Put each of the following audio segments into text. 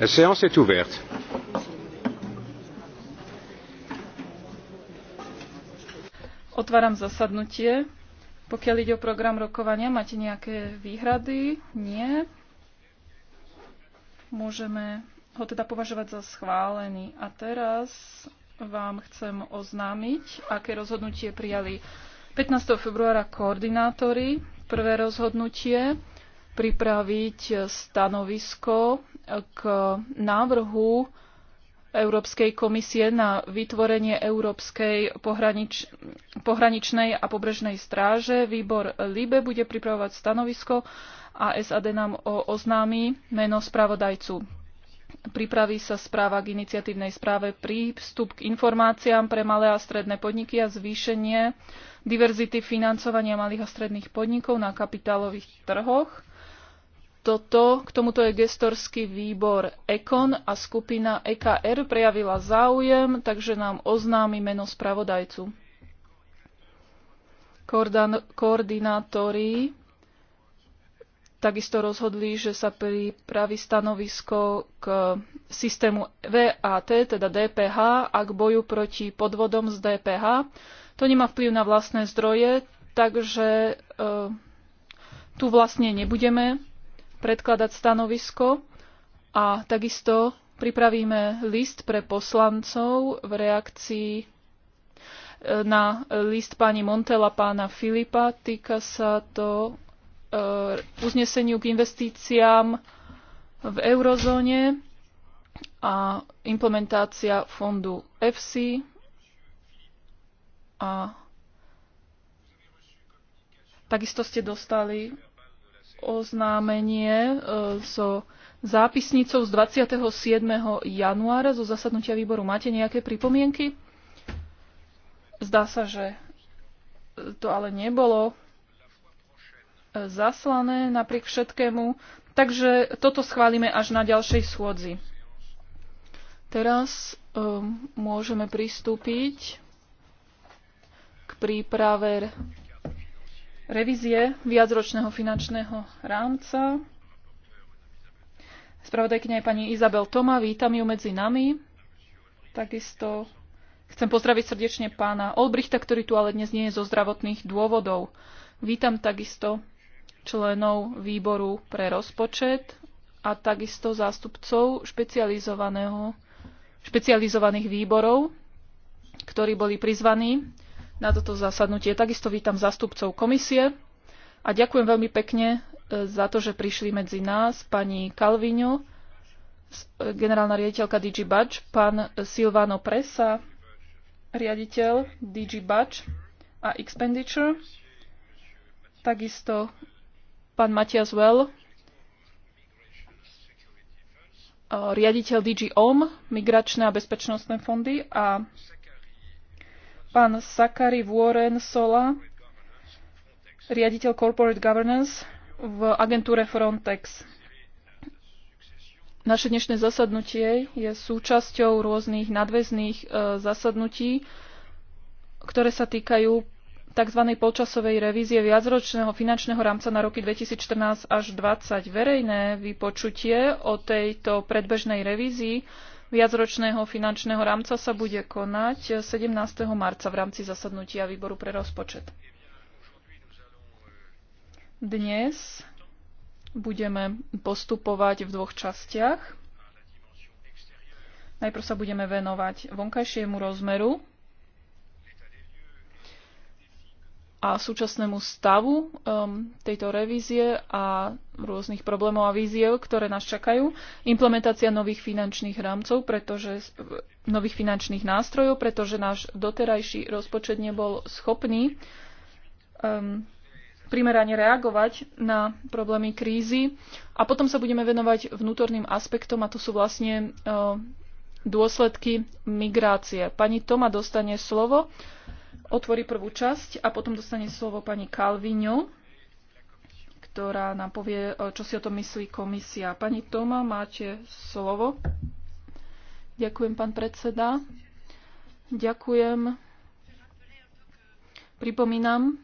La séance est ouverte. Otváram zasadnutie. Pokiaľ ide o program rokovania, máte nejaké výhrady? Nie. Môžeme ho teda považovať za schválený. A teraz vám chcem oznámiť, aké rozhodnutie prijali 15. februára koordinátori. Prvé rozhodnutie pripraviť stanovisko k návrhu Európskej komisie na vytvorenie Európskej pohranič, pohraničnej a pobrežnej stráže. Výbor LIBE bude pripravovať stanovisko a SAD nám o, oznámi meno spravodajcu. Pripraví sa správa k iniciatívnej správe prístup k informáciám pre malé a stredné podniky a zvýšenie diverzity financovania malých a stredných podnikov na kapitálových trhoch toto, k tomuto je gestorský výbor EKON a skupina EKR prejavila záujem, takže nám oznámi meno spravodajcu. Koordan- koordinátori takisto rozhodli, že sa pripraví stanovisko k systému VAT, teda DPH, a k boju proti podvodom z DPH. To nemá vplyv na vlastné zdroje, takže e, tu vlastne nebudeme predkladať stanovisko a takisto pripravíme list pre poslancov v reakcii e, na list pani Montela pána Filipa. Týka sa to e, uzneseniu k investíciám v eurozóne a implementácia fondu EFSI a takisto ste dostali oznámenie e, so zápisnicou z 27. januára zo zasadnutia výboru. Máte nejaké pripomienky? Zdá sa, že to ale nebolo e, zaslané napriek všetkému, takže toto schválime až na ďalšej schôdzi. Teraz um, môžeme pristúpiť k príprave revízie viacročného finančného rámca. Spravodajkynia je pani Izabel Toma, vítam ju medzi nami. Takisto chcem pozdraviť srdečne pána Olbrichta, ktorý tu ale dnes nie je zo zdravotných dôvodov. Vítam takisto členov výboru pre rozpočet a takisto zástupcov špecializovaného, špecializovaných výborov, ktorí boli prizvaní na toto zasadnutie. Takisto vítam zastupcov komisie a ďakujem veľmi pekne e, za to, že prišli medzi nás pani Kalvíňo, e, generálna riaditeľka DG Bač, pán Silvano Presa, riaditeľ DG Bač a Expenditure, takisto pán Matias Well, e, riaditeľ DG OM, migračné a bezpečnostné fondy a pán Sakari Warren Sola, riaditeľ Corporate Governance v agentúre Frontex. Naše dnešné zasadnutie je súčasťou rôznych nadväzných e, zasadnutí, ktoré sa týkajú tzv. polčasovej revízie viacročného finančného rámca na roky 2014 až 2020. Verejné vypočutie o tejto predbežnej revízii viacročného finančného rámca sa bude konať 17. marca v rámci zasadnutia výboru pre rozpočet. Dnes budeme postupovať v dvoch častiach. Najprv sa budeme venovať vonkajšiemu rozmeru a súčasnému stavu um, tejto revízie a rôznych problémov a víziev, ktoré nás čakajú. Implementácia nových finančných rámcov, pretože nových finančných nástrojov, pretože náš doterajší rozpočet nebol schopný um, primerane reagovať na problémy krízy. A potom sa budeme venovať vnútorným aspektom a to sú vlastne uh, dôsledky migrácie. Pani Toma dostane slovo otvorí prvú časť a potom dostane slovo pani Kalvino, ktorá nám povie, e, čo si o tom myslí komisia. Pani Toma, máte slovo. Ďakujem, pán predseda. Ďakujem. Pripomínam,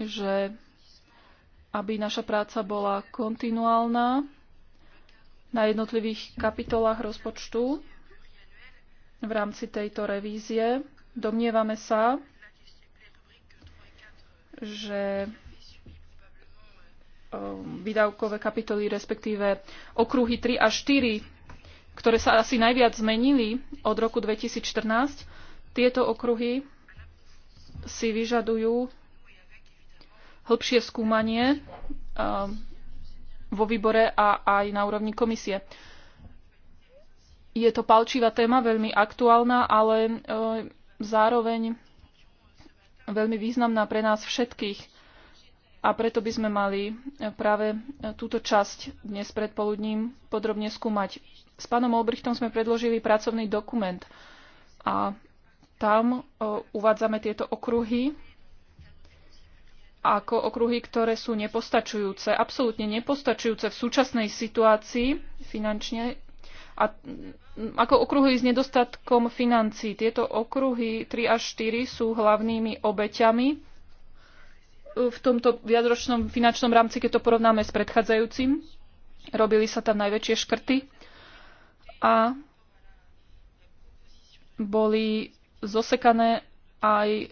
že aby naša práca bola kontinuálna na jednotlivých kapitolách rozpočtu, v rámci tejto revízie. Domnievame sa, že um, výdavkové kapitoly, respektíve okruhy 3 a 4, ktoré sa asi najviac zmenili od roku 2014, tieto okruhy si vyžadujú hĺbšie skúmanie um, vo výbore a aj na úrovni komisie je to palčivá téma, veľmi aktuálna, ale e, zároveň veľmi významná pre nás všetkých. A preto by sme mali e, práve e, túto časť dnes predpoludním podrobne skúmať. S pánom Olbrichtom sme predložili pracovný dokument a tam uvádzame tieto okruhy ako okruhy, ktoré sú nepostačujúce, absolútne nepostačujúce v súčasnej situácii finančne a mm, ako okruhy s nedostatkom financí. Tieto okruhy 3 až 4 sú hlavnými obeťami e, v tomto viacročnom finančnom rámci, keď to porovnáme s predchádzajúcim. Robili sa tam najväčšie škrty a boli zosekané aj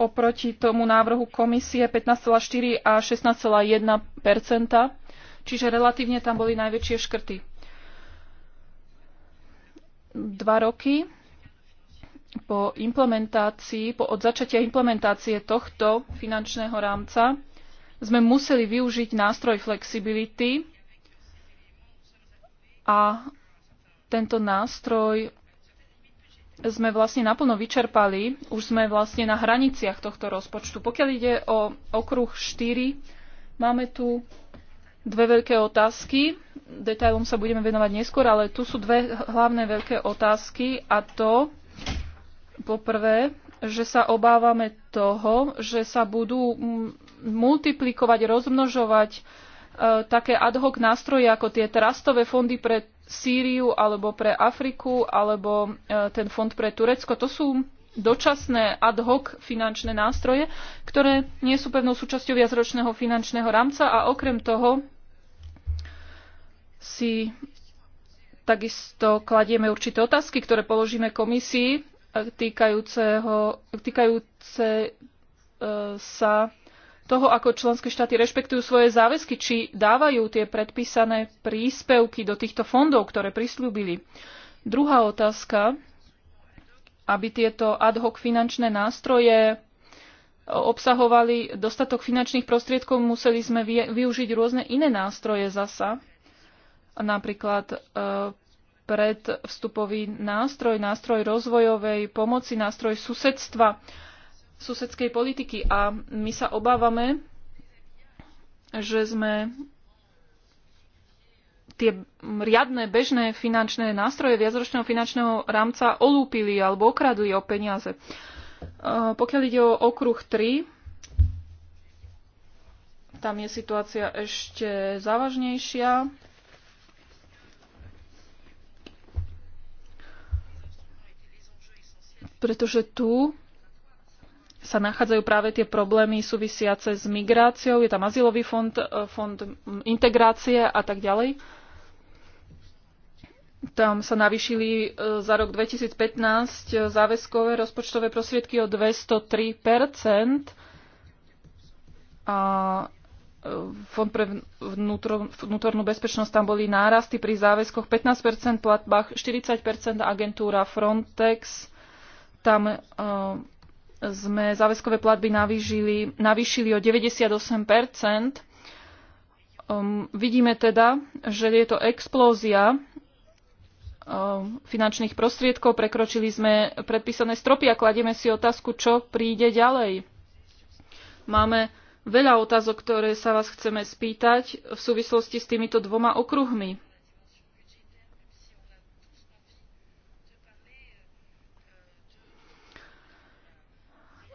oproti tomu návrhu komisie 15,4 a 16,1 Čiže relatívne tam boli najväčšie škrty. Dva roky po implementácii, po od začatia implementácie tohto finančného rámca sme museli využiť nástroj flexibility a tento nástroj sme vlastne naplno vyčerpali, už sme vlastne na hraniciach tohto rozpočtu. Pokiaľ ide o okruh 4, máme tu dve veľké otázky. Detailom sa budeme venovať neskôr, ale tu sú dve hlavné veľké otázky a to poprvé, že sa obávame toho, že sa budú mm, multiplikovať, rozmnožovať e, také ad hoc nástroje ako tie trastové fondy pre Sýriu alebo pre Afriku alebo e, ten fond pre Turecko. To sú dočasné ad hoc finančné nástroje, ktoré nie sú pevnou súčasťou viacročného finančného rámca a okrem toho si takisto kladieme určité otázky, ktoré položíme komisii e, týkajúceho, týkajúce e, sa toho, ako členské štáty rešpektujú svoje záväzky, či dávajú tie predpísané príspevky do týchto fondov, ktoré prislúbili. Druhá otázka, aby tieto ad hoc finančné nástroje obsahovali dostatok finančných prostriedkov, museli sme využiť rôzne iné nástroje zasa napríklad e, predvstupový nástroj, nástroj rozvojovej pomoci, nástroj susedstva, susedskej politiky. A my sa obávame, že sme tie riadne, bežné finančné nástroje viacročného finančného rámca olúpili alebo okradli o peniaze. E, pokiaľ ide o okruh 3, tam je situácia ešte závažnejšia. pretože tu sa nachádzajú práve tie problémy súvisiace s migráciou, je tam azylový fond, e, fond integrácie a tak ďalej. Tam sa navýšili e, za rok 2015 e, záväzkové rozpočtové prostriedky o 203 a Fond pre vnútornú bezpečnosť tam boli nárasty pri záväzkoch 15 platbách, 40 agentúra Frontex tam uh, sme záväzkové platby navýšili, navýšili o 98 um, ehm, Vidíme teda, že je to explózia e, finančných prostriedkov. Prekročili sme predpísané stropy a kladieme si otázku, čo príde ďalej. Máme veľa otázok, ktoré sa vás chceme spýtať v súvislosti s týmito dvoma okruhmi.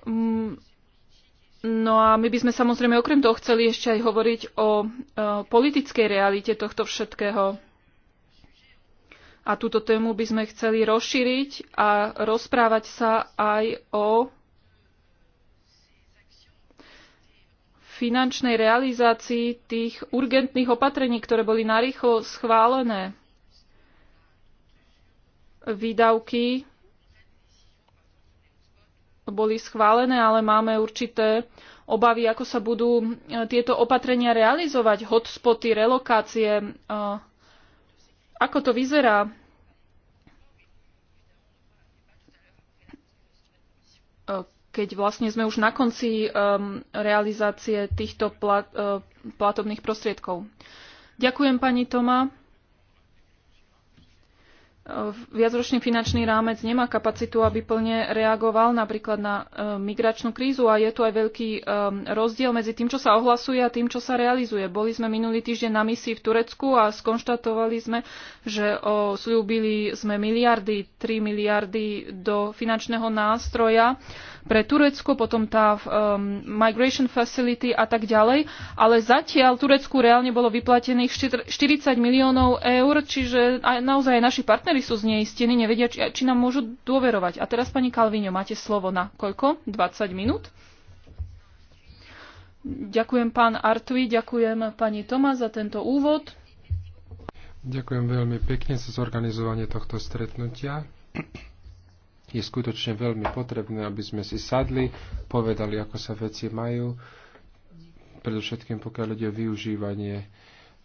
Mm, no a my by sme samozrejme okrem toho chceli ešte aj hovoriť o e, politickej realite tohto všetkého. A túto tému by sme chceli rozšíriť a rozprávať sa aj o finančnej realizácii tých urgentných opatrení, ktoré boli narýchlo schválené. Výdavky boli schválené, ale máme určité obavy, ako sa budú e, tieto opatrenia realizovať, hotspoty, relokácie. E, ako to vyzerá? E, keď vlastne sme už na konci um, realizácie týchto plat, uh, platobných prostriedkov. Ďakujem pani Toma viacročný finančný rámec nemá kapacitu, aby plne reagoval napríklad na e, migračnú krízu a je tu aj veľký e, rozdiel medzi tým, čo sa ohlasuje a tým, čo sa realizuje. Boli sme minulý týždeň na misii v Turecku a skonštatovali sme, že slúbili sme miliardy, 3 miliardy do finančného nástroja pre Turecko, potom tá um, Migration Facility a tak ďalej. Ale zatiaľ Turecku reálne bolo vyplatených 40 miliónov eur, čiže aj naozaj naši partnery sú zneistení, nevedia, či, či nám môžu dôverovať. A teraz, pani Kalvíňo, máte slovo na koľko? 20 minút? Ďakujem pán Artui, ďakujem pani Toma za tento úvod. Ďakujem veľmi pekne za zorganizovanie tohto stretnutia je skutočne veľmi potrebné, aby sme si sadli, povedali, ako sa veci majú, predovšetkým pokiaľ ide o využívanie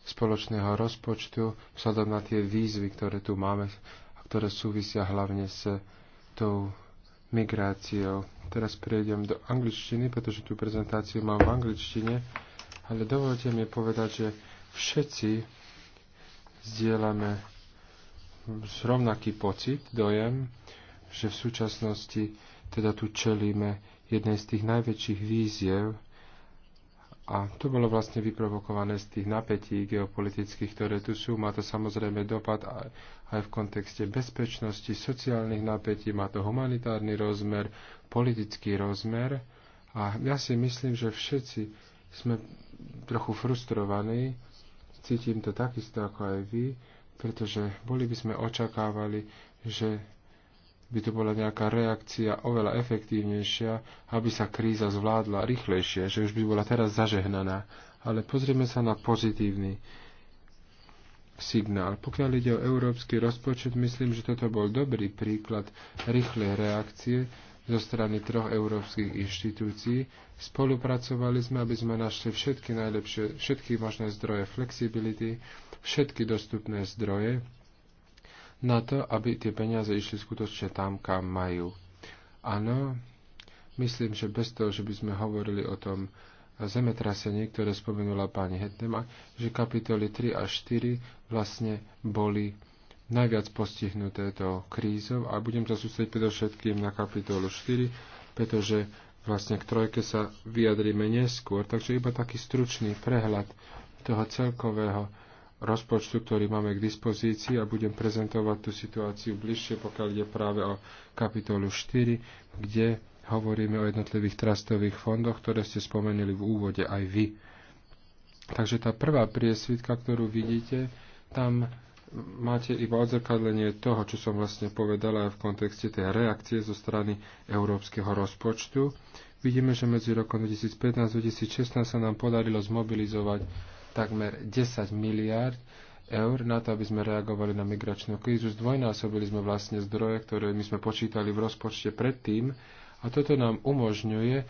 spoločného rozpočtu, vzhľadom na tie výzvy, ktoré tu máme a ktoré súvisia hlavne s tou migráciou. Teraz prejdem do angličtiny, pretože tú prezentáciu mám v angličtine, ale dovolte mi povedať, že všetci zdieľame rovnaký pocit, dojem, že v súčasnosti teda tu čelíme jednej z tých najväčších víziev a to bolo vlastne vyprovokované z tých napätí geopolitických, ktoré tu sú. Má to samozrejme dopad aj, aj v kontexte bezpečnosti, sociálnych napätí, má to humanitárny rozmer, politický rozmer a ja si myslím, že všetci sme trochu frustrovaní, cítim to takisto ako aj vy, pretože boli by sme očakávali, že by to bola nejaká reakcia oveľa efektívnejšia, aby sa kríza zvládla rýchlejšie, že už by bola teraz zažehnaná. Ale pozrieme sa na pozitívny signál. Pokiaľ ide o európsky rozpočet, myslím, že toto bol dobrý príklad rýchlej reakcie zo strany troch európskych inštitúcií. Spolupracovali sme, aby sme našli všetky najlepšie, všetky možné zdroje flexibility, všetky dostupné zdroje, na to, aby tie peniaze išli skutočne tam, kam majú. Áno, myslím, že bez toho, že by sme hovorili o tom zemetrasení, ktoré spomenula pani Hetema, že kapitoly 3 a 4 vlastne boli najviac postihnuté to krízou a budem sa sústrediť predovšetkým na kapitolu 4, pretože vlastne k trojke sa vyjadríme neskôr, takže iba taký stručný prehľad toho celkového rozpočtu, ktorý máme k dispozícii a budem prezentovať tú situáciu bližšie, pokiaľ ide práve o kapitolu 4, kde hovoríme o jednotlivých trastových fondoch, ktoré ste spomenuli v úvode aj vy. Takže tá prvá priesvitka, ktorú vidíte, tam máte iba odzrkadlenie toho, čo som vlastne povedala aj v kontexte tej reakcie zo strany európskeho rozpočtu. Vidíme, že medzi rokom 2015 a 2016 sa nám podarilo zmobilizovať takmer 10 miliárd eur na to, aby sme reagovali na migračnú krízu. Zdvojnásobili sme vlastne zdroje, ktoré my sme počítali v rozpočte predtým a toto nám umožňuje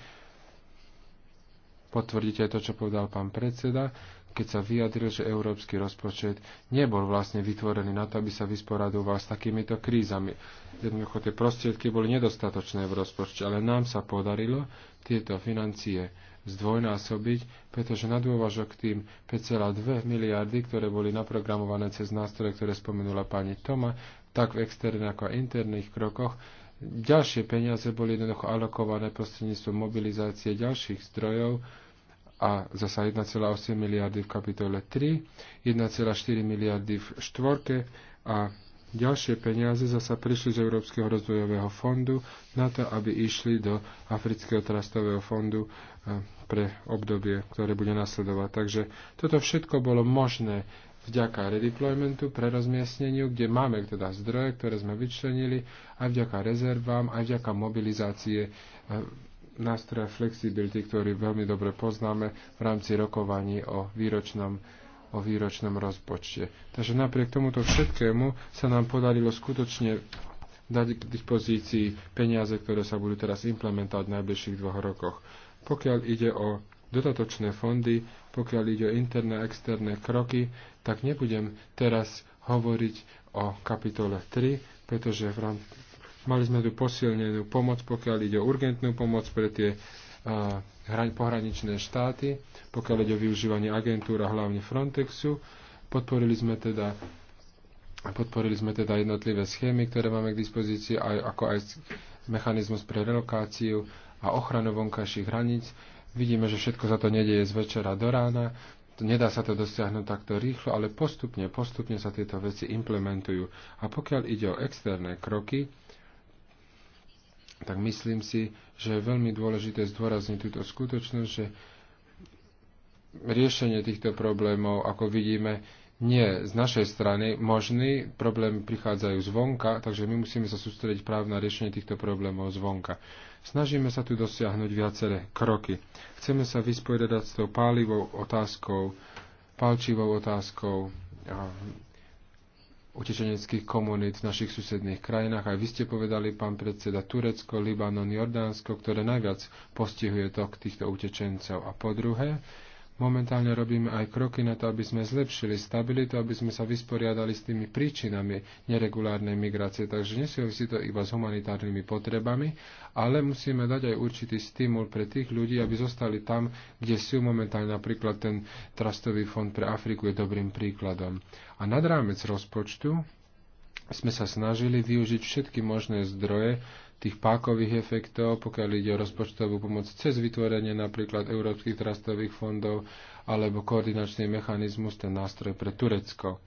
potvrdiť aj to, čo povedal pán predseda, keď sa vyjadril, že európsky rozpočet nebol vlastne vytvorený na to, aby sa vysporadoval s takýmito krízami. Jednoducho tie prostriedky boli nedostatočné v rozpočte, ale nám sa podarilo tieto financie zdvojnásobiť, pretože na dôvažok tým 5,2 miliardy, ktoré boli naprogramované cez nástroje, ktoré spomenula pani Toma, tak v externých ako aj interných krokoch, ďalšie peniaze boli jednoducho alokované prostredníctvom mobilizácie ďalších zdrojov, a zasa 1,8 miliardy v kapitole 3, 1,4 miliardy v štvorke a ďalšie peniaze zasa prišli z Európskeho rozvojového fondu na to, aby išli do Afrického trastového fondu eh, pre obdobie, ktoré bude nasledovať. Takže toto všetko bolo možné vďaka redeploymentu, prerozmiestneniu, kde máme teda zdroje, ktoré sme vyčlenili, aj vďaka rezervám, aj vďaka mobilizácie e, nástroja flexibility, ktorý veľmi dobre poznáme v rámci rokovaní o výročnom o výročnom rozpočte. Takže napriek tomuto všetkému sa nám podarilo skutočne dať k dispozícii peniaze, ktoré sa budú teraz implementovať v najbližších dvoch rokoch. Pokiaľ ide o dodatočné fondy, pokiaľ ide o interné a externé kroky, tak nebudem teraz hovoriť o kapitole 3, pretože v rám... mali sme tu posilnenú pomoc, pokiaľ ide o urgentnú pomoc pre tie uh, hraň, pohraničné štáty, pokiaľ ide o využívanie agentúr a hlavne Frontexu. Podporili sme teda Podporili sme teda jednotlivé schémy, ktoré máme k dispozícii, aj, ako aj mechanizmus pre relokáciu a ochranu vonkajších hraníc. Vidíme, že všetko sa to nedieje z večera do rána. Nedá sa to dosiahnuť takto rýchlo, ale postupne, postupne sa tieto veci implementujú. A pokiaľ ide o externé kroky, tak myslím si, že je veľmi dôležité zdôrazniť túto skutočnosť, že riešenie týchto problémov, ako vidíme, nie z našej strany možný, problémy prichádzajú zvonka, takže my musíme sa sústrediť práve na riešenie týchto problémov zvonka. Snažíme sa tu dosiahnuť viaceré kroky. Chceme sa vysporiadať s tou pálivou otázkou, palčivou otázkou utečeneckých komunít v našich susedných krajinách. Aj vy ste povedali, pán predseda, Turecko, Libanon, Jordánsko, ktoré najviac postihuje tok týchto utečencov. A po druhé, Momentálne robíme aj kroky na to, aby sme zlepšili stabilitu, aby sme sa vysporiadali s tými príčinami neregulárnej migrácie. Takže nesúvisí to iba s humanitárnymi potrebami, ale musíme dať aj určitý stimul pre tých ľudí, aby zostali tam, kde sú momentálne. Napríklad ten Trastový fond pre Afriku je dobrým príkladom. A nad rámec rozpočtu sme sa snažili využiť všetky možné zdroje, tých pákových efektov, pokiaľ ide o rozpočtovú pomoc cez vytvorenie napríklad európskych trastových fondov alebo koordinačný mechanizmus, ten nástroj pre Turecko.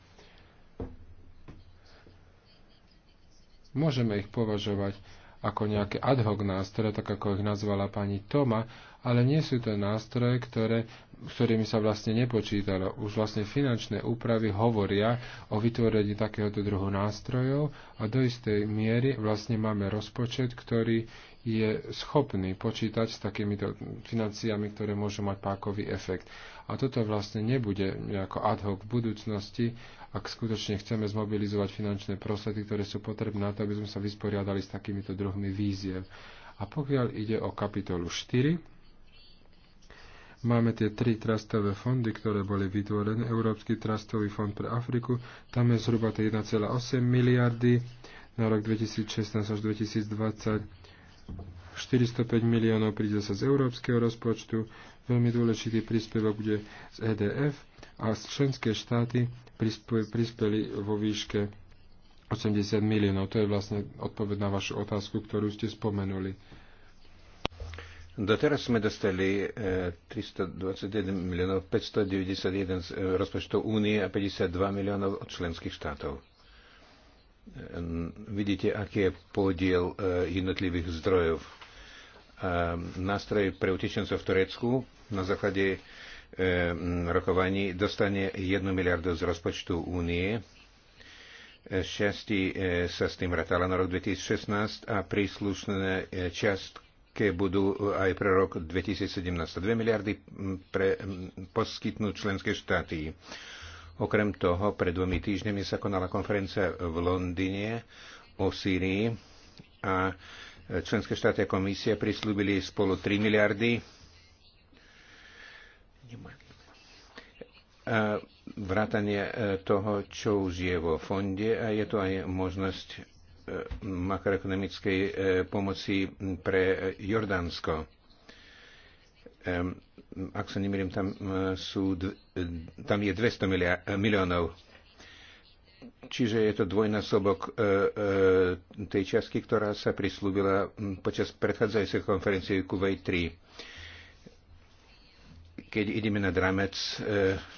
Môžeme ich považovať ako nejaké ad hoc nástroje, tak ako ich nazvala pani Toma, ale nie sú to nástroje, ktoré, s ktorými sa vlastne nepočítalo. Už vlastne finančné úpravy hovoria o vytvorení takéhoto druhu nástrojov a do istej miery vlastne máme rozpočet, ktorý je schopný počítať s takýmito financiami, ktoré môžu mať pákový efekt. A toto vlastne nebude nejako ad hoc v budúcnosti, ak skutočne chceme zmobilizovať finančné prostredky, ktoré sú potrebné na to, aby sme sa vysporiadali s takýmito druhmi víziev. A pokiaľ ide o kapitolu 4, Máme tie tri trastové fondy, ktoré boli vytvorené. Európsky trastový fond pre Afriku, tam je zhruba 1,8 miliardy na rok 2016 až 2020. 405 miliónov príde sa z európskeho rozpočtu, veľmi dôležitý príspevok bude z EDF a členské štáty prispeli vo výške 80 miliónov. To je vlastne odpoved na vašu otázku, ktorú ste spomenuli. Doteraz sme dostali 321 e, miliónov 591 z e, rozpočtu únie a 52 miliónov od členských štátov. E, vidíte, aký je podiel jednotlivých zdrojov E, Nástroje pre utečencov v Turecku na základe e, rokovaní dostane 1 miliardu z rozpočtu únie. E, šťastí sa s tým ratala na rok 2016 a príslušné čiastke budú aj pre rok 2017. 2 miliardy pre poskytnú členské štáty. Okrem toho, pred dvomi týždňami sa konala konferencia v Londýne o Sýrii a Členské štáty a komisie prislúbili spolu 3 miliardy. A vrátanie e, toho, čo už je vo fonde a je to aj možnosť e, makroekonomickej e, pomoci pre Jordánsko ak sa nemýlim, tam, sú, tam je 200 miliónov. Čiže je to dvojnásobok e, e, tej časky, ktorá sa prislúbila počas predchádzajúcej konferencie qv 3. Keď ideme na e,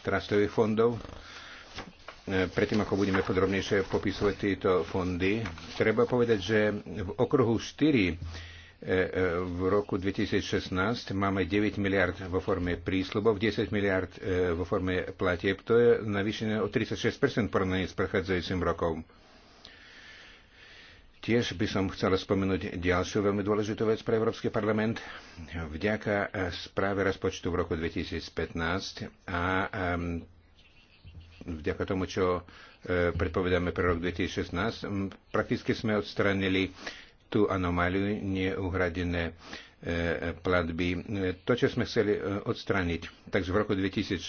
trastových fondov, e, predtým ako budeme podrobnejšie popisovať tieto fondy, treba povedať, že v okruhu 4 E, e, v roku 2016 máme 9 miliard vo forme prísľubov, 10 miliard e, vo forme platieb. To je navýšené o 36% porovnaní s prechádzajúcim rokom. Tiež by som chcel spomenúť ďalšiu veľmi dôležitú vec pre Európsky parlament. Vďaka správe rozpočtu v roku 2015 a vďaka tomu, čo predpovedáme pre rok 2016, prakticky sme odstranili tú anomáliu neuhradené e, platby. To, čo sme chceli e, odstraniť. Takže v roku 2016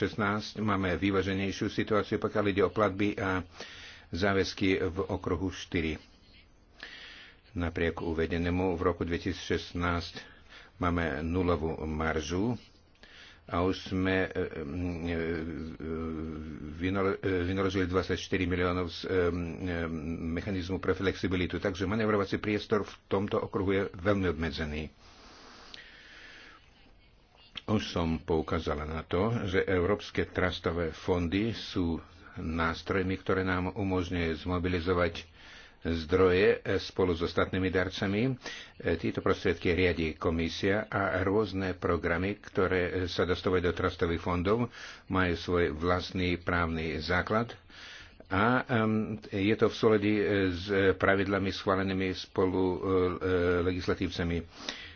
máme vyvaženejšiu situáciu, pokiaľ ide o platby a záväzky v okruhu 4. Napriek uvedenému v roku 2016 máme nulovú maržu a už sme e, e, e, vynaložili 24 miliónov z mechanizmu pre flexibilitu. Takže manevrovací priestor v tomto okruhu je veľmi obmedzený. Už som poukázala na to, že európske trastové fondy sú nástrojmi, ktoré nám umožňuje zmobilizovať zdroje e, spolu s so ostatnými darcami. E, Tieto prostriedky riadi komisia a rôzne programy, ktoré e, sa dostávajú do trastových fondov, majú svoj vlastný právny základ a je to v súlade s pravidlami schválenými spolu legislatívcami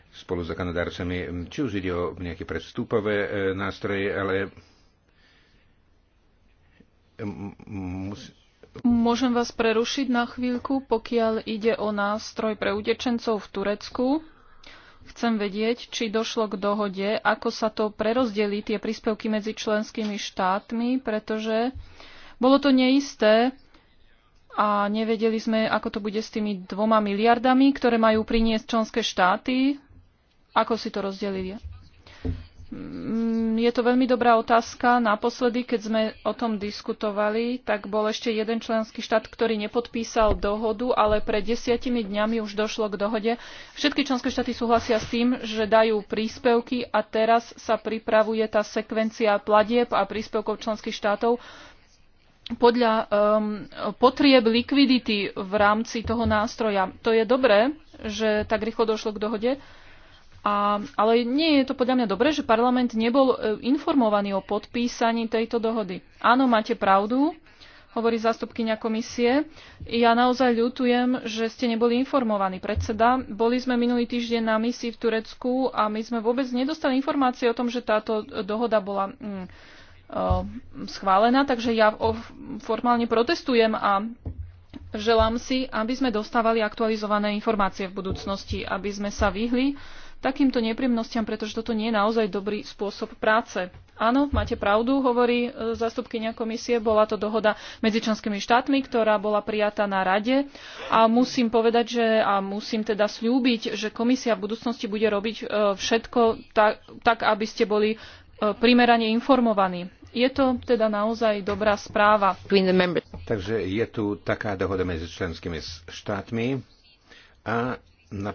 spolu s zakonodárcami, či už ide o nejaké predstupové nástroje, ale musí Môžem vás prerušiť na chvíľku, pokiaľ ide o nástroj pre utečencov v Turecku. Chcem vedieť, či došlo k dohode, ako sa to prerozdelí tie príspevky medzi členskými štátmi, pretože bolo to neisté a nevedeli sme, ako to bude s tými dvoma miliardami, ktoré majú priniesť členské štáty. Ako si to rozdelili? Mm, je to veľmi dobrá otázka. Naposledy, keď sme o tom diskutovali, tak bol ešte jeden členský štát, ktorý nepodpísal dohodu, ale pred desiatimi dňami už došlo k dohode. Všetky členské štáty súhlasia s tým, že dajú príspevky a teraz sa pripravuje tá sekvencia platieb a príspevkov členských štátov podľa um, potrieb likvidity v rámci toho nástroja. To je dobré, že tak rýchlo došlo k dohode. Uh, a, ale nie je to podľa mňa dobré, že parlament nebol e, informovaný o podpísaní tejto dohody. Áno, máte pravdu, hovorí zástupkynia komisie. Ja naozaj ľutujem, že ste neboli informovaní. Predseda, boli sme minulý týždeň na misii v Turecku a my sme vôbec nedostali informácie o tom, že táto dohoda bola mm, e, schválená, takže ja formálne protestujem a želám si, aby sme dostávali aktualizované informácie v budúcnosti, aby sme sa vyhli uh, takýmto nepríjemnostiam, pretože toto nie je naozaj dobrý spôsob práce. Áno, máte pravdu, hovorí e, zastupkynia komisie, bola to dohoda medzi členskými štátmi, ktorá bola prijatá na rade a musím povedať, že a musím teda slúbiť, že komisia v budúcnosti bude robiť e, všetko tak, tak aby ste boli e, primerane informovaní. Je to teda naozaj dobrá správa. Takže je tu taká dohoda medzi členskými štátmi a na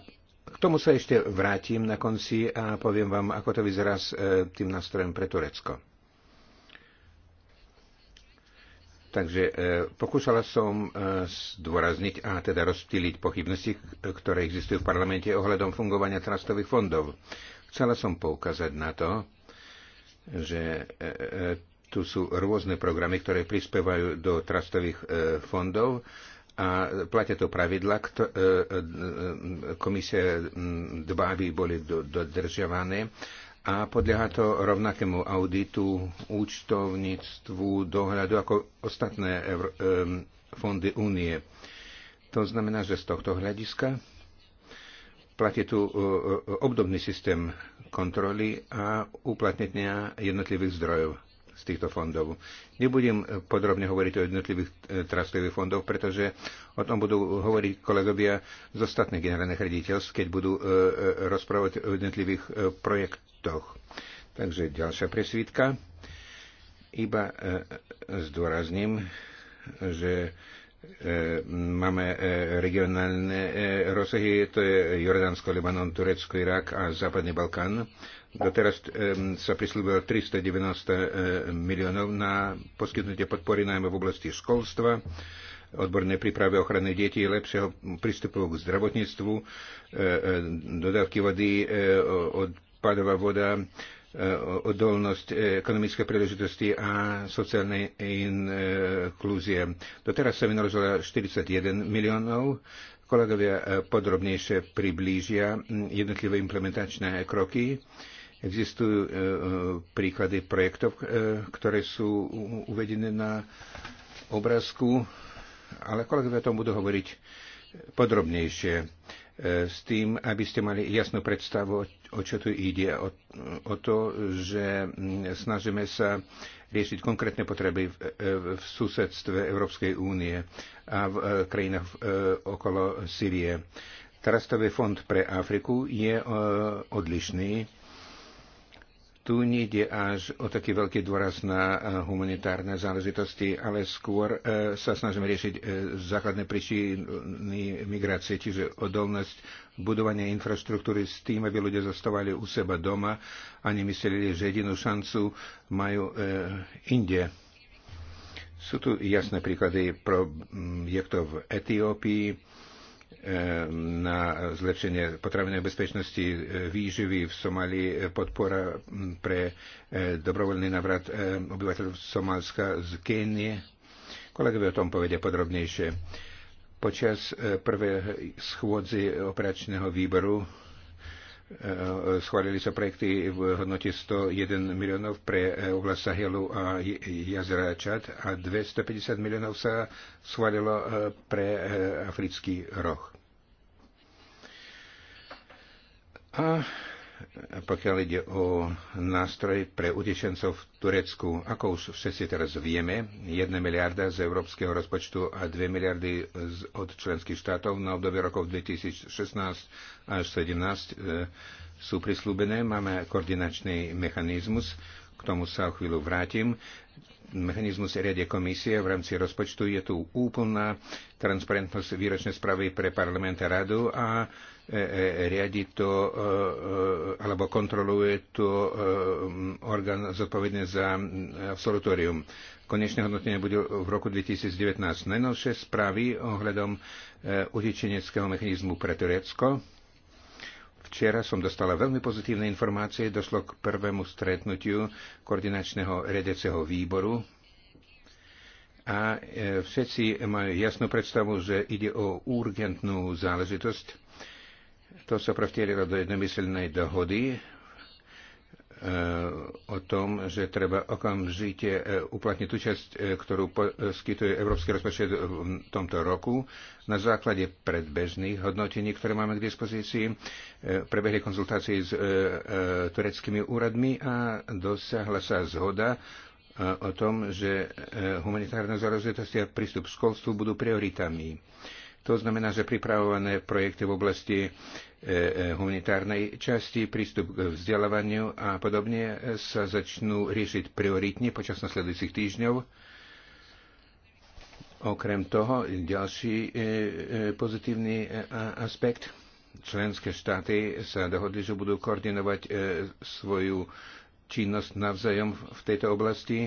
tomu sa ešte vrátim na konci a poviem vám, ako to vyzerá s e, tým nástrojem pre Turecko. Takže e, pokúšala som e, zdôrazniť a teda rozptýliť pochybnosti, ktoré existujú v parlamente ohľadom fungovania trastových fondov. Chcela som poukázať na to, že e, e, tu sú rôzne programy, ktoré prispievajú do trastových e, fondov a platia to pravidla, e, e, komisie dba, aby boli dodržiavané a podľaha to rovnakému auditu, účtovníctvu, dohľadu ako ostatné e, fondy únie. To znamená, že z tohto hľadiska platí tu obdobný systém kontroly a uplatnenia jednotlivých zdrojov z týchto fondov. Nebudem e, podrobne hovoriť o jednotlivých e, trastových fondov, pretože o tom budú hovoriť kolegovia z ostatných generálnych rediteľstv, keď budú e, rozprávať o jednotlivých projektoch. Takže ďalšia presvítka. Iba zdôrazním, že máme regionálne rozsahy, to je Jordánsko, Libanon, Turecko, Irak a Západný Balkán. Doteraz sa prislúbilo 390 miliónov na poskytnutie podpory najmä v oblasti školstva, odborné príprave ochrany detí, lepšieho prístupu k zdravotníctvu, dodávky vody, odpadová voda, odolnosť ekonomické príležitosti a sociálnej inklúzie. Doteraz sa vynaložila 41 miliónov, kolegovia podrobnejšie priblížia jednotlivé implementačné kroky. Existujú e, e, príklady projektov, e, ktoré sú uvedené na obrázku, ale kolegovia o tom budú hovoriť podrobnejšie s tým, aby ste mali jasnú predstavu, o čo tu ide. O, o to, že snažíme sa riešiť konkrétne potreby v, v susedstve Európskej únie a v krajinách okolo Syrie. Trastový fond pre Afriku je odlišný tu nejde až o taký veľký dôraz na e, humanitárne záležitosti, ale skôr e, sa snažíme riešiť e, základné príčiny migrácie, čiže odolnosť budovania infraštruktúry s tým, aby ľudia zostávali u seba doma a nemysleli, že jedinú šancu majú inde. Sú tu jasné príklady to v Etiópii, Eh, na zlepšenie potravinovej bezpečnosti eh, výživy v Somálii, eh, podpora hm, pre dobrovoľný navrat obyvateľov Somálska z Kenie. Kolegovi o tom povedia podrobnejšie. Počas prvej schôdzy operačného výboru E, schválili sa projekty v hodnote 101 miliónov pre e, oblasť Sahelu a jazera Čad a 250 miliónov sa schválilo e, pre africký roh. A pokiaľ ide o nástroj pre utečencov v Turecku. Ako už všetci teraz vieme, 1 miliarda z európskeho rozpočtu a 2 miliardy od členských štátov na obdobie rokov 2016 až 2017 e, sú prislúbené. Máme koordinačný mechanizmus, k tomu sa o chvíľu vrátim mechanizmus riade komisie v rámci rozpočtu. Je tu úplná transparentnosť výročnej správy pre parlament a radu a e, e, riadi to e, alebo kontroluje to orgán zodpovedný za absolutorium. Konečné hodnotenie bude v roku 2019. Najnovšie správy ohľadom utečeneckého mechanizmu pre Turecko Včera som dostala veľmi pozitívne informácie. Došlo k prvému stretnutiu koordinačného redeceho výboru a e, všetci majú jasnú predstavu, že ide o urgentnú záležitosť. To sa prevtierilo do jednomyselnej dohody o tom, že treba okamžite e, uplatniť tú časť, e, ktorú poskytuje Európsky rozpočet v tomto roku. Na základe predbežných hodnotení, ktoré máme k dispozícii, e, prebehli konzultácie s tureckými úradmi a dosiahla sa zhoda o tom, že humanitárne záležitosti a prístup k školstvu budú prioritami. To znamená, že pripravované projekty v oblasti E, e, humanitárnej časti, prístup k vzdelávaniu a podobne sa začnú riešiť prioritne počas nasledujúcich týždňov. Okrem toho, ďalší e, pozitívny aspekt. Členské štáty sa dohodli, že budú koordinovať svoju činnosť navzájom v tejto oblasti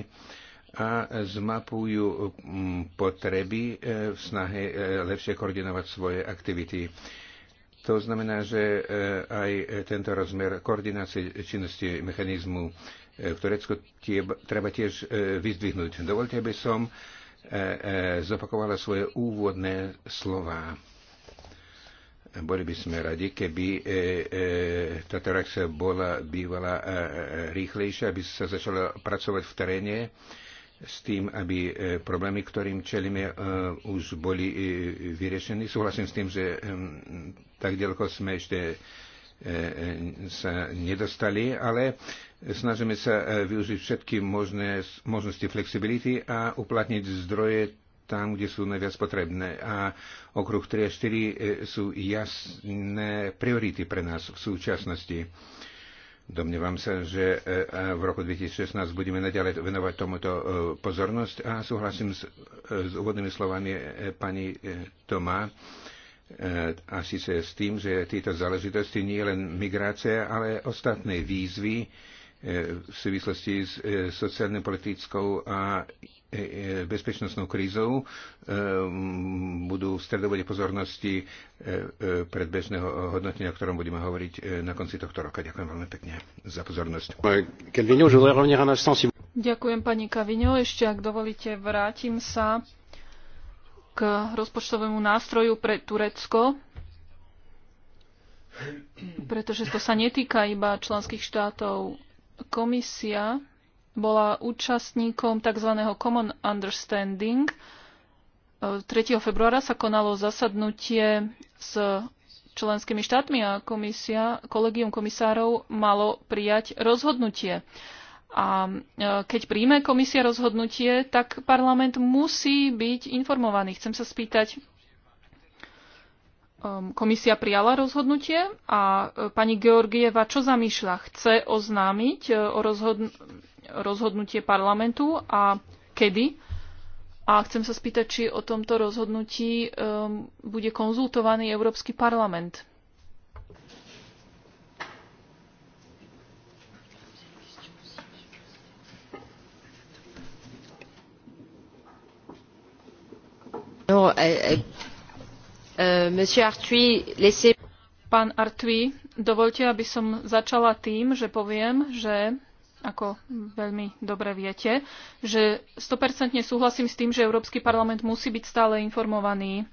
a zmapujú potreby v snahe lepšie koordinovať svoje aktivity. To znamená, že e, aj e, tento rozmer koordinácie činnosti mechanizmu e, v Turecku tie, treba tiež vyzdvihnúť. Dovolte, aby som zopakovala svoje úvodné slova. Boli by sme radi, keby táto reakcia bola bývala rýchlejšia, aby sa začala pracovať v teréne s tým, aby problémy, ktorým čelíme, už boli vyriešené. Súhlasím s tým, že tak ďaleko sme ešte e, e, sa nedostali, ale snažíme sa e, využiť všetky možné, možnosti flexibility a uplatniť zdroje tam, kde sú najviac potrebné. A okruh 3 a 4 sú jasné priority pre nás v súčasnosti. Domnievam sa, že v roku 2016 budeme naďalej venovať tomuto pozornosť a súhlasím s, s úvodnými slovami pani Tomá E, a síce s tým, že tieto záležitosti nie je len migrácia, ale ostatné výzvy e, v súvislosti s e, sociálnou politickou a bezpečnostnou krízou budú v stredovode pozornosti predbežného hodnotenia, o ktorom budeme hovoriť na konci tohto roka. Ďakujem veľmi pekne za pozornosť. Ďakujem pani Kavino. Ešte, ak dovolíte, vrátim sa k rozpočtovému nástroju pre Turecko, pretože to sa netýka iba členských štátov. Komisia bola účastníkom tzv. Common Understanding. 3. februára sa konalo zasadnutie s členskými štátmi a komisia, kolegium komisárov malo prijať rozhodnutie. A e, keď príjme komisia rozhodnutie, tak parlament musí byť informovaný. Chcem sa spýtať, e, komisia prijala rozhodnutie a e, pani Georgieva čo zamýšľa? Chce oznámiť o rozhodn- rozhodnutie parlamentu a kedy? A chcem sa spýtať, či o tomto rozhodnutí bude konzultovaný Európsky parlament. Eh, eh, eh, Pán Artui, dovolte, aby som začala tým, že poviem, že ako veľmi dobre viete, že 100% súhlasím s tým, že Európsky parlament musí byť stále informovaný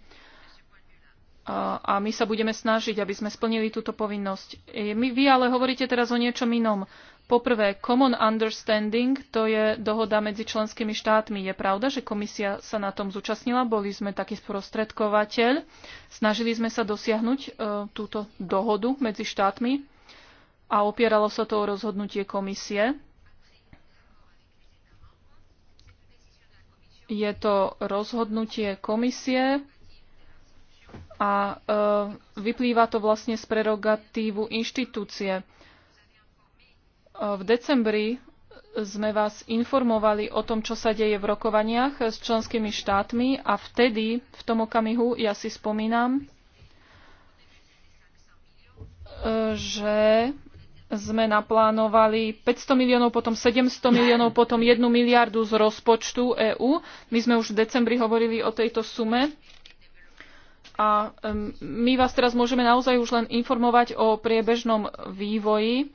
a my sa budeme snažiť, aby sme splnili túto povinnosť. Vy ale hovoríte teraz o niečom inom. Poprvé, common understanding, to je dohoda medzi členskými štátmi. Je pravda, že komisia sa na tom zúčastnila, boli sme taký sprostredkovateľ, snažili sme sa dosiahnuť e, túto dohodu medzi štátmi a opieralo sa to o rozhodnutie komisie. Je to rozhodnutie komisie a e, vyplýva to vlastne z prerogatívu inštitúcie. V decembri sme vás informovali o tom, čo sa deje v rokovaniach s členskými štátmi a vtedy, v tom okamihu, ja si spomínam, e, že sme naplánovali 500 miliónov, potom 700 miliónov, potom 1 miliardu z rozpočtu EÚ. My sme už v decembri hovorili o tejto sume. A my vás teraz môžeme naozaj už len informovať o priebežnom vývoji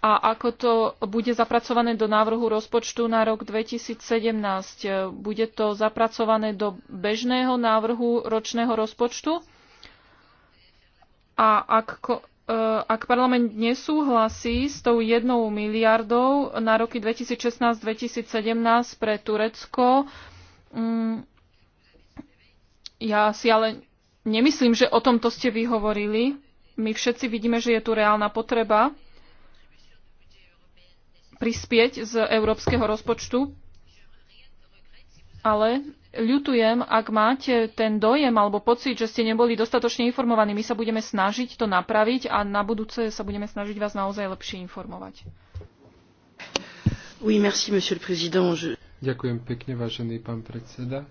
a ako to bude zapracované do návrhu rozpočtu na rok 2017. Bude to zapracované do bežného návrhu ročného rozpočtu? A ak, e, ak parlament nesúhlasí s tou jednou miliardou na roky 2016-2017 pre Turecko, mm, ja si ale nemyslím, že o tomto ste vyhovorili. My všetci vidíme, že je tu reálna potreba prispieť z európskeho rozpočtu, ale ľutujem, ak máte ten dojem alebo pocit, že ste neboli dostatočne informovaní. My sa budeme snažiť to napraviť a na budúce sa budeme snažiť vás naozaj lepšie informovať. Oui, merci, monsieur le président. Je... Ďakujem pekne, vážený pán predseda.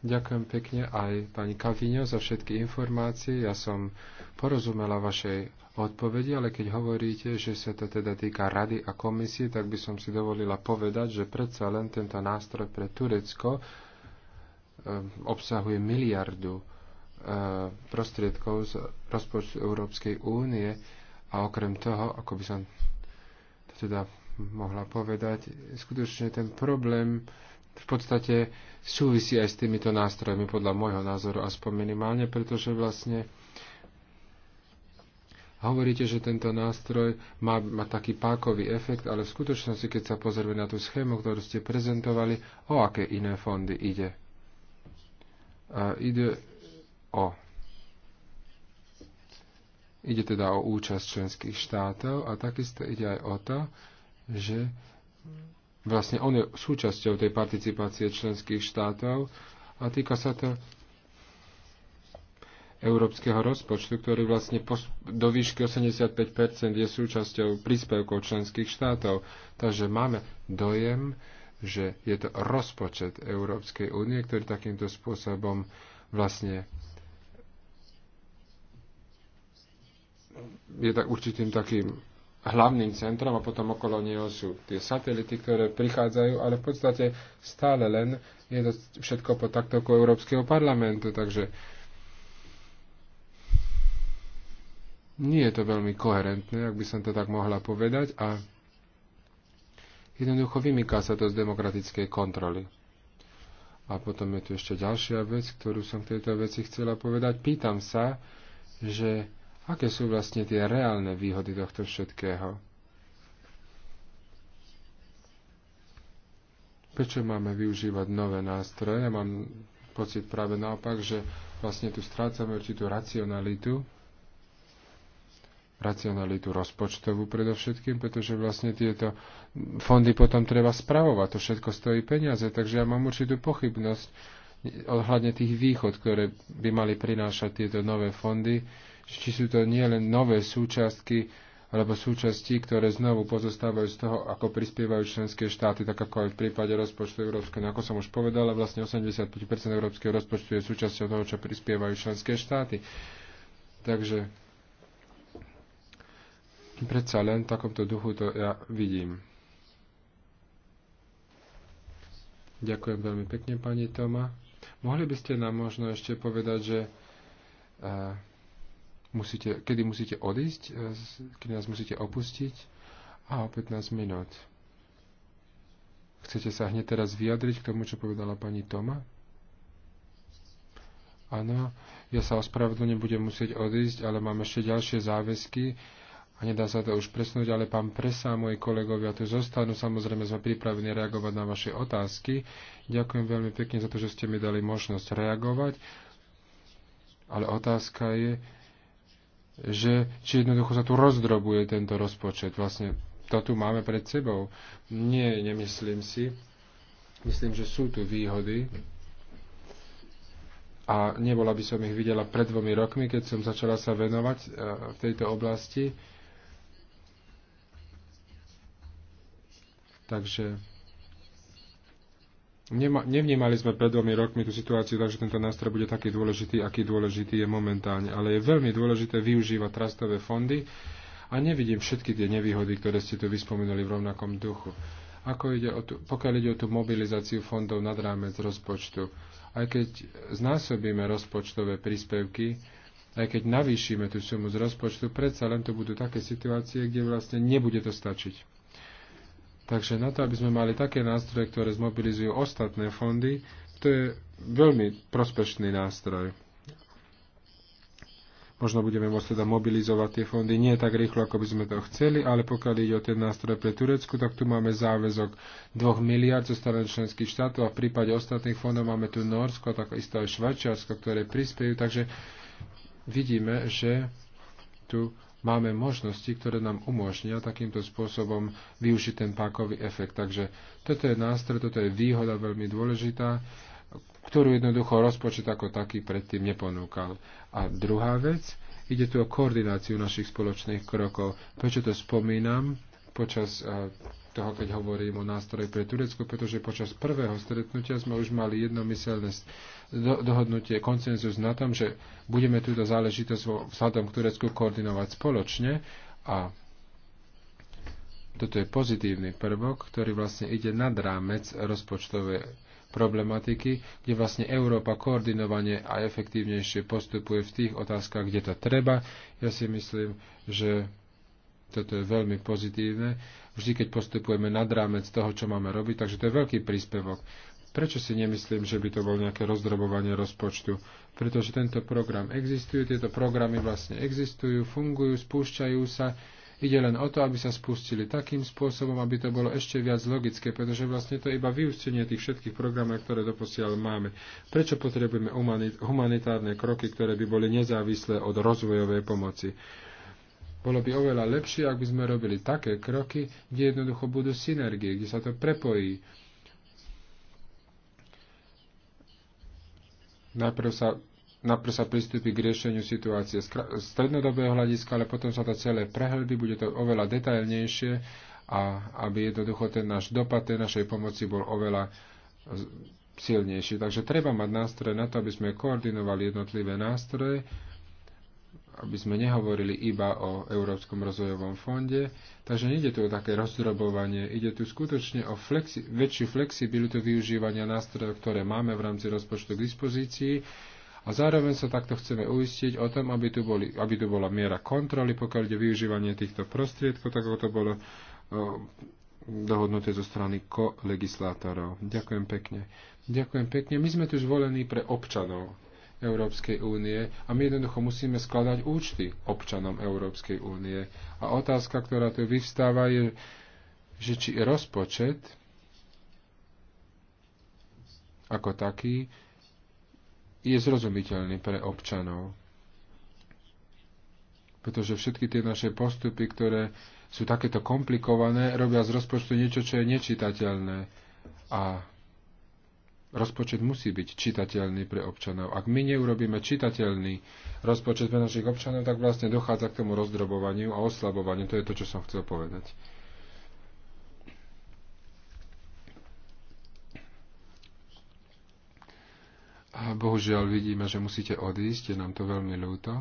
Ďakujem pekne aj pani Kavíňo za všetky informácie. Ja som porozumela vašej odpovedi, ale keď hovoríte, že sa to teda týka rady a komisie, tak by som si dovolila povedať, že predsa len tento nástroj pre Turecko eh, obsahuje miliardu eh, prostriedkov z rozpočtu Európskej únie a okrem toho, ako by som to teda mohla povedať, skutočne ten problém v podstate súvisí aj s týmito nástrojmi, podľa môjho názoru aspoň minimálne, pretože vlastne Hovoríte, že tento nástroj má, má taký pákový efekt, ale v skutočnosti, keď sa pozrieme na tú schému, ktorú ste prezentovali, o aké iné fondy ide? A e, ide o. Ide teda o účasť členských štátov a takisto ide aj o to, že vlastne on je súčasťou tej participácie členských štátov a týka sa to európskeho rozpočtu, ktorý vlastne do výšky 85% je súčasťou príspevkov členských štátov. Takže máme dojem, že je to rozpočet Európskej únie, ktorý takýmto spôsobom vlastne je tak určitým takým hlavným centrom a potom okolo neho sú tie satelity, ktoré prichádzajú, ale v podstate stále len je to všetko pod taktovkou Európskeho parlamentu, takže nie je to veľmi koherentné, ak by som to tak mohla povedať, a jednoducho vymyká sa to z demokratickej kontroly. A potom je tu ešte ďalšia vec, ktorú som k tejto veci chcela povedať. Pýtam sa, že aké sú vlastne tie reálne výhody tohto všetkého. Prečo máme využívať nové nástroje? Ja mám pocit práve naopak, že vlastne tu strácame určitú racionalitu racionalitu rozpočtovú predovšetkým, pretože vlastne tieto fondy potom treba spravovať. To všetko stojí peniaze, takže ja mám určitú pochybnosť ohľadne tých východ, ktoré by mali prinášať tieto nové fondy, či sú to nie len nové súčiastky, alebo súčasti, ktoré znovu pozostávajú z toho, ako prispievajú členské štáty, tak ako aj v prípade rozpočtu Európskej. No, ako som už povedala, vlastne 85% európskeho rozpočtu je súčasťou toho, čo prispievajú členské štáty. Takže Predsa len v takomto duchu to ja vidím. Ďakujem veľmi pekne, pani Toma. Mohli by ste nám možno ešte povedať, že uh, musíte, kedy musíte odísť, uh, kedy nás musíte opustiť? A o 15 minút. Chcete sa hneď teraz vyjadriť k tomu, čo povedala pani Toma? Áno, ja sa ospravedlne budem musieť odísť, ale mám ešte ďalšie záväzky a nedá sa to už presnúť, ale pán Presa a moji kolegovia tu zostanú. Samozrejme sme pripravení reagovať na vaše otázky. Ďakujem veľmi pekne za to, že ste mi dali možnosť reagovať. Ale otázka je, že či jednoducho sa tu rozdrobuje tento rozpočet. Vlastne to tu máme pred sebou. Nie, nemyslím si. Myslím, že sú tu výhody, a nebola by som ich videla pred dvomi rokmi, keď som začala sa venovať e, v tejto oblasti. Takže nevnímali sme pred dvomi rokmi tú situáciu, takže tento nástroj bude taký dôležitý, aký dôležitý je momentálne. Ale je veľmi dôležité využívať trastové fondy a nevidím všetky tie nevýhody, ktoré ste tu vyspomenuli v rovnakom duchu. Ako ide o tú, pokiaľ ide o tú mobilizáciu fondov nad rámec rozpočtu, aj keď znásobíme rozpočtové príspevky, aj keď navýšime tú sumu z rozpočtu, predsa len to budú také situácie, kde vlastne nebude to stačiť. Takže na to, aby sme mali také nástroje, ktoré zmobilizujú ostatné fondy, to je veľmi prospešný nástroj. Možno budeme môcť teda mobilizovať tie fondy nie tak rýchlo, ako by sme to chceli, ale pokiaľ ide o ten nástroj pre Turecku, tak tu máme záväzok 2 miliard zo strany členských štátov a v prípade ostatných fondov máme tu Norsko, tak isto aj Švajčiarsko, ktoré prispiejú. Takže vidíme, že tu máme možnosti, ktoré nám umožnia takýmto spôsobom využiť ten pákový efekt. Takže toto je nástroj, toto je výhoda veľmi dôležitá, ktorú jednoducho rozpočet ako taký predtým neponúkal. A druhá vec, ide tu o koordináciu našich spoločných krokov. Prečo to spomínam? Počas toho, keď hovorím o nástroji pre Turecko, pretože počas prvého stretnutia sme už mali jednomyselné do, dohodnutie, koncenzus na tom, že budeme túto záležitosť vzhľadom k Turecku koordinovať spoločne a toto je pozitívny prvok, ktorý vlastne ide nad rámec rozpočtovej problematiky, kde vlastne Európa koordinovane a efektívnejšie postupuje v tých otázkach, kde to treba. Ja si myslím, že toto je veľmi pozitívne. Vždy, keď postupujeme nad rámec toho, čo máme robiť, takže to je veľký príspevok. Prečo si nemyslím, že by to bolo nejaké rozdrobovanie rozpočtu? Pretože tento program existuje, tieto programy vlastne existujú, fungujú, spúšťajú sa. Ide len o to, aby sa spustili takým spôsobom, aby to bolo ešte viac logické, pretože vlastne to je iba vyústenie tých všetkých programov, ktoré doposiaľ máme. Prečo potrebujeme humanitárne kroky, ktoré by boli nezávislé od rozvojovej pomoci? Bolo by oveľa lepšie, ak by sme robili také kroky, kde jednoducho budú synergie, kde sa to prepojí. Najprv sa, najprv sa pristúpi k riešeniu situácie z strednodobého hľadiska, ale potom sa to celé prehlbí, bude to oveľa detailnejšie a aby jednoducho ten náš dopad tej našej pomoci bol oveľa silnejší. Takže treba mať nástroje na to, aby sme koordinovali jednotlivé nástroje aby sme nehovorili iba o Európskom rozvojovom fonde. Takže nejde tu o také rozdrobovanie, ide tu skutočne o flexi- väčšiu flexibilitu využívania nástrojov, ktoré máme v rámci rozpočtu k dispozícii. A zároveň sa takto chceme uistiť o tom, aby tu, boli, aby tu bola miera kontroly, pokiaľ ide využívanie týchto prostriedkov, tak ako to bolo dohodnuté zo strany kolegislátorov. Ďakujem pekne. Ďakujem pekne. My sme tu zvolení pre občanov Európskej únie a my jednoducho musíme skladať účty občanom Európskej únie. A otázka, ktorá tu vyvstáva, je, že či rozpočet ako taký je zrozumiteľný pre občanov. Pretože všetky tie naše postupy, ktoré sú takéto komplikované, robia z rozpočtu niečo, čo je nečitateľné. A rozpočet musí byť čitateľný pre občanov. Ak my neurobíme čitateľný rozpočet pre našich občanov, tak vlastne dochádza k tomu rozdrobovaniu a oslabovaniu. To je to, čo som chcel povedať. A bohužiaľ vidíme, že musíte odísť, je nám to veľmi ľúto.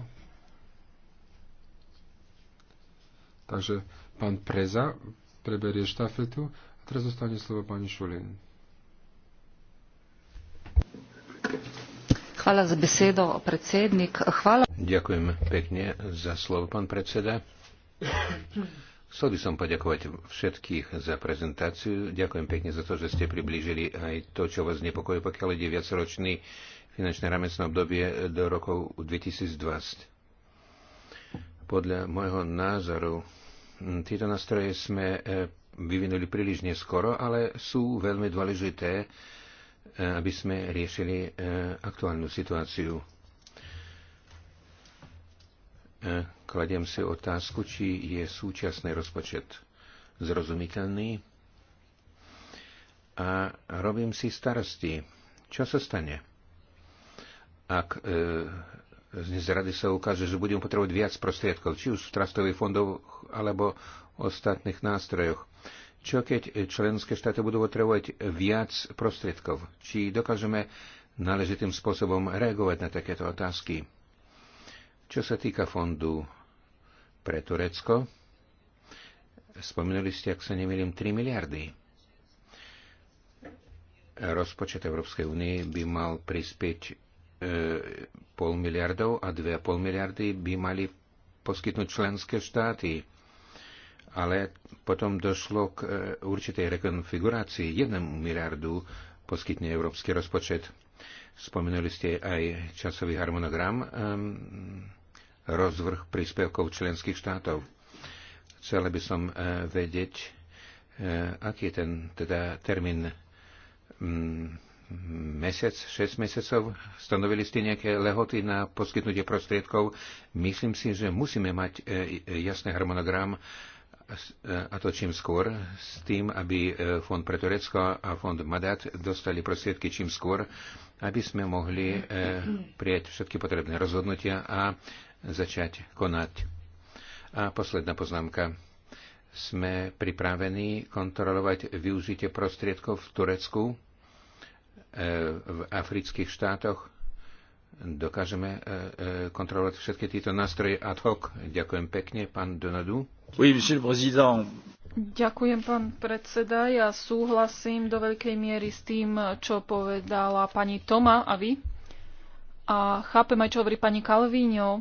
Takže pán Preza preberie štafetu a teraz zostane slovo pani Šulin. Hvala za besedo, predsednik. Hvala. Ďakujem pekne za slovo, pán predseda. Chcel by som poďakovať všetkých za prezentáciu. Ďakujem pekne za to, že ste priblížili aj to, čo vás nepokojí, pokiaľ ide viacročný finančný rámec na obdobie do rokov 2020. Podľa môjho názoru tieto nástroje sme eh, vyvinuli príliš neskoro, ale sú veľmi dôležité Eh, aby sme riešili eh, aktuálnu situáciu. Eh, kladiem si otázku, či je súčasný rozpočet zrozumiteľný a robím si starosti. Čo sa stane, ak z zrady sa ukáže, že budeme potrebovať viac prostriedkov, či už v trastových fondoch alebo ostatných nástrojoch čo keď členské štáty budú potrebovať viac prostriedkov? Či dokážeme náležitým spôsobom reagovať na takéto otázky? Čo sa týka fondu pre Turecko, spomínali ste, ak sa nemýlim, 3 miliardy. Rozpočet Európskej únie by mal prispieť e, pol miliardov a 2,5 miliardy by mali poskytnúť členské štáty ale potom došlo k e, určitej rekonfigurácii. 1 miliardu poskytne európsky rozpočet. Spomenuli ste aj časový harmonogram, rozvrh príspevkov členských štátov. Chcela by som e, vedieť, e, aký je ten teda termín mesiac, 6 mesiacov? Stanovili ste nejaké lehoty na poskytnutie prostriedkov? Myslím si, že musíme mať jasný harmonogram E, a to čím skôr, s tým, aby e, Fond pre Turecko a Fond Madat dostali prostriedky čím skôr, aby sme mohli e, prijať všetky potrebné rozhodnutia a začať konať. A posledná poznámka. Sme pripravení kontrolovať využitie prostriedkov v Turecku, v afrických štátoch. Dokážeme kontrolovať všetky tieto nástroje ad hoc. Ďakujem pekne, pán Donadu. Oui, monsieur le président. Ďakujem, pán predseda. Ja súhlasím do veľkej miery s tým, čo povedala pani Toma a vy. A chápem aj, čo hovorí pani Kalvíňo.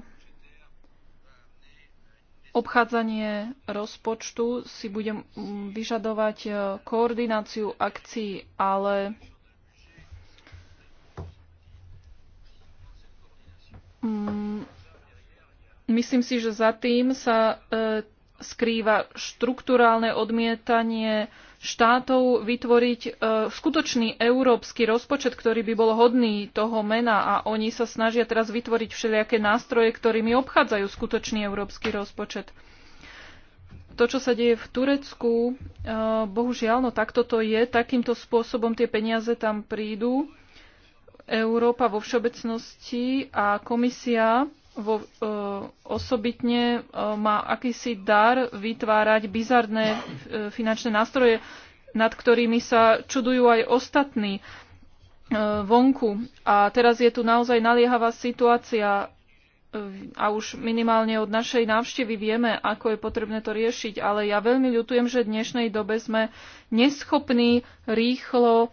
Obchádzanie rozpočtu si budem vyžadovať e, koordináciu akcií, ale myslím si, že za tým sa e, skrýva štrukturálne odmietanie štátov vytvoriť e, skutočný európsky rozpočet, ktorý by bol hodný toho mena a oni sa snažia teraz vytvoriť všelijaké nástroje, ktorými obchádzajú skutočný európsky rozpočet. To, čo sa deje v Turecku, e, bohužiaľ, no takto to je, takýmto spôsobom tie peniaze tam prídu. Európa vo všeobecnosti a komisia vo, e, osobitne e, má akýsi dar vytvárať bizarné e, finančné nástroje, nad ktorými sa čudujú aj ostatní e, vonku. A teraz je tu naozaj naliehavá situácia e, a už minimálne od našej návštevy vieme, ako je potrebné to riešiť, ale ja veľmi ľutujem, že v dnešnej dobe sme neschopní rýchlo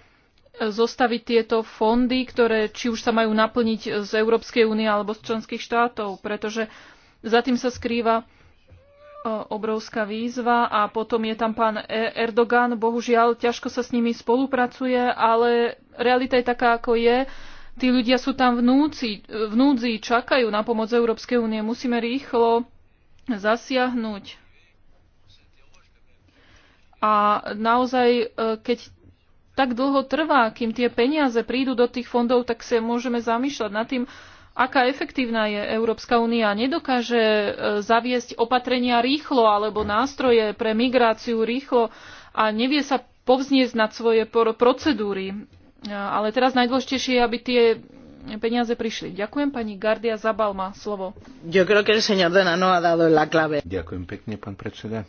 zostaviť tieto fondy, ktoré či už sa majú naplniť z Európskej únie alebo z členských štátov, pretože za tým sa skrýva e, obrovská výzva a potom je tam pán e- Erdogan. Bohužiaľ, ťažko sa s nimi spolupracuje, ale realita je taká, ako je. Tí ľudia sú tam vnúci, vnúci čakajú na pomoc Európskej únie. Musíme rýchlo zasiahnuť. A naozaj, e, keď tak dlho trvá, kým tie peniaze prídu do tých fondov, tak sa môžeme zamýšľať nad tým, aká efektívna je Európska únia. Nedokáže e, zaviesť opatrenia rýchlo alebo nástroje pre migráciu rýchlo a nevie sa povzniesť nad svoje procedúry. E, ale teraz najdôležitejšie je, aby tie peniaze prišli. Ďakujem pani Gardia Zabalma slovo. Ďakujem pekne, pán predseda.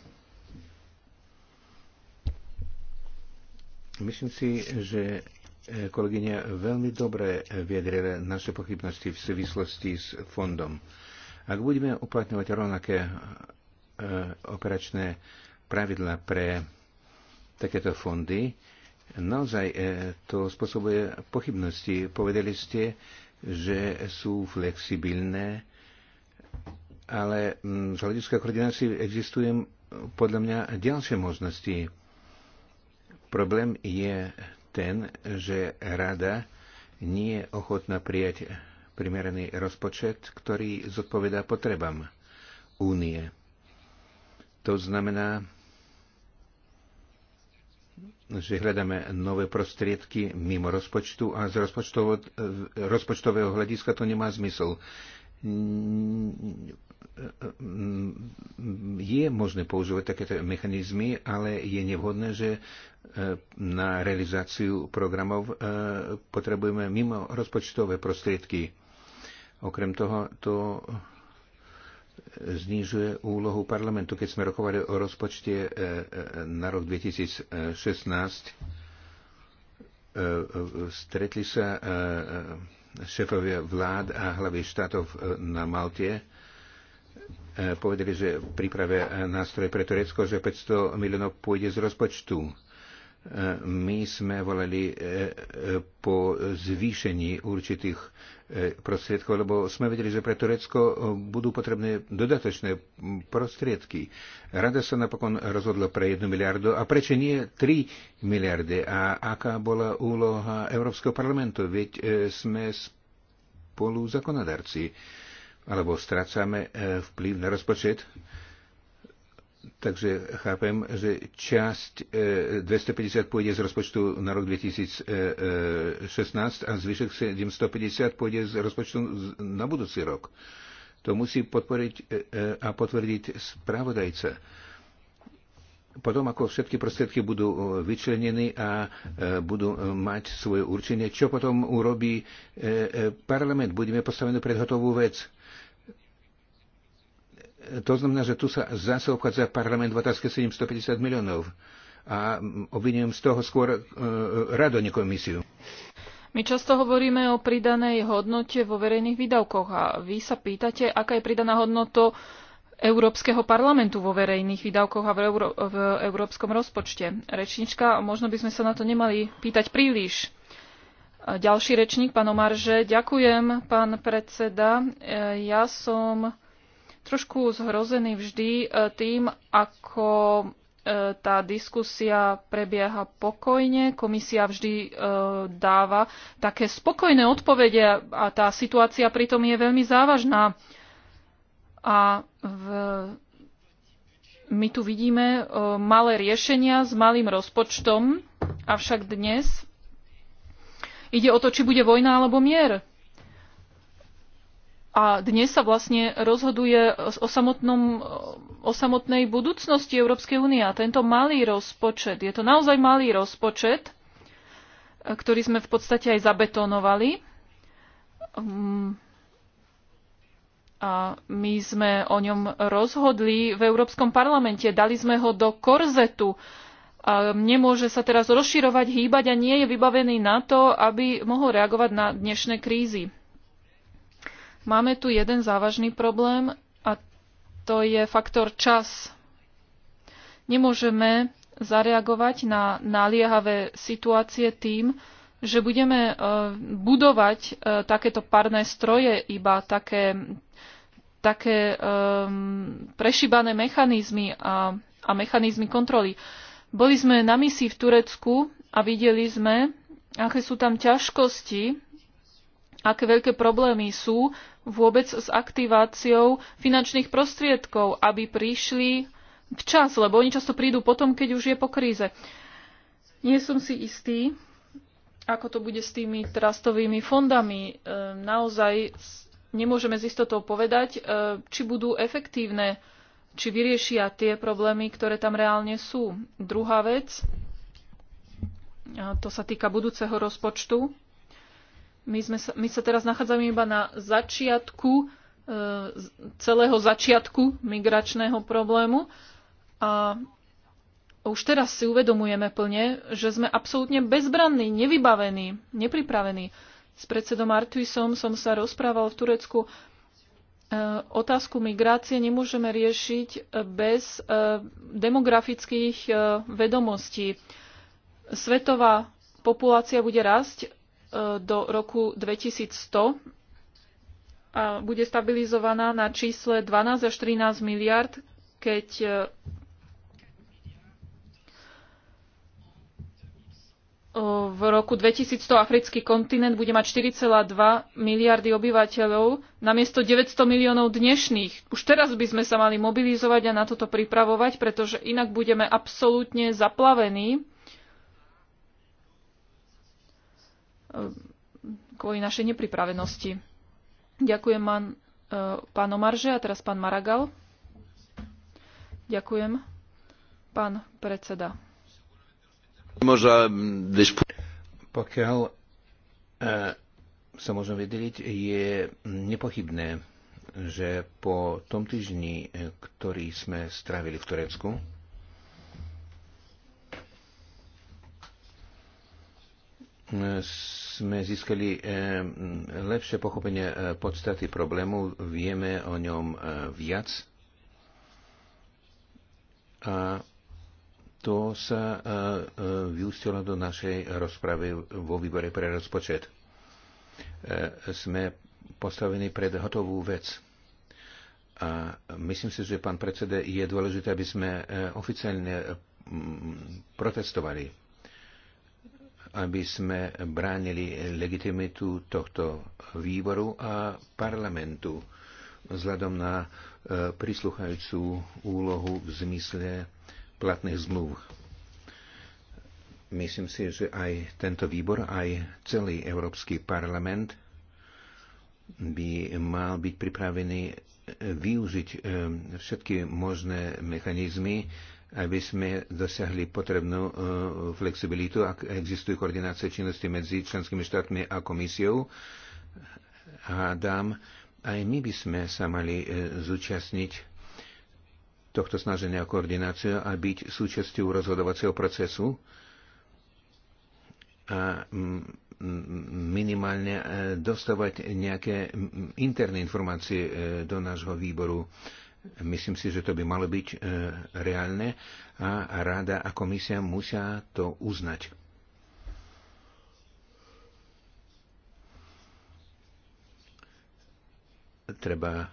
Myslím si, že e, kolegyňa veľmi dobre viedrila naše pochybnosti v súvislosti s fondom. Ak budeme uplatňovať rovnaké e, operačné pravidla pre takéto fondy, naozaj e, to spôsobuje pochybnosti. Povedali ste, že sú flexibilné, ale z hľadiska koordinácie existujú podľa mňa ďalšie možnosti Problém je ten, že rada nie je ochotná prijať primeraný rozpočet, ktorý zodpovedá potrebám únie. To znamená, že hľadáme nové prostriedky mimo rozpočtu a z rozpočtového hľadiska to nemá zmysel je možné používať takéto mechanizmy, ale je nevhodné, že e, na realizáciu programov e, potrebujeme mimo rozpočtové prostriedky. Okrem toho to znižuje úlohu parlamentu. Keď sme rokovali o rozpočte e, na rok 2016, stretli sa šéfovia vlád a hlavy štátov na Malte E, povedali, že príprave e, nástroje pre Turecko, že 500 miliónov pôjde z rozpočtu. E, my sme volali po zvýšení určitých prostriedkov, lebo sme vedeli, že pre Turecko budú potrebné dodatočné prostriedky. Rada sa napokon rozhodla pre 1 miliardu a prečo nie 3 miliardy? A aká bola úloha Európskeho parlamentu? Veď sme spolu zákonodarci alebo strácame e, vplyv na rozpočet. Takže chápem, že časť 250 e, pôjde z rozpočtu na rok 2016 a zvyšok 750 pôjde z rozpočtu na budúci rok. To musí podporiť e, a potvrdiť spravodajca. Potom, ako všetky prostriedky budú vyčlenené a budú mať svoje určenie, čo potom urobí parlament? Budeme postavení pred hotovú vec to znamená, že tu sa zase obchádza parlament v otázke 750 miliónov. A obvinujem z toho skôr e, rado, komisiu. My často hovoríme o pridanej hodnote vo verejných výdavkoch a vy sa pýtate, aká je pridaná hodnota Európskeho parlamentu vo verejných výdavkoch a v, Euró- v európskom rozpočte. Rečnička, možno by sme sa na to nemali pýtať príliš. Ďalší rečník, pán Omarže. Ďakujem, pán predseda. E, ja som trošku zhrozený vždy e, tým, ako e, tá diskusia prebieha pokojne. Komisia vždy e, dáva také spokojné odpovede a tá situácia pritom je veľmi závažná. A v my tu vidíme malé riešenia s malým rozpočtom, avšak dnes ide o to, či bude vojna alebo mier. A dnes sa vlastne rozhoduje o, samotnom, o samotnej budúcnosti Európskej únie. A tento malý rozpočet, je to naozaj malý rozpočet, ktorý sme v podstate aj zabetonovali. Mm. A my sme o ňom rozhodli v Európskom parlamente, dali sme ho do korzetu. A nemôže sa teraz rozširovať, hýbať a nie je vybavený na to, aby mohol reagovať na dnešné krízy. Máme tu jeden závažný problém a to je faktor čas. Nemôžeme zareagovať na naliehavé situácie tým, že budeme e, budovať e, takéto parné stroje, iba také, také um, prešibané mechanizmy a, a mechanizmy kontroly. Boli sme na misii v Turecku a videli sme, aké sú tam ťažkosti, aké veľké problémy sú vôbec s aktiváciou finančných prostriedkov, aby prišli včas, lebo oni často prídu potom, keď už je po kríze. Nie som si istý, ako to bude s tými trastovými fondami. Ehm, naozaj nemôžeme z istotou povedať, ehm, či budú efektívne, či vyriešia tie problémy, ktoré tam reálne sú. Druhá vec, to sa týka budúceho rozpočtu. My, sme sa, my sa teraz nachádzame iba na začiatku e, celého začiatku migračného problému a už teraz si uvedomujeme plne, že sme absolútne bezbranní, nevybavení, nepripravení. S predsedom Artuisom som sa rozprával v Turecku. E, otázku migrácie nemôžeme riešiť bez e, demografických vedomostí. Svetová populácia bude rásť do roku 2100 a bude stabilizovaná na čísle 12 až 13 miliard, keď e, v roku 2100 africký kontinent bude mať 4,2 miliardy obyvateľov namiesto 900 miliónov dnešných. Už teraz by sme sa mali mobilizovať a na toto pripravovať, pretože inak budeme absolútne zaplavení E, kvôli našej nepripravenosti. Ďakujem man, e, pán Omarže a teraz pán Maragal. Ďakujem. Pán predseda. Mm, Pokiaľ e, sa môžem vydeliť, je nepochybné, že po tom týždni, ktorý sme strávili v Turecku, sme získali eh, lepšie pochopenie eh, podstaty problému, vieme o ňom eh, viac a to sa vyústilo do našej rozpravy vo výbore pre rozpočet. Sme postavení pred hotovú vec. A myslím si, že pán predseda je dôležité, aby sme oficiálne protestovali aby sme bránili legitimitu tohto výboru a parlamentu vzhľadom na e, prísluchajúcu úlohu v zmysle platných zmluv. Myslím si, že aj tento výbor, aj celý Európsky parlament by mal byť pripravený využiť e, všetky možné mechanizmy, aby sme dosiahli potrebnú e, flexibilitu, ak existujú koordinácia činnosti medzi členskými štátmi a komisiou. Hádam, aj my by sme sa mali e, zúčastniť tohto snaženia o koordináciu a byť súčasťou rozhodovacieho procesu a minimálne e, dostávať nejaké interné informácie do nášho výboru Myslím si, že to by malo byť e, reálne a rada a komisia musia to uznať. Treba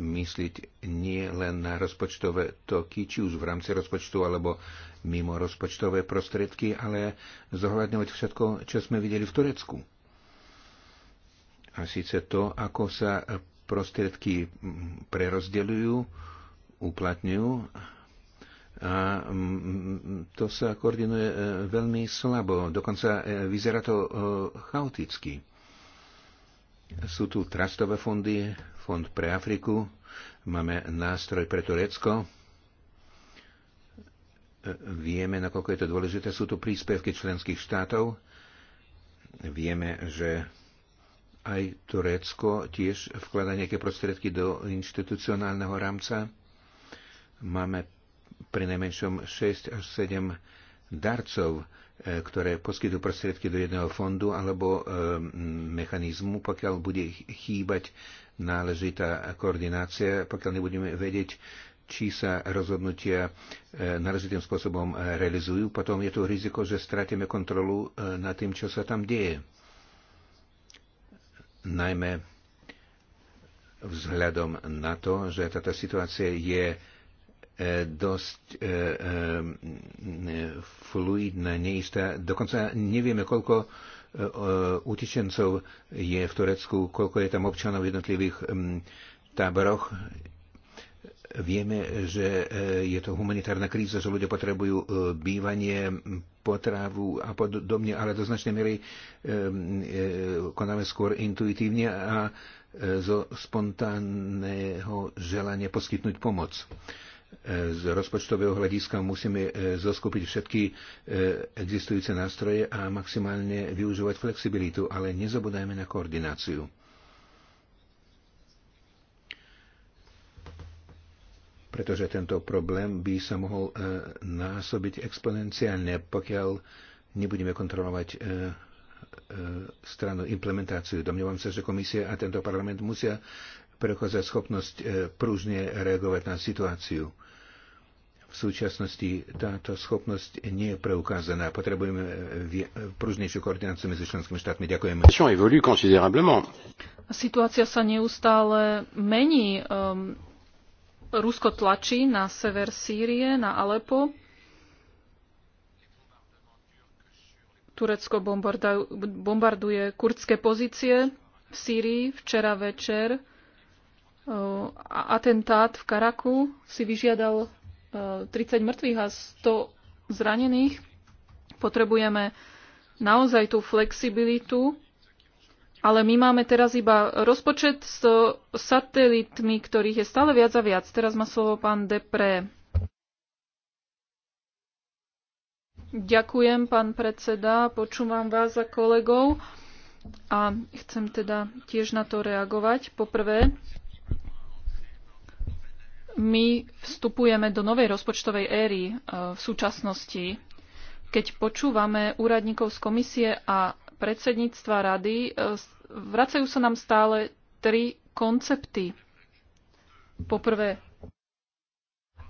myslieť nie len na rozpočtové toky, či už v rámci rozpočtu alebo mimo rozpočtové prostriedky, ale zohľadňovať všetko, čo sme videli v Turecku. A síce to, ako sa prostriedky prerozdeľujú, uplatňujú a mm, to sa koordinuje e, veľmi slabo, dokonca e, vyzerá to e, chaoticky. Sú tu trastové fondy, fond pre Afriku, máme nástroj pre Turecko, vieme, nakoľko je to dôležité, sú tu príspevky členských štátov, vieme, že aj Turecko tiež vklada nejaké prostriedky do inštitucionálneho rámca. Máme pri najmenšom 6 až 7 darcov, e, ktoré poskytujú prostriedky do jedného fondu alebo e, mechanizmu, pokiaľ bude chýbať náležitá koordinácia, pokiaľ nebudeme vedieť, či sa rozhodnutia e, náležitým spôsobom realizujú, potom je tu riziko, že stratíme kontrolu nad tým, čo sa tam deje najmä vzhľadom na to, že táto situácia je e, dosť e, e, fluidná, neistá. Dokonca nevieme, koľko utečencov je v Turecku, koľko je tam občanov v jednotlivých táboroch. Vieme, že e, je to humanitárna kríza, že ľudia potrebujú e, bývanie, potravu a podobne, ale do značnej miery e, konáme skôr intuitívne a zo spontánneho želania poskytnúť pomoc. Z rozpočtového hľadiska musíme zoskupiť všetky existujúce nástroje a maximálne využívať flexibilitu, ale nezabudajme na koordináciu. pretože tento problém by sa mohol e, násobiť exponenciálne, pokiaľ nebudeme kontrolovať e, e, stranu implementáciu. Domnievam sa, že komisia a tento parlament musia prechádzať schopnosť prúžne reagovať na situáciu. V súčasnosti táto schopnosť nie je preukázaná. Potrebujeme prúžnejšiu koordináciu medzi členskými štátmi. Ďakujeme. Situácia sa neustále mení. Um Rusko tlačí na sever Sýrie, na Alepo. Turecko bombarduje kurdské pozície v Sýrii. Včera večer atentát v Karaku si vyžiadal 30 e, mŕtvych a 100 zranených. Potrebujeme naozaj tú flexibilitu ale my máme teraz iba rozpočet s satelitmi, ktorých je stále viac a viac. Teraz má slovo pán Depré. Ďakujem, pán predseda. Počúvam vás a kolegov. A chcem teda tiež na to reagovať. Poprvé, my vstupujeme do novej rozpočtovej éry e, v súčasnosti. Keď počúvame úradníkov z komisie a predsedníctva rady, e, vracajú sa nám stále tri koncepty. Poprvé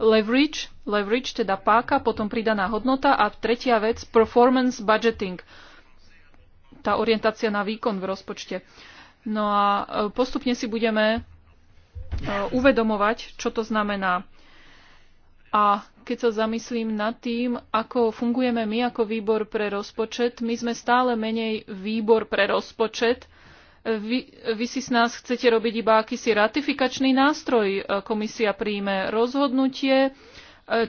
leverage, leverage teda páka, potom pridaná hodnota a tretia vec performance budgeting, tá orientácia na výkon v rozpočte. No a e, postupne si budeme e, uvedomovať, čo to znamená. A keď sa zamyslím nad tým, ako fungujeme my ako výbor pre rozpočet, my sme stále menej výbor pre rozpočet. Vy, vy si s nás chcete robiť iba akýsi ratifikačný nástroj. E, komisia príjme rozhodnutie. E,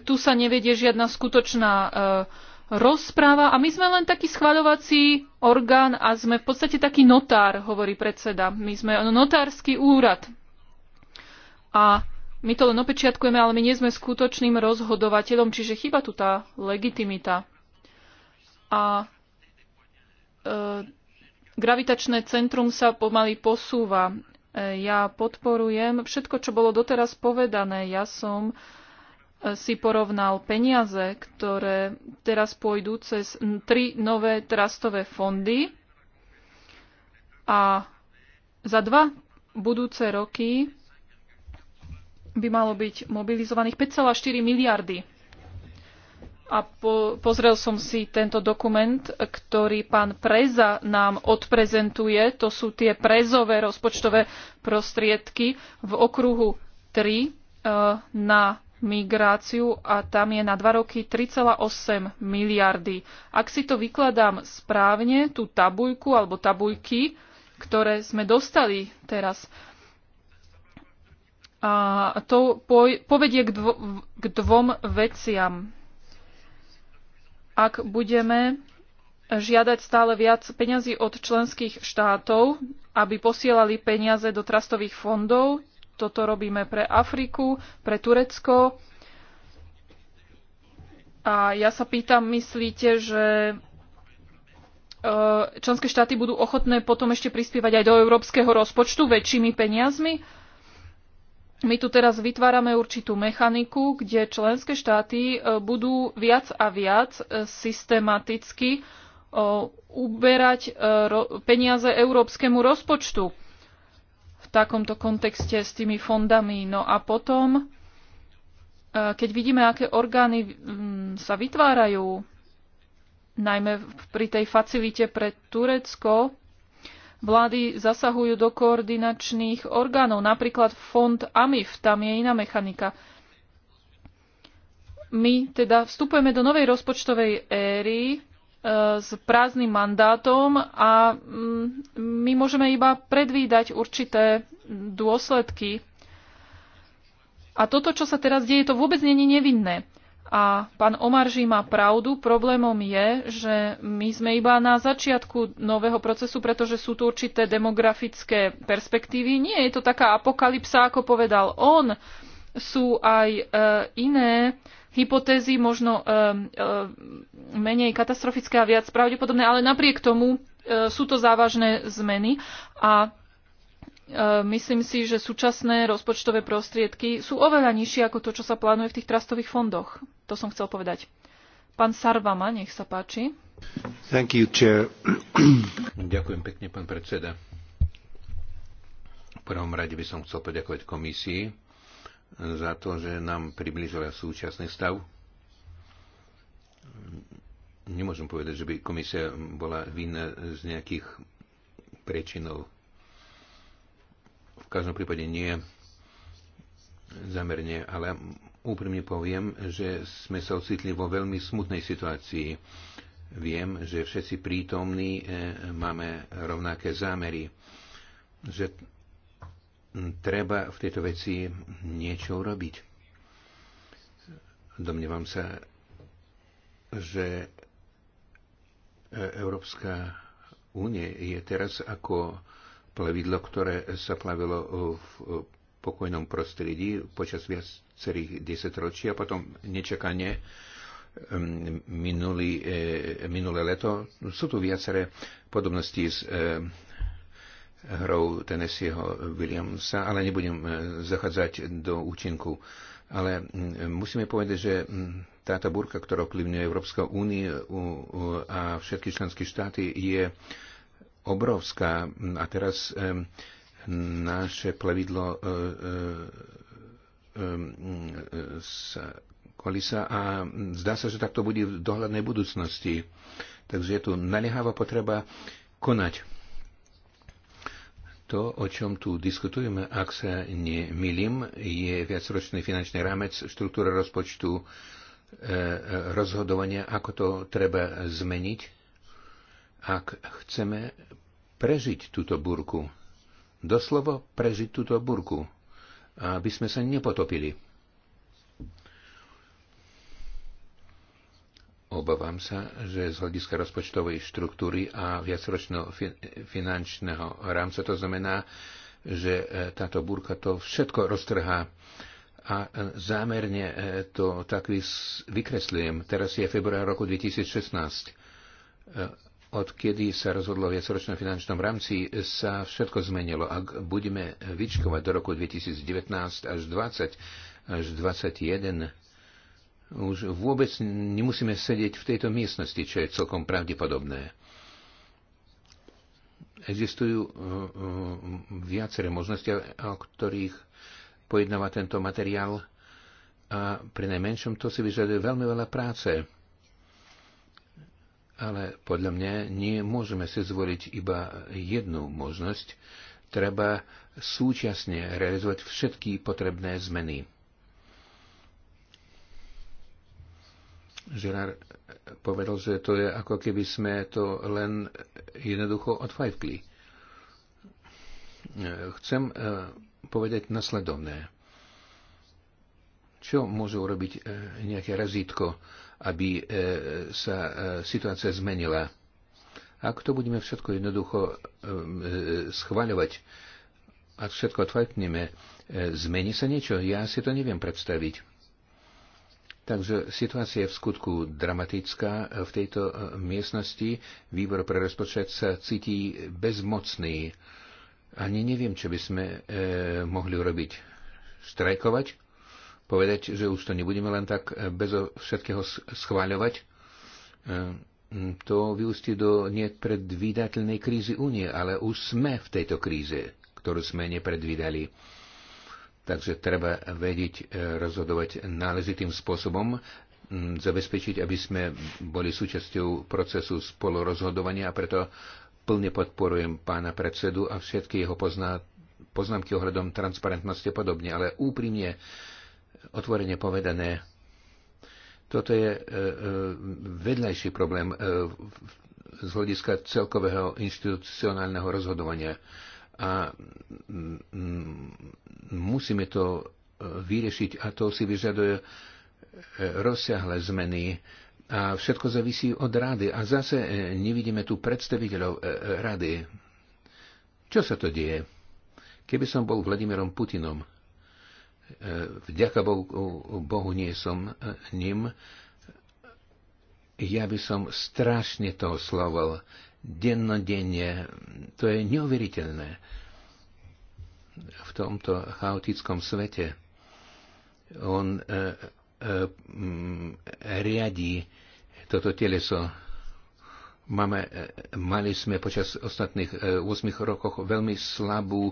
tu sa nevedie žiadna skutočná e, rozpráva a my sme len taký schvaľovací orgán a sme v podstate taký notár, hovorí predseda. My sme notársky úrad. A my to len opečiatkujeme, ale my nie sme skutočným rozhodovateľom, čiže chyba tu tá legitimita. A e, gravitačné centrum sa pomaly posúva. E, ja podporujem všetko, čo bolo doteraz povedané. Ja som e, si porovnal peniaze, ktoré teraz pôjdu cez tri nové trastové fondy a za dva budúce roky by malo byť mobilizovaných 5,4 miliardy. A po, pozrel som si tento dokument, ktorý pán Preza nám odprezentuje. To sú tie prezové rozpočtové prostriedky v okruhu 3 e, na migráciu a tam je na 2 roky 3,8 miliardy. Ak si to vykladám správne, tú tabuľku alebo tabuľky, ktoré sme dostali teraz, a to povedie k, dvo, k dvom veciam. Ak budeme žiadať stále viac peňazí od členských štátov, aby posielali peniaze do trastových fondov, toto robíme pre Afriku, pre Turecko. A ja sa pýtam, myslíte, že e, členské štáty budú ochotné potom ešte prispievať aj do európskeho rozpočtu väčšími peniazmi? my tu teraz vytvárame určitú mechaniku, kde členské štáty e, budú viac a viac e, systematicky e, uberať peniaze európskemu rozpočtu v takomto kontexte s tými fondami. No a potom, keď vidíme, aké orgány sa vytvárajú, najmä pri tej facilite pre Turecko, vlády zasahujú do koordinačných orgánov. Napríklad fond AMIF, tam je iná mechanika. My teda vstupujeme do novej rozpočtovej éry e, s prázdnym mandátom a mm, my môžeme iba predvídať určité dôsledky. A toto, čo sa teraz deje, to vôbec nie je nevinné. A pán Omarží má pravdu, problémom je, že my sme iba na začiatku nového procesu, pretože sú tu určité demografické perspektívy. Nie je to taká apokalypsa, ako povedal on. Sú aj e, iné hypotézy, možno e, e, menej katastrofické a viac pravdepodobné, ale napriek tomu e, sú to závažné zmeny a e, myslím si, že súčasné rozpočtové prostriedky sú oveľa nižšie ako to, čo sa plánuje v tých trastových fondoch. To som chcel povedať. Pán Sarvama, nech sa páči. Thank you, chair. Ďakujem pekne, pán predseda. V prvom rade by som chcel poďakovať komisii za to, že nám približila súčasný stav. Nemôžem povedať, že by komisia bola vinná z nejakých prečinov. V každom prípade nie zamerne, ale úprimne poviem, že sme sa ocitli vo veľmi smutnej situácii. Viem, že všetci prítomní e, máme rovnaké zámery, že treba v tejto veci niečo urobiť. Domnievam sa, že e, Európska únie je teraz ako plavidlo, ktoré sa plavilo v pokojnom prostredí počas viac celých 10 ročí a potom nečakanie minulý, e, minulé leto. Sú tu viaceré podobnosti s e, hrou Tennesseeho Williamsa, ale nebudem e, zachádzať do účinku. Ale mm, musíme povedať, že mm, táto burka, ktorá ovplyvňuje Európska únia a všetky členské štáty, je obrovská. A teraz naše plavidlo z um, kolisa a zdá sa, že takto bude v dohľadnej budúcnosti. Takže je tu naliehavá potreba konať. To, o čom tu diskutujeme, ak sa nemýlim, je viacročný finančný rámec, štruktúra rozpočtu, e, rozhodovania, ako to treba zmeniť, ak chceme prežiť túto burku. Doslovo prežiť túto burku aby sme sa nepotopili. Obávam sa, že z hľadiska rozpočtovej štruktúry a viacročného finančného rámca to znamená, že e, táto búrka to všetko roztrhá a e, zámerne e, to tak vykresľujem. Teraz je február roku 2016 odkedy sa rozhodlo o viacročnom finančnom rámci, sa všetko zmenilo. Ak budeme vyčkovať do roku 2019 až 20 až 21, už vôbec nemusíme sedieť v tejto miestnosti, čo je celkom pravdepodobné. Existujú uh, uh, viaceré možnosti, o ktorých pojednáva tento materiál a pri najmenšom to si vyžaduje veľmi veľa práce ale podľa mňa nemôžeme si zvoliť iba jednu možnosť. Treba súčasne realizovať všetky potrebné zmeny. Žerár povedal, že to je ako keby sme to len jednoducho odfajkli. Chcem e, povedať nasledovné. Čo môže urobiť e, nejaké razítko? aby e, sa e, situácia zmenila. Ak to budeme všetko jednoducho e, schvaľovať, ak všetko odfajtneme, zmení sa niečo? Ja si to neviem predstaviť. Takže situácia je v skutku dramatická. V tejto miestnosti výbor pre rozpočet sa cíti bezmocný. Ani neviem, čo by sme e, mohli urobiť. Štrajkovať? povedať, že už to nebudeme len tak e, bez všetkého schváľovať. E, to vyústi do nepredvídateľnej krízy únie, ale už sme v tejto kríze, ktorú sme nepredvídali. Takže treba vedieť e, rozhodovať náležitým spôsobom, zabezpečiť, aby sme boli súčasťou procesu spolorozhodovania a preto plne podporujem pána predsedu a všetky jeho pozná, poznámky ohľadom transparentnosti a podobne, ale úprimne otvorene povedané, toto je e, e, vedľajší problém e, z hľadiska celkového inštitucionálneho rozhodovania. A mm, mm, musíme to vyriešiť a to si vyžaduje rozsiahle zmeny a všetko zavisí od rady. A zase nevidíme tu predstaviteľov rady. Čo sa to deje? Keby som bol Vladimírom Putinom, E, vďaka Bohu, Bohu nie som e, ním. Ja by som strašne to oslovoval. Dennodenne. To je neuveriteľné. V tomto chaotickom svete on e, e, m, riadi toto teleso máme, e, mali sme počas ostatných 8 rokov veľmi slabú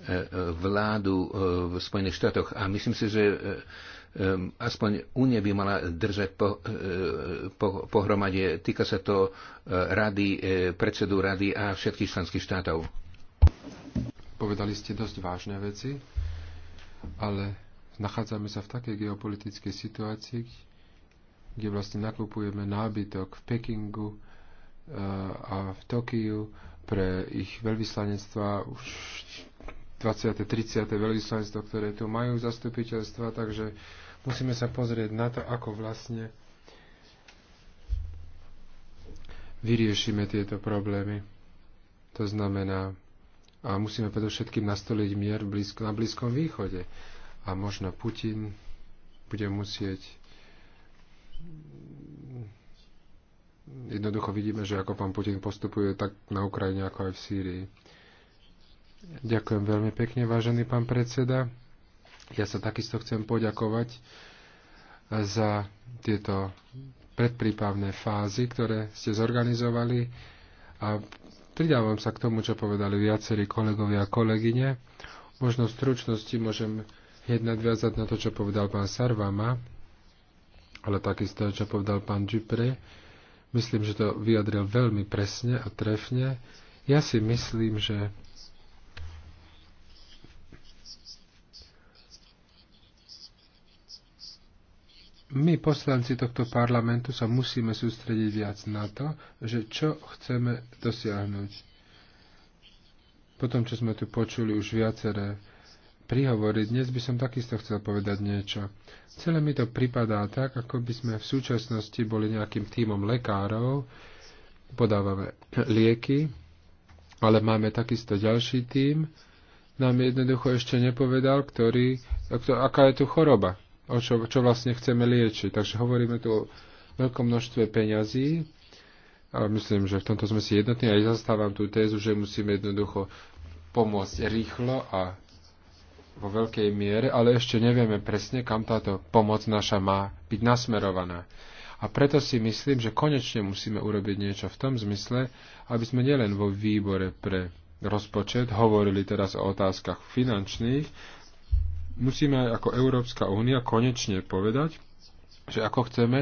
E, e, vládu e, v Spojených štátoch. A myslím si, že aspoň Únie by mala držať po, po, pohromade. Týka sa to rady, predsedu rady a všetkých členských štátov. Povedali ste dosť vážne veci, ale nachádzame sa v takej geopolitickej situácii, kde vlastne nakupujeme nábytok v Pekingu a v Tokiu pre ich veľvyslanectva už 20. 30. veľvyslanectvo, ktoré tu majú zastupiteľstva, takže musíme sa pozrieť na to, ako vlastne vyriešime tieto problémy. To znamená, a musíme predovšetkým nastoliť mier blízko, na Blízkom východe. A možno Putin bude musieť jednoducho vidíme, že ako pán Putin postupuje tak na Ukrajine, ako aj v Sýrii. Ďakujem veľmi pekne, vážený pán predseda. Ja sa takisto chcem poďakovať za tieto predprípavné fázy, ktoré ste zorganizovali a pridávam sa k tomu, čo povedali viacerí kolegovia a kolegyne. Možno v stručnosti môžem hneď nadviazať na to, čo povedal pán Sarvama, ale takisto, čo povedal pán Dupre. Myslím, že to vyjadril veľmi presne a trefne. Ja si myslím, že my, poslanci tohto parlamentu, sa musíme sústrediť viac na to, že čo chceme dosiahnuť. Po tom, čo sme tu počuli už viaceré prihovory, dnes by som takisto chcel povedať niečo. Celé mi to pripadá tak, ako by sme v súčasnosti boli nejakým tímom lekárov, podávame lieky, ale máme takisto ďalší tím, nám jednoducho ešte nepovedal, ktorý, aká je tu choroba o čo, čo vlastne chceme liečiť. Takže hovoríme tu o veľkom množstve peňazí, A myslím, že v tomto sme si jednotní a ja zastávam tú tézu, že musíme jednoducho pomôcť rýchlo a vo veľkej miere, ale ešte nevieme presne, kam táto pomoc naša má byť nasmerovaná. A preto si myslím, že konečne musíme urobiť niečo v tom zmysle, aby sme nielen vo výbore pre rozpočet hovorili teraz o otázkach finančných, musíme aj ako Európska únia konečne povedať, že ako chceme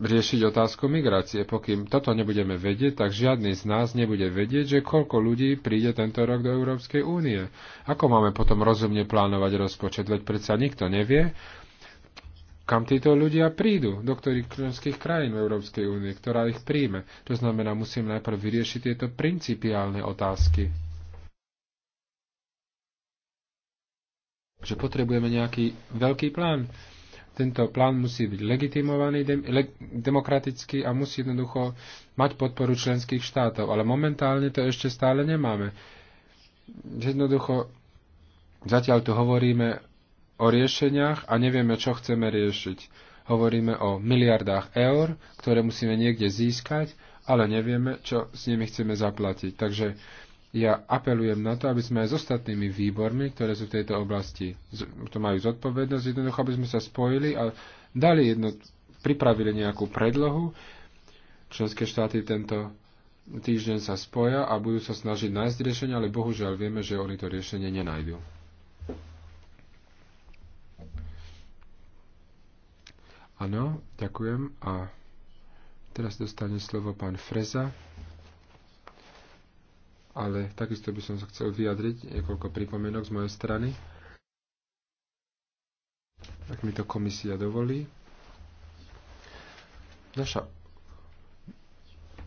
riešiť otázku migrácie. Pokým toto nebudeme vedieť, tak žiadny z nás nebude vedieť, že koľko ľudí príde tento rok do Európskej únie. Ako máme potom rozumne plánovať rozpočet, veď predsa nikto nevie, kam títo ľudia prídu, do ktorých členských krajín v Európskej únie, ktorá ich príjme. To znamená, musím najprv vyriešiť tieto principiálne otázky. že potrebujeme nejaký veľký plán. Tento plán musí byť legitimovaný dem, le, demokraticky a musí jednoducho mať podporu členských štátov, ale momentálne to ešte stále nemáme. Jednoducho zatiaľ tu hovoríme o riešeniach a nevieme, čo chceme riešiť. Hovoríme o miliardách eur, ktoré musíme niekde získať, ale nevieme, čo s nimi chceme zaplatiť. Takže ja apelujem na to, aby sme aj s ostatnými výbormi, ktoré sú v tejto oblasti, to majú zodpovednosť, jednoducho, aby sme sa spojili a dali jedno, pripravili nejakú predlohu. Členské štáty tento týždeň sa spoja a budú sa snažiť nájsť riešenie, ale bohužiaľ vieme, že oni to riešenie nenajdu. Áno, ďakujem. A teraz dostane slovo pán Freza ale takisto by som sa chcel vyjadriť niekoľko pripomienok z mojej strany. Ak mi to komisia dovolí. Naša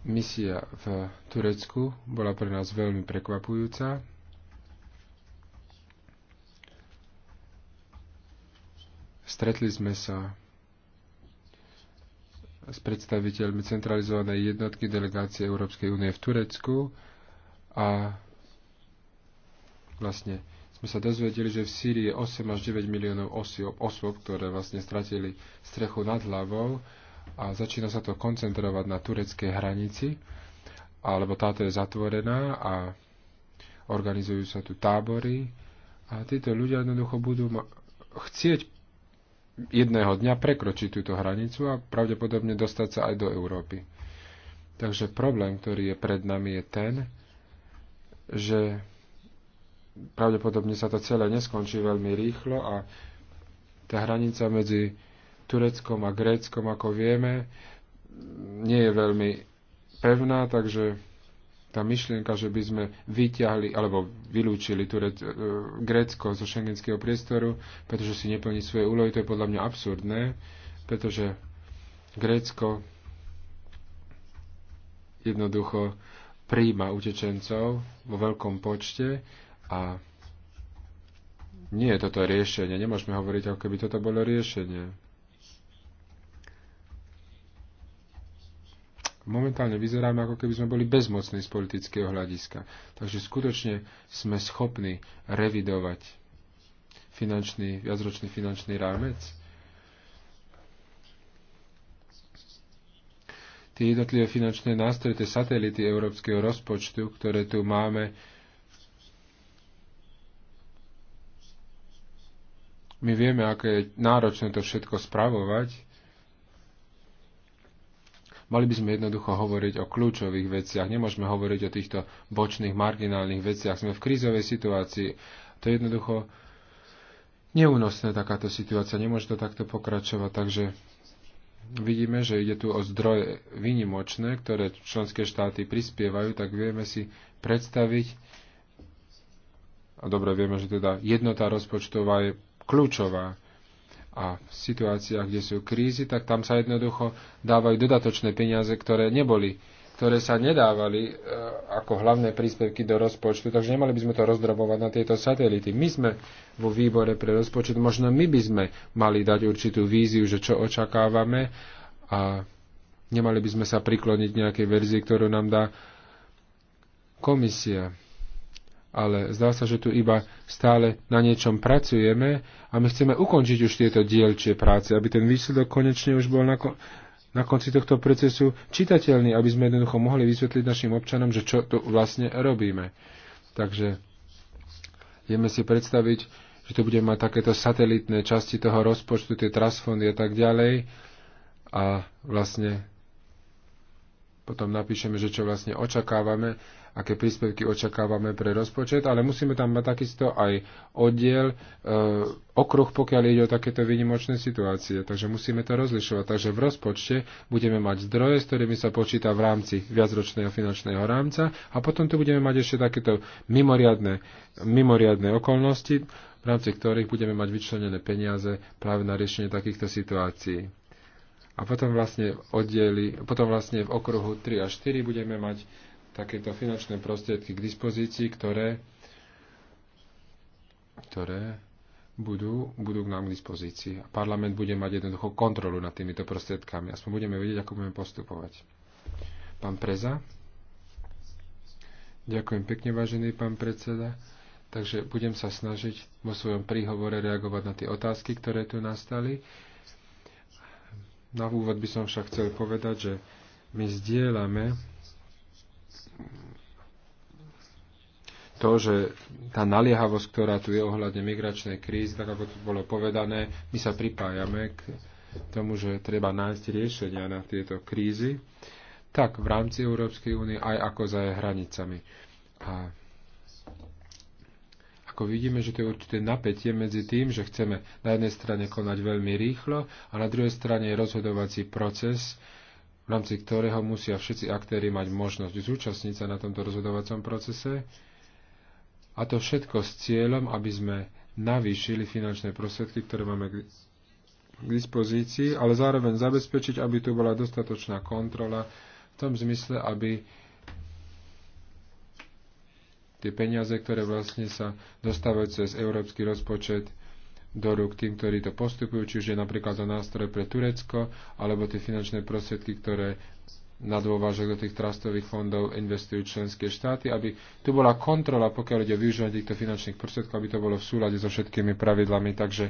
misia v Turecku bola pre nás veľmi prekvapujúca. Stretli sme sa s predstaviteľmi centralizovanej jednotky delegácie Európskej únie v Turecku, a vlastne sme sa dozvedeli, že v Sýrii je 8 až 9 miliónov osôb, osôb ktoré vlastne stratili strechu nad hlavou a začína sa to koncentrovať na tureckej hranici, alebo táto je zatvorená a organizujú sa tu tábory a títo ľudia jednoducho budú chcieť jedného dňa prekročiť túto hranicu a pravdepodobne dostať sa aj do Európy. Takže problém, ktorý je pred nami, je ten, že pravdepodobne sa to celé neskončí veľmi rýchlo a tá hranica medzi Tureckom a Gréckom, ako vieme, nie je veľmi pevná, takže tá myšlienka, že by sme vyťahli alebo vylúčili Turec, e, Grécko zo šengenského priestoru, pretože si neplní svoje úlohy, to je podľa mňa absurdné, pretože Grécko jednoducho príjma utečencov vo veľkom počte a nie je toto riešenie. Nemôžeme hovoriť, ako keby toto bolo riešenie. Momentálne vyzeráme, ako keby sme boli bezmocní z politického hľadiska. Takže skutočne sme schopní revidovať finančný, viacročný finančný rámec tie jednotlivé finančné nástroje, tie satelity európskeho rozpočtu, ktoré tu máme, my vieme, aké je náročné to všetko spravovať. Mali by sme jednoducho hovoriť o kľúčových veciach. Nemôžeme hovoriť o týchto bočných, marginálnych veciach. Sme v krízovej situácii. To je jednoducho neúnosné takáto situácia. Nemôže to takto pokračovať. Takže vidíme, že ide tu o zdroje výnimočné, ktoré členské štáty prispievajú, tak vieme si predstaviť, a dobre vieme, že teda jednota rozpočtová je kľúčová. A v situáciách, kde sú krízy, tak tam sa jednoducho dávajú dodatočné peniaze, ktoré neboli ktoré sa nedávali e, ako hlavné príspevky do rozpočtu, takže nemali by sme to rozdrobovať na tieto satelity. My sme vo výbore pre rozpočet, možno my by sme mali dať určitú víziu, že čo očakávame a nemali by sme sa prikloniť nejakej verzii, ktorú nám dá komisia. Ale zdá sa, že tu iba stále na niečom pracujeme a my chceme ukončiť už tieto dielčie práce, aby ten výsledok konečne už bol na, na konci tohto procesu čitateľný, aby sme jednoducho mohli vysvetliť našim občanom, že čo tu vlastne robíme. Takže vieme si predstaviť, že tu budeme mať takéto satelitné časti toho rozpočtu, tie trasfondy a tak ďalej. A vlastne potom napíšeme, že čo vlastne očakávame aké príspevky očakávame pre rozpočet, ale musíme tam mať takisto aj oddiel, e, okruh, pokiaľ ide o takéto výnimočné situácie. Takže musíme to rozlišovať. Takže v rozpočte budeme mať zdroje, s ktorými sa počíta v rámci viacročného finančného rámca a potom tu budeme mať ešte takéto mimoriadne, mimoriadne okolnosti, v rámci ktorých budeme mať vyčlenené peniaze práve na riešenie takýchto situácií. A potom vlastne, oddieli, potom vlastne v okruhu 3 a 4 budeme mať takéto finančné prostriedky k dispozícii, ktoré, ktoré budú, budú k nám k dispozícii. A parlament bude mať jednoducho kontrolu nad týmito prostriedkami. Aspoň budeme vedieť, ako budeme postupovať. Pán Preza. Ďakujem pekne, vážený pán predseda. Takže budem sa snažiť vo svojom príhovore reagovať na tie otázky, ktoré tu nastali. Na úvod by som však chcel povedať, že my zdieľame to, že tá naliehavosť, ktorá tu je ohľadne migračnej krízy, tak ako tu bolo povedané, my sa pripájame k tomu, že treba nájsť riešenia na tieto krízy, tak v rámci Európskej únie aj ako za jej hranicami. A ako vidíme, že to je určité napätie medzi tým, že chceme na jednej strane konať veľmi rýchlo a na druhej strane je rozhodovací proces, v rámci ktorého musia všetci aktéry mať možnosť zúčastniť sa na tomto rozhodovacom procese a to všetko s cieľom, aby sme navýšili finančné prostriedky, ktoré máme k dispozícii, ale zároveň zabezpečiť, aby tu bola dostatočná kontrola v tom zmysle, aby tie peniaze, ktoré vlastne sa dostávajú cez európsky rozpočet do rúk tým, ktorí to postupujú, čiže napríklad za nástroje pre Turecko, alebo tie finančné prostriedky, ktoré na dôvážok do tých trastových fondov investujú členské štáty, aby tu bola kontrola, pokiaľ ide o využívanie týchto finančných prostriedkov, aby to bolo v súlade so všetkými pravidlami. Takže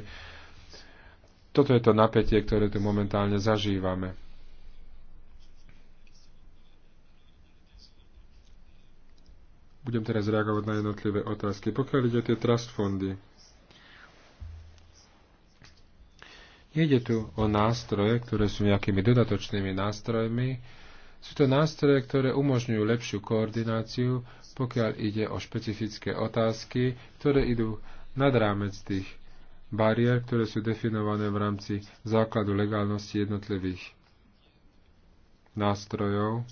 toto je to napätie, ktoré tu momentálne zažívame. Budem teraz reagovať na jednotlivé otázky. Pokiaľ ide o tie trust fondy, nejde tu o nástroje, ktoré sú nejakými dodatočnými nástrojmi, sú to nástroje, ktoré umožňujú lepšiu koordináciu, pokiaľ ide o špecifické otázky, ktoré idú nad rámec tých bariér, ktoré sú definované v rámci základu legálnosti jednotlivých nástrojov,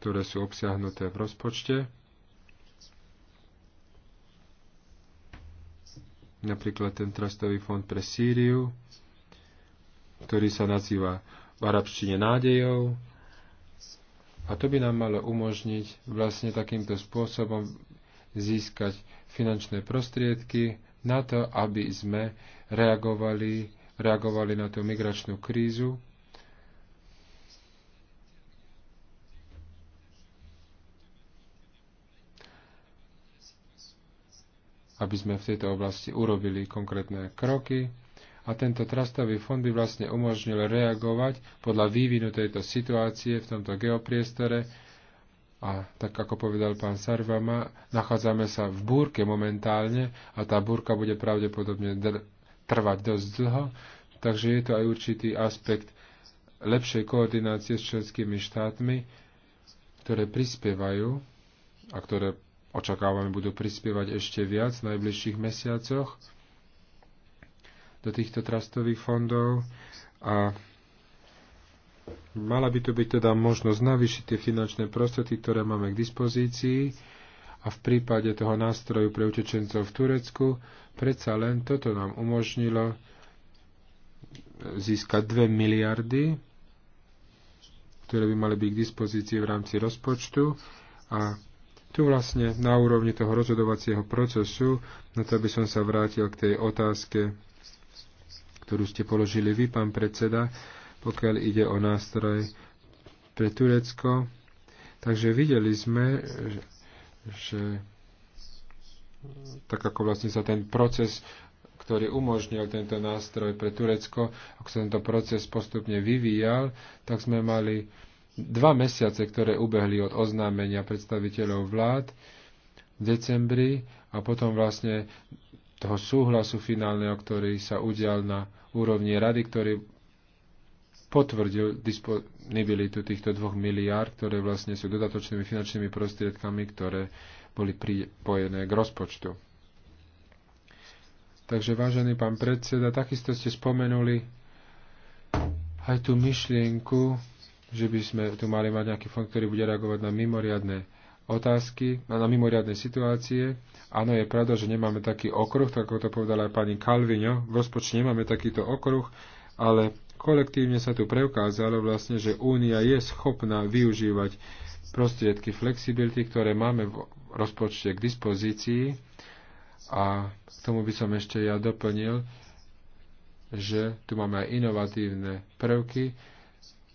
ktoré sú obsiahnuté v rozpočte. Napríklad ten trastový fond pre Sýriu, ktorý sa nazýva v arabštine nádejov, a to by nám malo umožniť vlastne takýmto spôsobom získať finančné prostriedky na to, aby sme reagovali, reagovali na tú migračnú krízu, aby sme v tejto oblasti urobili konkrétne kroky a tento trastový fond by vlastne umožnil reagovať podľa vývinu tejto situácie v tomto geopriestore a tak ako povedal pán Sarvama, nachádzame sa v búrke momentálne a tá búrka bude pravdepodobne trvať dosť dlho, takže je to aj určitý aspekt lepšej koordinácie s členskými štátmi, ktoré prispievajú a ktoré očakávame budú prispievať ešte viac v najbližších mesiacoch do týchto trastových fondov a mala by tu byť teda možnosť navýšiť tie finančné prostredky, ktoré máme k dispozícii a v prípade toho nástroju pre utečencov v Turecku predsa len toto nám umožnilo získať 2 miliardy, ktoré by mali byť k dispozícii v rámci rozpočtu a tu vlastne na úrovni toho rozhodovacieho procesu, na to by som sa vrátil k tej otázke ktorú ste položili vy, pán predseda, pokiaľ ide o nástroj pre Turecko. Takže videli sme, že tak ako vlastne sa ten proces, ktorý umožnil tento nástroj pre Turecko, ako sa tento proces postupne vyvíjal, tak sme mali dva mesiace, ktoré ubehli od oznámenia predstaviteľov vlád v decembri a potom vlastne toho súhlasu finálneho, ktorý sa udial na úrovni rady, ktorý potvrdil disponibilitu týchto dvoch miliárd, ktoré vlastne sú dodatočnými finančnými prostriedkami, ktoré boli pripojené k rozpočtu. Takže, vážený pán predseda, takisto ste spomenuli aj tú myšlienku, že by sme tu mali mať nejaký fond, ktorý bude reagovať na mimoriadne otázky na, na mimoriadne situácie. Áno, je pravda, že nemáme taký okruh, tak ako to povedala aj pani Kalvino, v rozpočte nemáme takýto okruh, ale kolektívne sa tu preukázalo vlastne, že Únia je schopná využívať prostriedky flexibility, ktoré máme v rozpočte k dispozícii. A k tomu by som ešte ja doplnil, že tu máme aj inovatívne prvky,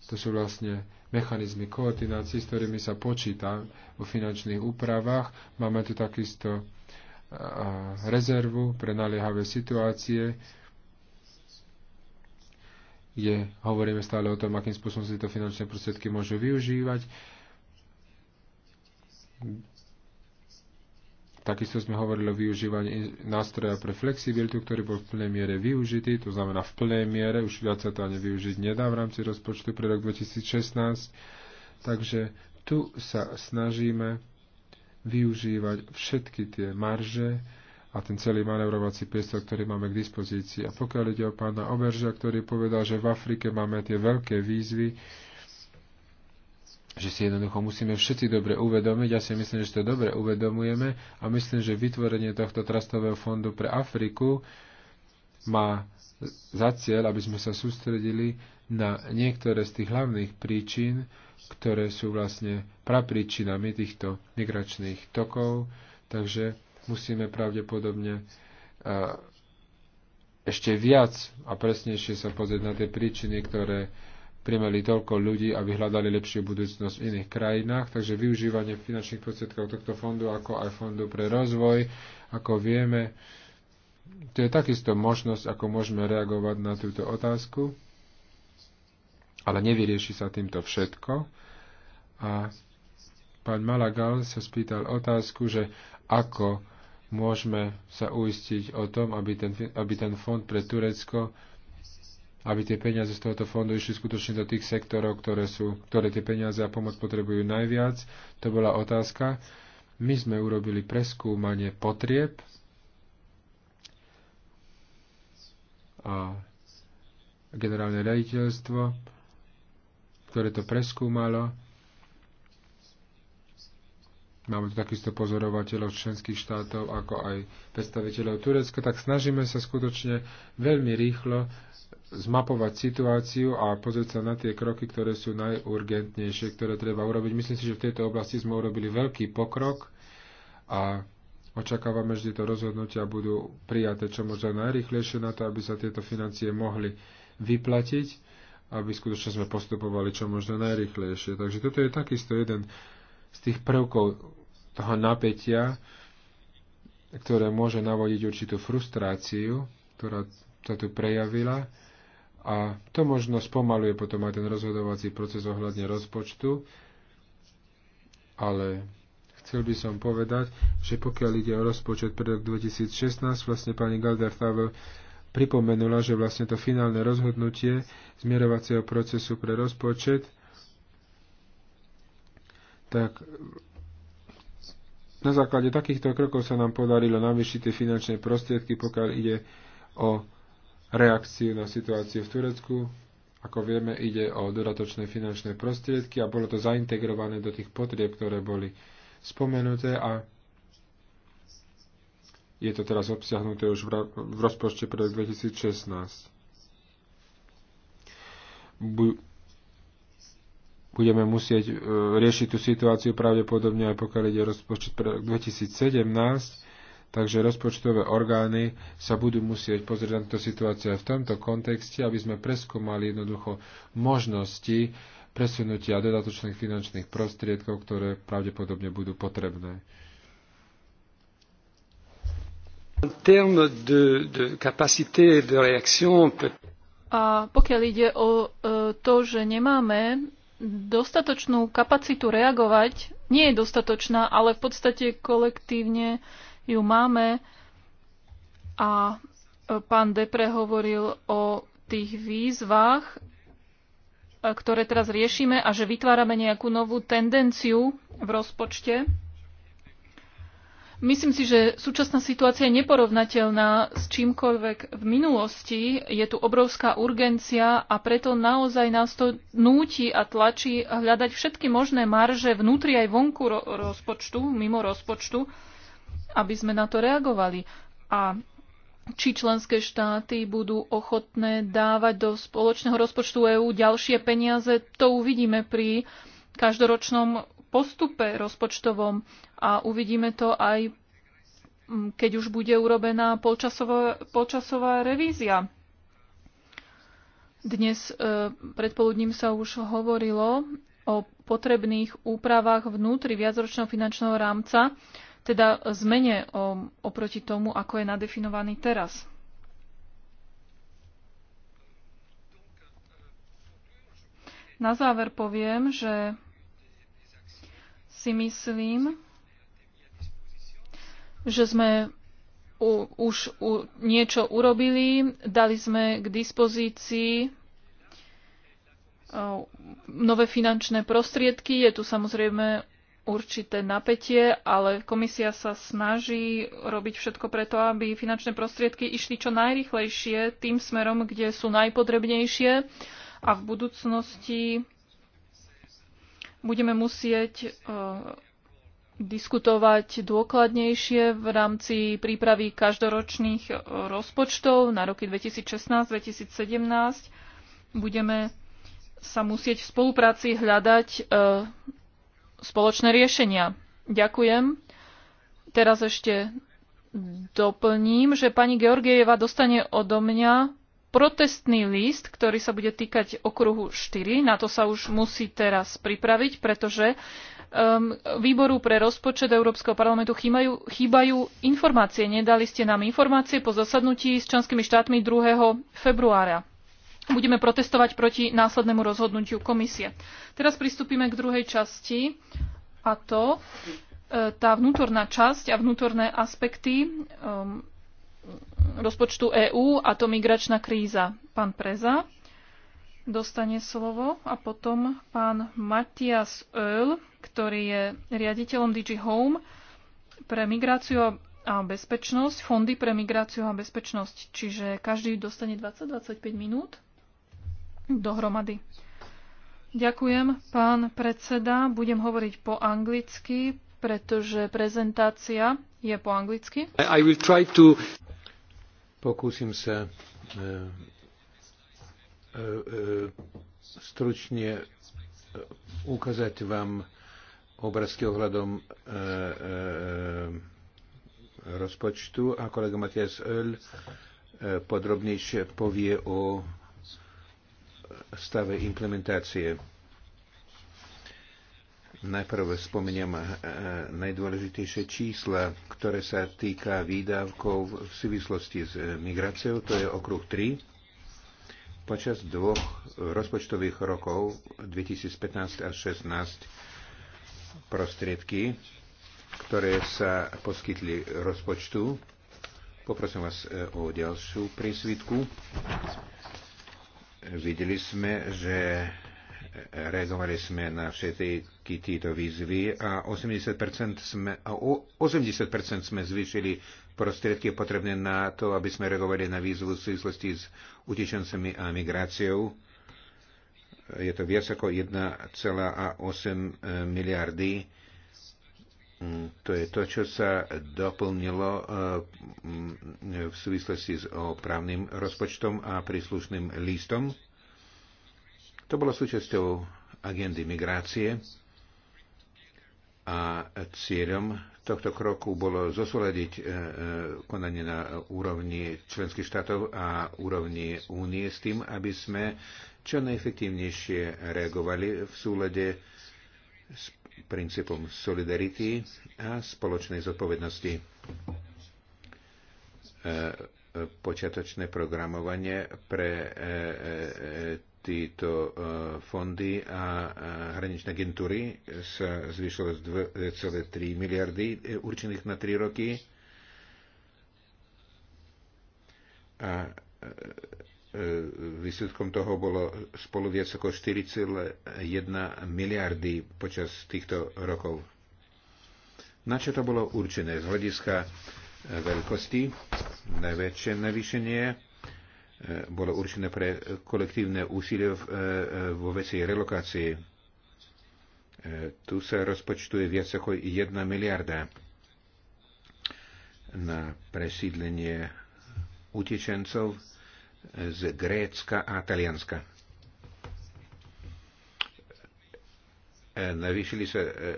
to sú vlastne mechanizmy koordinácií, s ktorými sa počíta vo finančných úpravách. Máme tu takisto rezervu pre naliehavé situácie, kde hovoríme stále o tom, akým spôsobom si to finančné prostriedky môžu využívať Takisto sme hovorili o využívaní nástroja pre flexibilitu, ktorý bol v plnej miere využitý, to znamená v plnej miere, už viac sa to ani využiť nedá v rámci rozpočtu pre rok 2016. Takže tu sa snažíme využívať všetky tie marže a ten celý manevrovací priestor, ktorý máme k dispozícii. A pokiaľ ide o pána Oberža, ktorý povedal, že v Afrike máme tie veľké výzvy, že si jednoducho musíme všetci dobre uvedomiť. Ja si myslím, že to dobre uvedomujeme a myslím, že vytvorenie tohto trastového fondu pre Afriku má za cieľ, aby sme sa sústredili na niektoré z tých hlavných príčin, ktoré sú vlastne prapríčinami týchto migračných tokov, takže musíme pravdepodobne ešte viac a presnejšie sa pozrieť na tie príčiny, ktoré primeli toľko ľudí, aby hľadali lepšiu budúcnosť v iných krajinách. Takže využívanie finančných prostriedkov tohto fondu, ako aj fondu pre rozvoj, ako vieme, to je takisto možnosť, ako môžeme reagovať na túto otázku, ale nevyrieši sa týmto všetko. A pán Malagal sa spýtal otázku, že ako môžeme sa uistiť o tom, aby ten, aby ten fond pre Turecko aby tie peniaze z tohoto fondu išli skutočne do tých sektorov, ktoré, sú, ktoré tie peniaze a pomoc potrebujú najviac. To bola otázka. My sme urobili preskúmanie potrieb a generálne rejiteľstvo, ktoré to preskúmalo, Máme tu takisto pozorovateľov členských štátov, ako aj predstaviteľov Turecka, tak snažíme sa skutočne veľmi rýchlo zmapovať situáciu a pozrieť sa na tie kroky, ktoré sú najurgentnejšie, ktoré treba urobiť. Myslím si, že v tejto oblasti sme urobili veľký pokrok a očakávame, že tieto rozhodnutia budú prijaté čo možno najrychlejšie na to, aby sa tieto financie mohli vyplatiť aby skutočne sme postupovali čo možno najrychlejšie. Takže toto je takisto jeden z tých prvkov toho napätia, ktoré môže navodiť určitú frustráciu, ktorá sa tu prejavila. A to možno spomaluje potom aj ten rozhodovací proces ohľadne rozpočtu, ale chcel by som povedať, že pokiaľ ide o rozpočet pre rok 2016, vlastne pani Galder Galderthavel pripomenula, že vlastne to finálne rozhodnutie zmierovacieho procesu pre rozpočet tak na základe takýchto krokov sa nám podarilo navýšiť tie finančné prostriedky, pokiaľ ide o reakciu na situáciu v Turecku. Ako vieme, ide o dodatočné finančné prostriedky a bolo to zaintegrované do tých potrieb, ktoré boli spomenuté a je to teraz obsiahnuté už v rozpočte pre 2016 budeme musieť e, riešiť tú situáciu pravdepodobne aj pokiaľ ide rozpočet pre 2017, takže rozpočtové orgány sa budú musieť pozrieť na túto situáciu aj v tomto kontexte, aby sme preskúmali jednoducho možnosti presunutia dodatočných finančných prostriedkov, ktoré pravdepodobne budú potrebné. A pokiaľ ide o e, to, že nemáme dostatočnú kapacitu reagovať nie je dostatočná, ale v podstate kolektívne ju máme. A e, pán Depre hovoril o tých výzvach, e, ktoré teraz riešime a že vytvárame nejakú novú tendenciu v rozpočte. Myslím si, že súčasná situácia je neporovnateľná s čímkoľvek v minulosti. Je tu obrovská urgencia a preto naozaj nás to núti a tlačí hľadať všetky možné marže vnútri aj vonku rozpočtu, mimo rozpočtu, aby sme na to reagovali. A či členské štáty budú ochotné dávať do spoločného rozpočtu EÚ ďalšie peniaze, to uvidíme pri každoročnom postupe rozpočtovom a uvidíme to aj, mm, keď už bude urobená polčasová, polčasová revízia. Dnes e, predpoludním sa už hovorilo o potrebných úpravách vnútri viacročného finančného rámca, teda zmene oproti tomu, ako je nadefinovaný teraz. Na záver poviem, že si myslím, že sme u, už u, niečo urobili, dali sme k dispozícii e, nové finančné prostriedky. Je tu samozrejme určité napätie, ale komisia sa snaží robiť všetko preto, aby finančné prostriedky išli čo najrychlejšie tým smerom, kde sú najpotrebnejšie a v budúcnosti budeme musieť e, diskutovať dôkladnejšie v rámci prípravy každoročných e, rozpočtov na roky 2016-2017. Budeme sa musieť v spolupráci hľadať e, spoločné riešenia. Ďakujem. Teraz ešte doplním, že pani Georgieva dostane odo mňa protestný list, ktorý sa bude týkať okruhu 4. Na to sa už musí teraz pripraviť, pretože um, výboru pre rozpočet Európskeho parlamentu chýbajú, chýbajú informácie. Nedali ste nám informácie po zasadnutí s členskými štátmi 2. februára. Budeme protestovať proti následnému rozhodnutiu komisie. Teraz pristúpime k druhej časti a to e, tá vnútorná časť a vnútorné aspekty um, rozpočtu EÚ a to migračná kríza. Pán Preza dostane slovo a potom pán Matias Öl, ktorý je riaditeľom Digi Home pre migráciu a bezpečnosť, fondy pre migráciu a bezpečnosť. Čiže každý dostane 20-25 minút dohromady. Ďakujem, pán predseda. Budem hovoriť po anglicky, pretože prezentácia je po anglicky. I will try to Pokúsim sa e, e, e, stručne ukázať vám obrázky ohľadom rozpočtu a kolega Matias Öl podrobnejšie povie o stave implementácie. Najprv spomeniem eh, najdôležitejšie čísla, ktoré sa týka výdavkov v súvislosti s eh, migráciou, to je okruh 3. Počas dvoch rozpočtových rokov 2015 a 2016 prostriedky, ktoré sa poskytli rozpočtu, poprosím vás eh, o ďalšiu prísvitku. Videli sme, že reagovali sme na všetky tieto výzvy a 80% sme, a 80% sme zvýšili prostriedky potrebné na to, aby sme reagovali na výzvu v súvislosti s utečencami a migráciou. Je to viac ako 1,8 miliardy. To je to, čo sa doplnilo mm, v súvislosti s právnym rozpočtom a príslušným listom to bolo súčasťou agendy migrácie a cieľom tohto kroku bolo zosúľadiť e, e, konanie na úrovni členských štátov a úrovni únie s tým, aby sme čo najefektívnejšie reagovali v súlade s princípom solidarity a spoločnej zodpovednosti. E, počiatočné programovanie pre uh, fondy a e, hraničné agentúry sa zvyšilo z 2,3 miliardy e, určených na 3 roky a výsledkom toho bolo spolu viac ako 4,1 miliardy počas týchto rokov. Na čo to bolo určené? Z hľadiska veľkosti najväčšie navýšenie bolo určené pre kolektívne úsilie e, e, vo veci relokácie. E, tu sa rozpočtuje viac ako 1 miliarda na presídlenie utečencov z Grécka a Talianska. Navýšili sa e, e,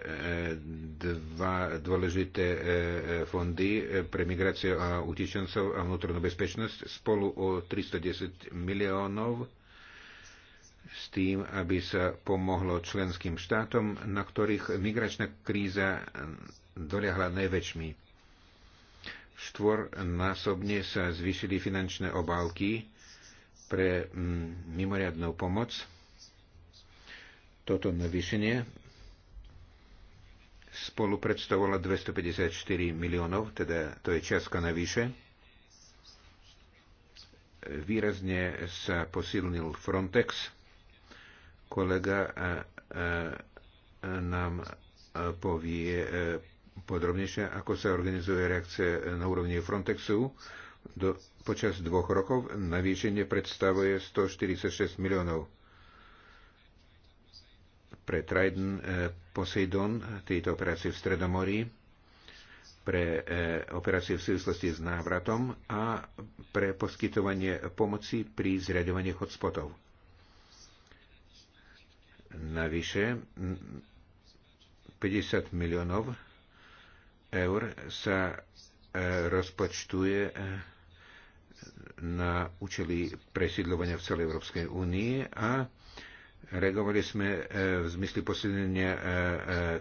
dva dôležité e, fondy pre migráciu a utečencov a vnútornú bezpečnosť spolu o 310 miliónov s tým, aby sa pomohlo členským štátom, na ktorých migračná kríza doliahla najväčšmi. Štvornásobne sa zvýšili finančné obálky pre mm, mimoriadnú pomoc toto navýšenie spolu predstavovalo 254 miliónov, teda to je čiastka navýše. Výrazne sa posilnil Frontex. Kolega e, e, nám e, povie podrobnejšie, ako sa organizuje reakcia na úrovni Frontexu. Do, počas dvoch rokov navýšenie predstavuje 146 miliónov pre Trident e, Poseidon, tejto operácie v Stredomorí, pre e, operácie v súvislosti s návratom a pre poskytovanie pomoci pri zriadovaní hotspotov. Navyše 50 miliónov eur sa e, rozpočtuje na účely presídľovania v celej Európskej únii a Reagovali sme e, v zmysle posilnenia e, e,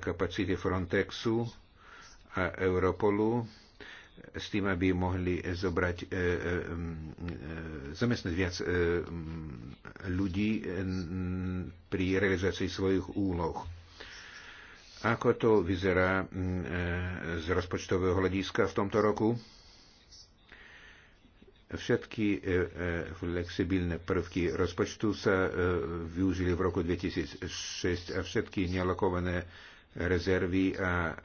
kapacity Frontexu a Europolu s tým, aby mohli zobrať, zamestnať viac ľudí pri realizácii svojich úloh. Ako to vyzerá z rozpočtového hľadiska v tomto roku? Všetky e, e, flexibilné prvky rozpočtu sa e, využili v roku 2006 a všetky nealokované rezervy a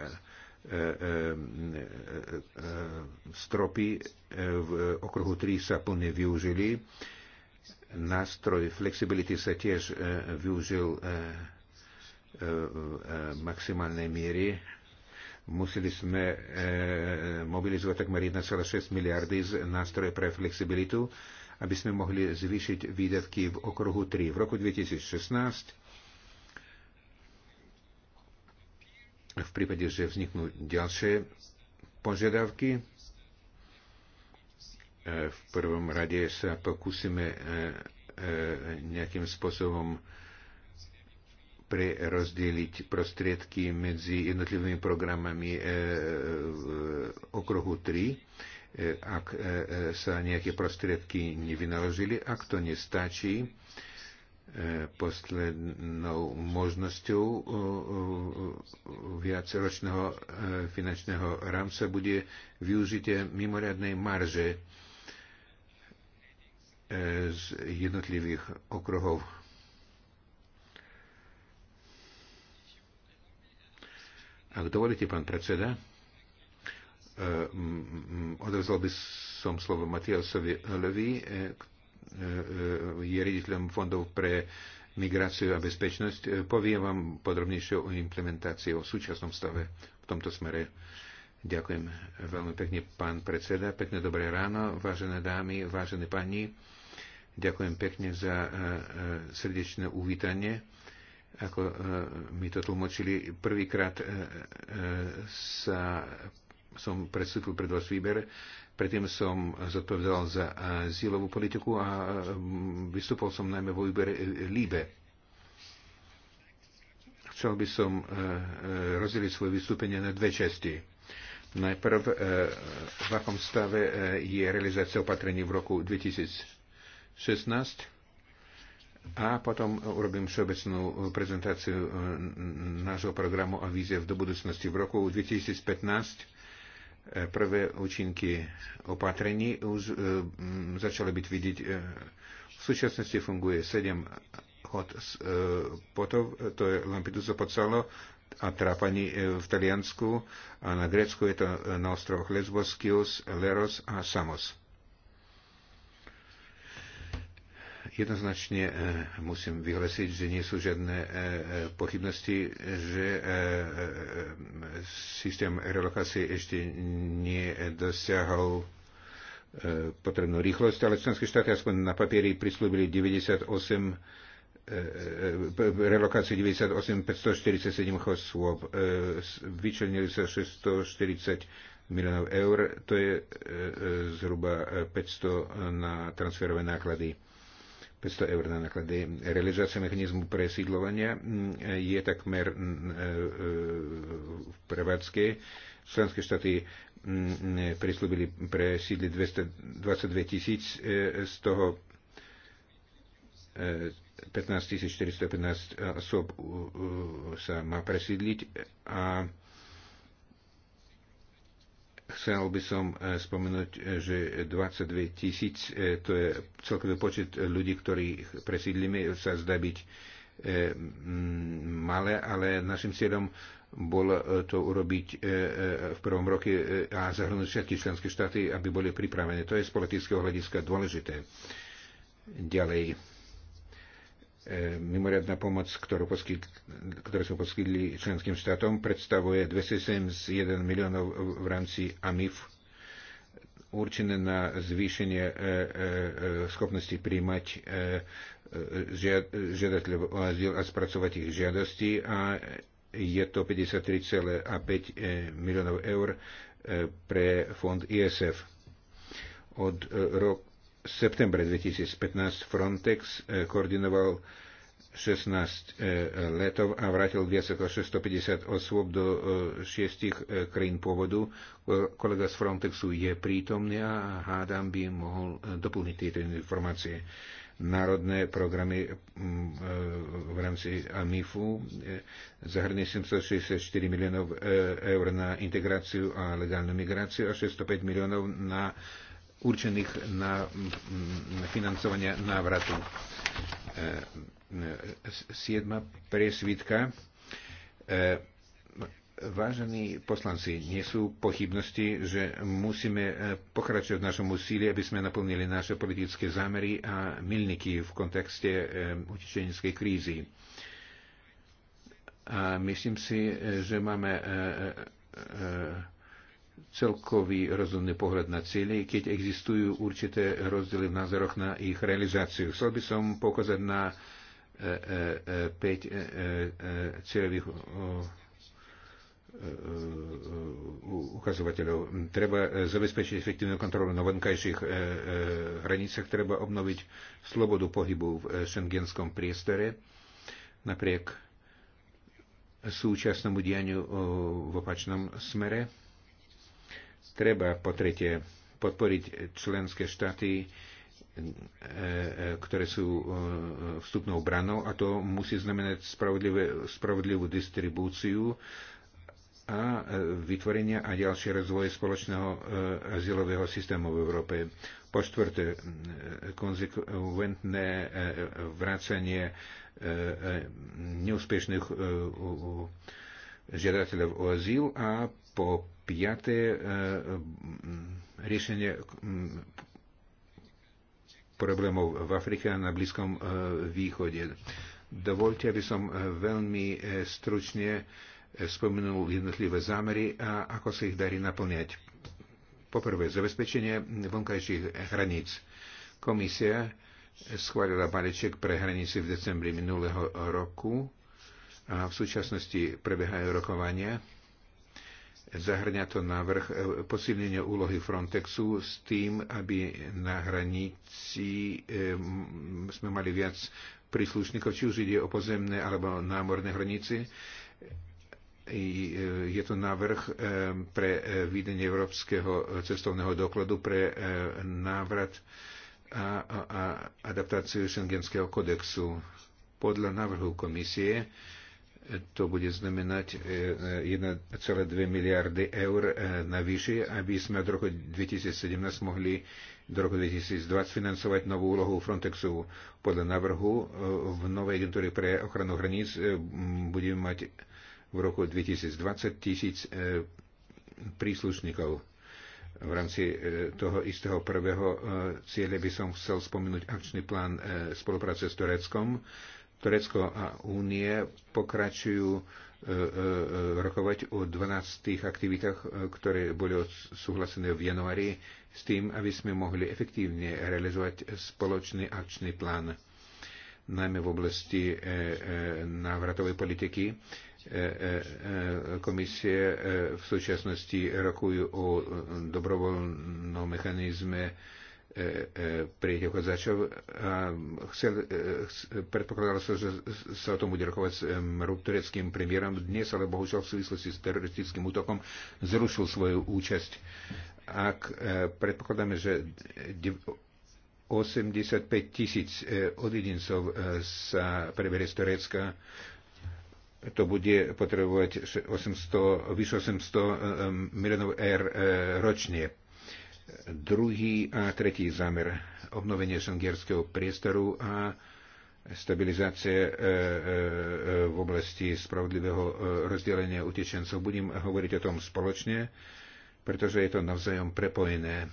stropy v okruhu 3 sa plne využili. Nástroj flexibility sa tiež využil v maximálnej miery Museli sme e, mobilizovať takmer 1,6 miliardy z nástroje pre flexibilitu, aby sme mohli zvýšiť výdavky v okruhu 3. V roku 2016 v prípade, že vzniknú ďalšie požiadavky, e, v prvom rade sa pokúsime e, nejakým spôsobom prerozdeliť prostriedky medzi jednotlivými programami e, e, okruhu 3, e, ak sa nejaké prostriedky nevynaložili. Ak to nestačí, poslednou možnosťou viacročného finančného rámca bude využitie mimoriadnej marže z jednotlivých okruhov Ak dovolíte, pán predseda, e, odovzdal by som slovo Matiasovi Levy, e, e, je riaditeľom fondov pre migráciu a bezpečnosť. Poviem vám podrobnejšie o implementácii, o súčasnom stave v tomto smere. Ďakujem veľmi pekne, pán predseda. Pekne dobré ráno, vážené dámy, vážené pani. Ďakujem pekne za srdečné uvítanie ako e, mi to tlmočili, prvýkrát e, e, sa, som predstúpil pred vás výber, predtým som zodpovedal za zílovú politiku a vystúpol som najmä vo výbere Líbe. Chcel by som rozdeliť svoje vystúpenie na dve časti. Najprv, v akom stave je realizácia opatrení v roku 2016 a potom urobím všeobecnú prezentáciu eh, nášho programu a vízie do budúcnosti. V roku 2015 eh, prvé účinky opatrení už eh, začali byť vidieť. V súčasnosti funguje 7 hod potov, to je Lampedusa pod Salo a trápaní v Taliansku a na Grécku je to na ostrovoch Lesbos, Kios, Leros a Samos Jednoznačne e, musím vyhlesiť, že nie sú žiadne e, e, pochybnosti, že systém relokácie ešte nedosiahol potrebnú rýchlosť, ale členské štáty aspoň na papieri prislúbili 98 relokáciu 98 547 chosôb. Vyčlenili sa 640 miliónov eur, to je zhruba 500 na transferové náklady 500 eur na náklady. Realizácia mechanizmu presídlovania mm, je takmer mm, e, e, v prevádzke. Slovenské štáty mm, e, prislúbili presídli 222 tisíc, z toho 15 415 osôb sa má presídliť a Chcel by som e, spomenúť, e, že 22 tisíc, e, to je celkový počet ľudí, ktorých presídlíme, sa zdá byť malé, ale našim cieľom bolo to urobiť v prvom roke a zahrnúť všetky členské štáty, aby boli pripravené. To je z politického hľadiska dôležité. Ďalej E, mimoriadná pomoc, ktorú, poskyt, ktorú sme poskytli členským štátom, predstavuje 271 miliónov v rámci AMIF určené na zvýšenie e, e, schopnosti príjmať žiadateľov o azyl a spracovať ich žiadosti a je to 53,5 miliónov eur pre fond ISF. Od, roku septembre 2015 Frontex e, koordinoval 16 e, letov a vrátil viac ako 650 osôb do e, šiestich krajín pôvodu. Kolega z Frontexu je prítomný a hádam by mohol doplniť tieto informácie. Národné programy v rámci AMIFu zahrnie 764 miliónov eur na integráciu a legálnu migráciu a 605 miliónov na určených na financovanie návratu. E, e, siedma presvitka. E, vážení poslanci, nie sú pochybnosti, že musíme pokračovať v našom úsilí, aby sme naplnili naše politické zámery a milníky v kontexte utečeneckej krízy. A myslím si, že máme celkový rozumný pohľad na cieľe, keď existujú určité rozdiely v názoroch na ich realizáciu. Chcel by som pokazať na 5 cieľových ukazovateľov. Treba zabezpečiť efektívnu kontrolu na vonkajších e, e, hranicách, treba obnoviť slobodu pohybu v e, šengenskom priestore napriek súčasnému dianiu v opačnom smere Treba po tretie podporiť členské štáty, e, e, ktoré sú e, vstupnou branou a to musí znamenať spravodlivú distribúciu a vytvorenia a ďalší rozvoj spoločného azylového systému v Európe. Po štvrté, konzekventné vracanie neúspešných žiadateľov o azyl a po piaté e, riešenie problémov v Afrike a na Blízkom e, východe. Dovolte, aby som e, veľmi stručne spomenul jednotlivé zámery a ako sa ich darí naplňať. Poprvé, zabezpečenie vonkajších hraníc. Komisia schválila balíček pre hranice v decembri minulého roku a v súčasnosti prebiehajú rokovania. Zahrňa to návrh e, posilnenia úlohy Frontexu s tým, aby na hranici e, sme mali viac príslušníkov, či už ide o pozemné alebo námorné hranice. E, je to návrh pre výdenie Európskeho cestovného dokladu pre návrat a, a, a adaptáciu Schengenského kodexu. Podľa návrhu komisie to bude znamenať 1,2 e, miliardy eur e, navyše, aby sme od roku 2017 mohli do roku 2020 financovať novú úlohu Frontexu. Podľa návrhu e, v novej agentúre pre ochranu hraníc budeme mať v roku 2020 tisíc príslušníkov. V rámci toho istého prvého cieľa by som chcel spomenúť akčný plán spolupráce s Tureckom, Turecko a Únie pokračujú e, e, e, rokovať o 12 aktivitách, ktoré boli súhlasené v januári s tým, aby sme mohli efektívne realizovať spoločný akčný plán, najmä v oblasti návratovej politiky. Komisie v súčasnosti rokujú o dobrovoľnom mechanizme E, e, pri jeho začov. Chcel, e, predpokladalo sa, že sa o tom bude rokovať s tureckým premiérom. Dnes ale bohužiaľ v súvislosti s teroristickým útokom zrušil svoju účasť. Ak predpokladáme, že 85 tisíc odidencov sa preberie z Turecka, to bude potrebovať 800, vyše 800 miliónov eur ročne Druhý a tretí zámer obnovenie šengerského priestoru a stabilizácie e, e, v oblasti spravodlivého e, rozdelenia utečencov. Budem hovoriť o tom spoločne, pretože je to navzájom prepojené.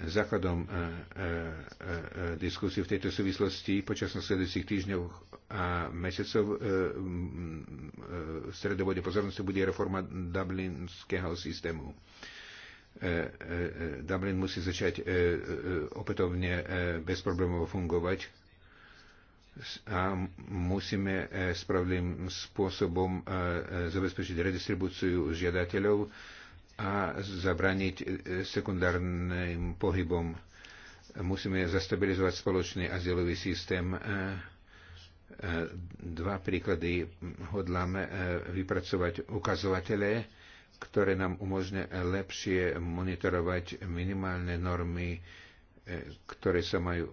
Základom diskusí v tejto súvislosti počas nasledujúcich týždňov a mesiacov v stredovode pozornosti bude reforma dublinského systému. E, e, e, Dublin musí začať opätovne bez problémov fungovať a musíme spravným spôsobom zabezpečiť redistribúciu žiadateľov a zabraniť sekundárnym pohybom. Musíme zastabilizovať spoločný azylový systém. Dva príklady hodláme vypracovať ukazovatele ktoré nám umožňuje lepšie monitorovať minimálne normy, e, ktoré sa majú e,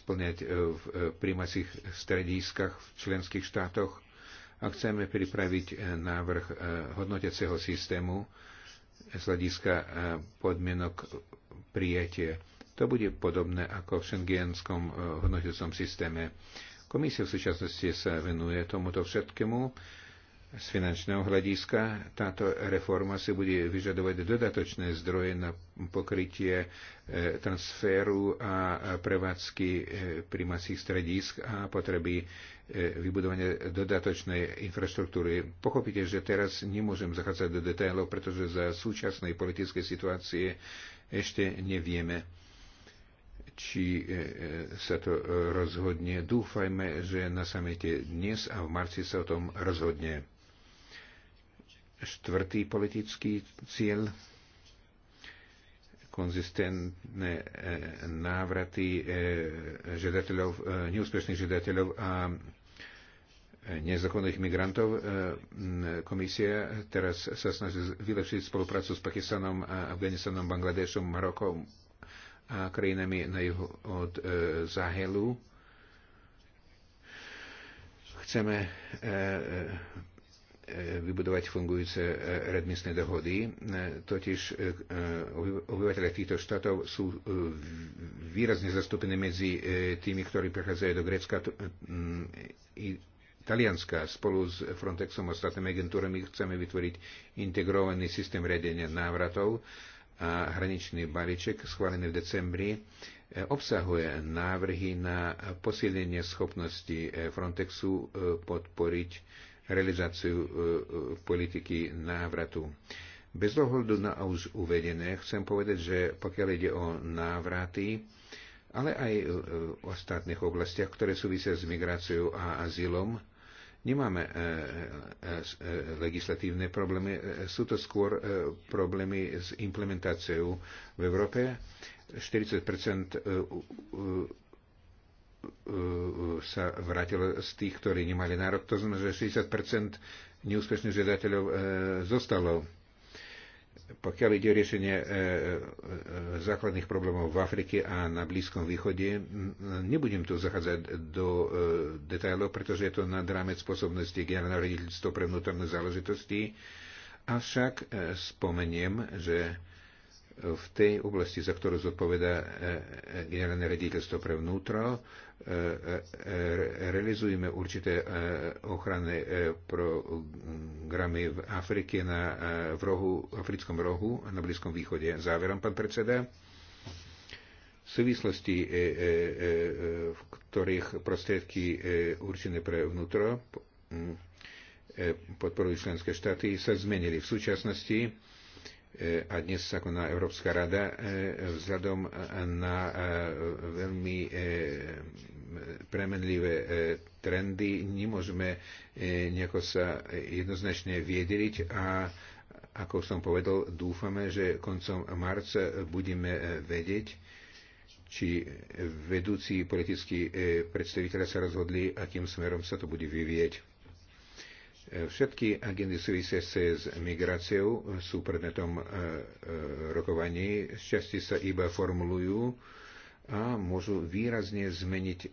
splňať e, v príjmacích strediskách v členských štátoch a chceme pripraviť návrh hodnotiaceho systému z hľadiska podmienok prijatie. To bude podobné ako v šengenskom hodnotiacom systéme. Komisia v súčasnosti sa venuje tomuto všetkému z finančného hľadiska táto reforma si bude vyžadovať dodatočné zdroje na pokrytie e, transferu a prevádzky e, primacích stredisk a potreby e, vybudovania dodatočnej infraštruktúry. Pochopíte, že teraz nemôžem zachádzať do detailov, pretože za súčasnej politickej situácie ešte nevieme či sa to rozhodne. Dúfajme, že na samete dnes a v marci sa o tom rozhodne. Štvrtý politický cieľ konzistentné e, návraty e, žiadateľov, e, neúspešných žiadateľov a nezákonných migrantov. Komisia teraz sa snaží vylepšiť spoluprácu s Pakistanom, Afganistanom, Bangladešom, Marokom a krajinami na juhu od Zahelu chceme E, vybudovať fungujúce e, redmisné dohody. E, totiž obyvateľe týchto štátov sú výrazne zastúpení medzi tými, ktorí prechádzajú do Grécka i Talianska. Spolu s Frontexom a ostatnými agentúrami chceme vytvoriť integrovaný systém riadenia návratov a hraničný balíček schválený v decembri obsahuje návrhy na posilnenie schopnosti Frontexu podporiť realizáciu e, e, politiky návratu. Bez ohľadu na už uvedené chcem povedať, že pokiaľ ide o návraty, ale aj e, v ostatných oblastiach, ktoré súvisia s migráciou a azylom, nemáme legislatívne problémy, sú to skôr problémy s implementáciou v Európe. 40 E, sa vrátilo z tých, ktorí nemali nárok. To znamená, že 60 neúspešných žiadateľov e, zostalo. Pokiaľ ide o riešenie e, základných problémov v Afrike a na Blízkom východe, nebudem tu zachádzať do detailov, pretože je to nad rámec spôsobnosti generálneho riaditeľstva pre vnútorné záležitosti. Avšak spomeniem, že v tej oblasti, za ktorú zodpoveda e, e, generálne rediteľstvo pre vnútro, e, realizujeme určité ochranné programy v Afrike, na, v rohu, v africkom rohu a na Blízkom východe. Záverom, pán predseda, v súvislosti, v ktorých prostriedky určené pre vnútro podporujú členské štáty, sa zmenili v súčasnosti a dnes sa koná Európska rada e, vzhľadom e, na e, veľmi premenlivé trendy nemôžeme nejako sa jednoznačne viedeliť a ako som povedal, dúfame, že koncom marca budeme vedieť, či vedúci politickí predstaviteľe sa rozhodli, akým smerom sa to bude vyvieť. Všetky agendy súvisia s migráciou sú predmetom e, e, rokovaní. Šťastí sa iba formulujú a môžu výrazne zmeniť e,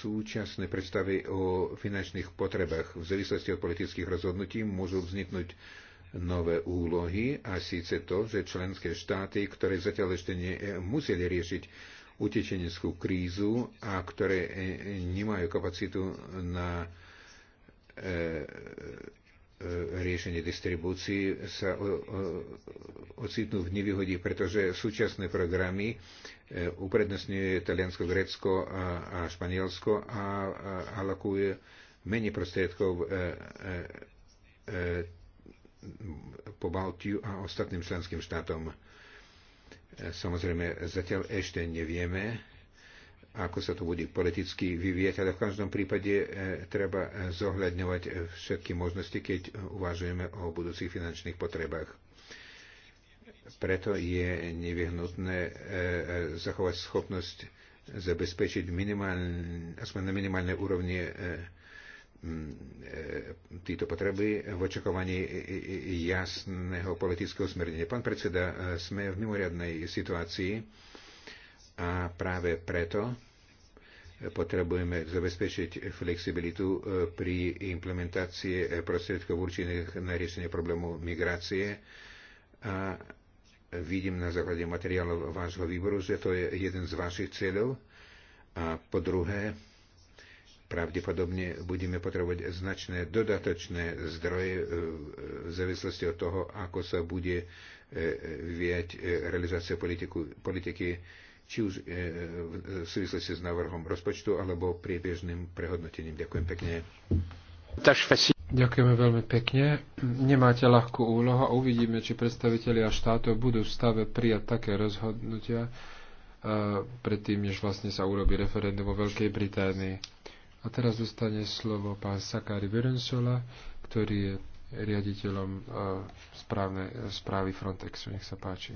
súčasné predstavy o finančných potrebách. V závislosti od politických rozhodnutí môžu vzniknúť nové úlohy a síce to, že členské štáty, ktoré zatiaľ ešte nemuseli riešiť utečeneckú krízu a ktoré nemajú kapacitu na E, e, riešenie distribúcií sa ocitnú v nevýhodí, pretože súčasné programy e, uprednostňuje Taliansko, Grécko a, a Španielsko a, alokuje menej prostriedkov po Baltiu a ostatným členským štátom. Samozrejme, zatiaľ ešte nevieme, ako sa to bude politicky vyvieť, ale v každom prípade e, treba e, zohľadňovať e, všetky možnosti, keď uvažujeme o budúcich finančných potrebách. Preto je nevyhnutné zachovať schopnosť zabezpečiť minimálne, aspoň na minimálne úrovni tieto potreby v očakovaní jasného politického smernenia. Pán predseda, sme v mimoriadnej situácii a práve preto potrebujeme zabezpečiť flexibilitu e, pri implementácii e, prostriedkov určených na riešenie problému migrácie. A vidím na základe materiálov vášho výboru, že to je jeden z vašich cieľov. A po druhé, pravdepodobne budeme potrebovať značné dodatočné zdroje e, v závislosti od toho, ako sa bude vyvíjať realizácia politiku, politiky či už e, e, v súvislosti s návrhom rozpočtu alebo priebežným prehodnotením. Ďakujem pekne. Ďakujeme veľmi pekne. Nemáte ľahkú úlohu a uvidíme, či predstavitelia štátov budú v stave prijať také rozhodnutia e, predtým, než vlastne sa urobí referendum vo Veľkej Británii. A teraz dostane slovo pán Sakari Verensola, ktorý je riaditeľom správnej správy Frontexu. Nech sa páči.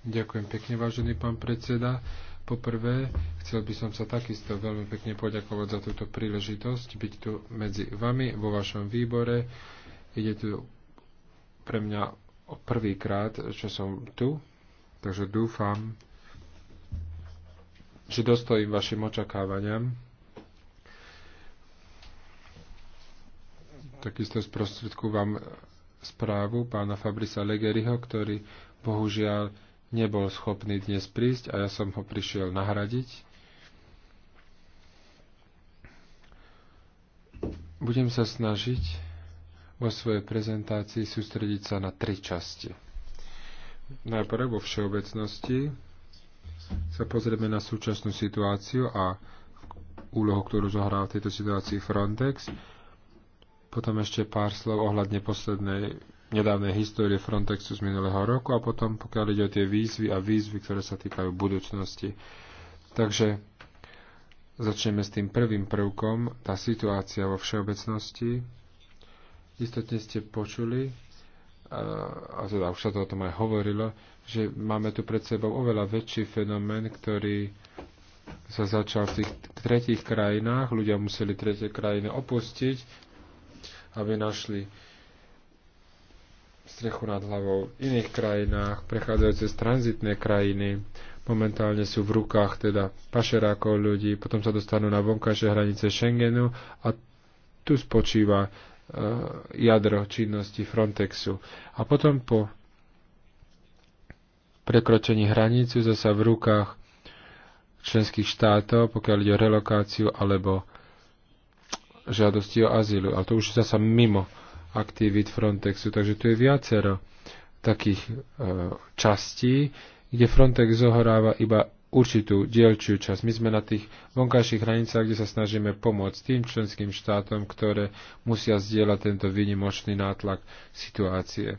Ďakujem pekne, vážený pán predseda. Poprvé, chcel by som sa takisto veľmi pekne poďakovať za túto príležitosť byť tu medzi vami vo vašom výbore. Ide tu pre mňa o prvýkrát, čo som tu, takže dúfam, že dostojím vašim očakávaniam. Takisto sprostredku vám správu pána Fabrisa Legeriho, ktorý bohužiaľ nebol schopný dnes prísť a ja som ho prišiel nahradiť. Budem sa snažiť vo svojej prezentácii sústrediť sa na tri časti. Najprv vo všeobecnosti sa pozrieme na súčasnú situáciu a úlohu, ktorú zohrá v tejto situácii Frontex. Potom ešte pár slov ohľadne poslednej nedávnej histórie Frontexu z minulého roku a potom pokiaľ ide o tie výzvy a výzvy, ktoré sa týkajú budúcnosti. Takže začneme s tým prvým prvkom, tá situácia vo všeobecnosti. Istotne ste počuli, a teda už sa to o tom aj hovorilo, že máme tu pred sebou oveľa väčší fenomén, ktorý sa začal v tých tretích krajinách. Ľudia museli tretie krajiny opustiť, aby našli strechu nad hlavou. V iných krajinách prechádzajú cez tranzitné krajiny, momentálne sú v rukách teda pašerákov ľudí, potom sa dostanú na vonkajšie hranice Schengenu a tu spočíva e, jadro činnosti Frontexu. A potom po prekročení hranicu zasa v rukách členských štátov, pokiaľ ide o relokáciu alebo žiadosti o azylu. A to už zasa mimo aktivít Frontexu. Takže tu je viacero takých e, častí, kde Frontex zohráva iba určitú dielčiu časť. My sme na tých vonkajších hranicách, kde sa snažíme pomôcť tým členským štátom, ktoré musia zdieľať tento výnimočný nátlak situácie.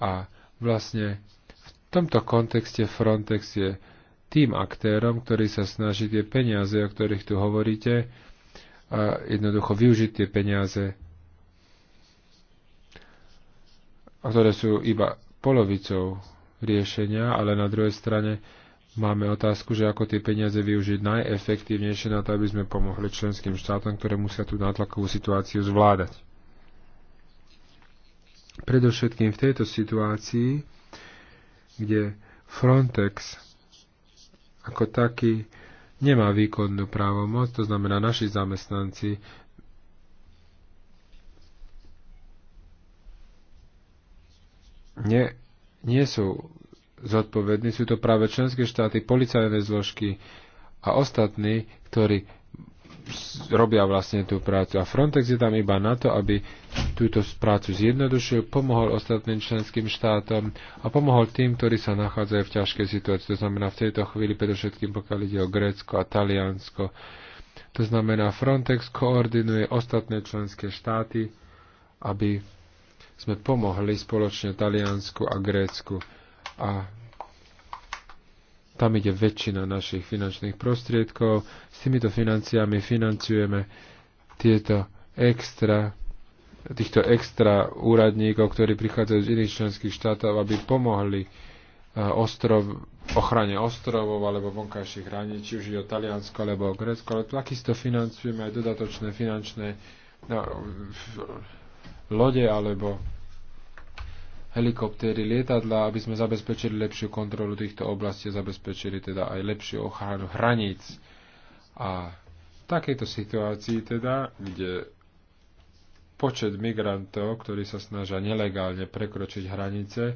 A vlastne v tomto kontexte Frontex je tým aktérom, ktorý sa snaží tie peniaze, o ktorých tu hovoríte, a jednoducho využiť tie peniaze a ktoré sú iba polovicou riešenia, ale na druhej strane máme otázku, že ako tie peniaze využiť najefektívnejšie na to, aby sme pomohli členským štátom, ktoré musia tú nátlakovú situáciu zvládať. Predovšetkým v tejto situácii, kde Frontex ako taký nemá výkonnú právomoc, to znamená naši zamestnanci nie, nie sú zodpovední, sú to práve členské štáty, policajné zložky a ostatní, ktorí robia vlastne tú prácu. A Frontex je tam iba na to, aby túto prácu zjednodušil, pomohol ostatným členským štátom a pomohol tým, ktorí sa nachádzajú v ťažkej situácii. To znamená v tejto chvíli, predovšetkým pokiaľ ide o Grécko a Taliansko. To znamená, Frontex koordinuje ostatné členské štáty, aby sme pomohli spoločne Taliansku a Grécku. A tam ide väčšina našich finančných prostriedkov. S týmito financiami financujeme tieto extra týchto extra úradníkov, ktorí prichádzajú z iných členských štátov, aby pomohli e, ostrov, ochrane ostrovov alebo vonkajších hraní, či už je o Taliansko alebo o Grécko, ale takisto financujeme aj dodatočné finančné no, lode alebo helikoptéry, lietadla, aby sme zabezpečili lepšiu kontrolu týchto oblastí a zabezpečili teda aj lepšiu ochranu hraníc. A v takejto situácii teda, kde počet migrantov, ktorí sa snažia nelegálne prekročiť hranice,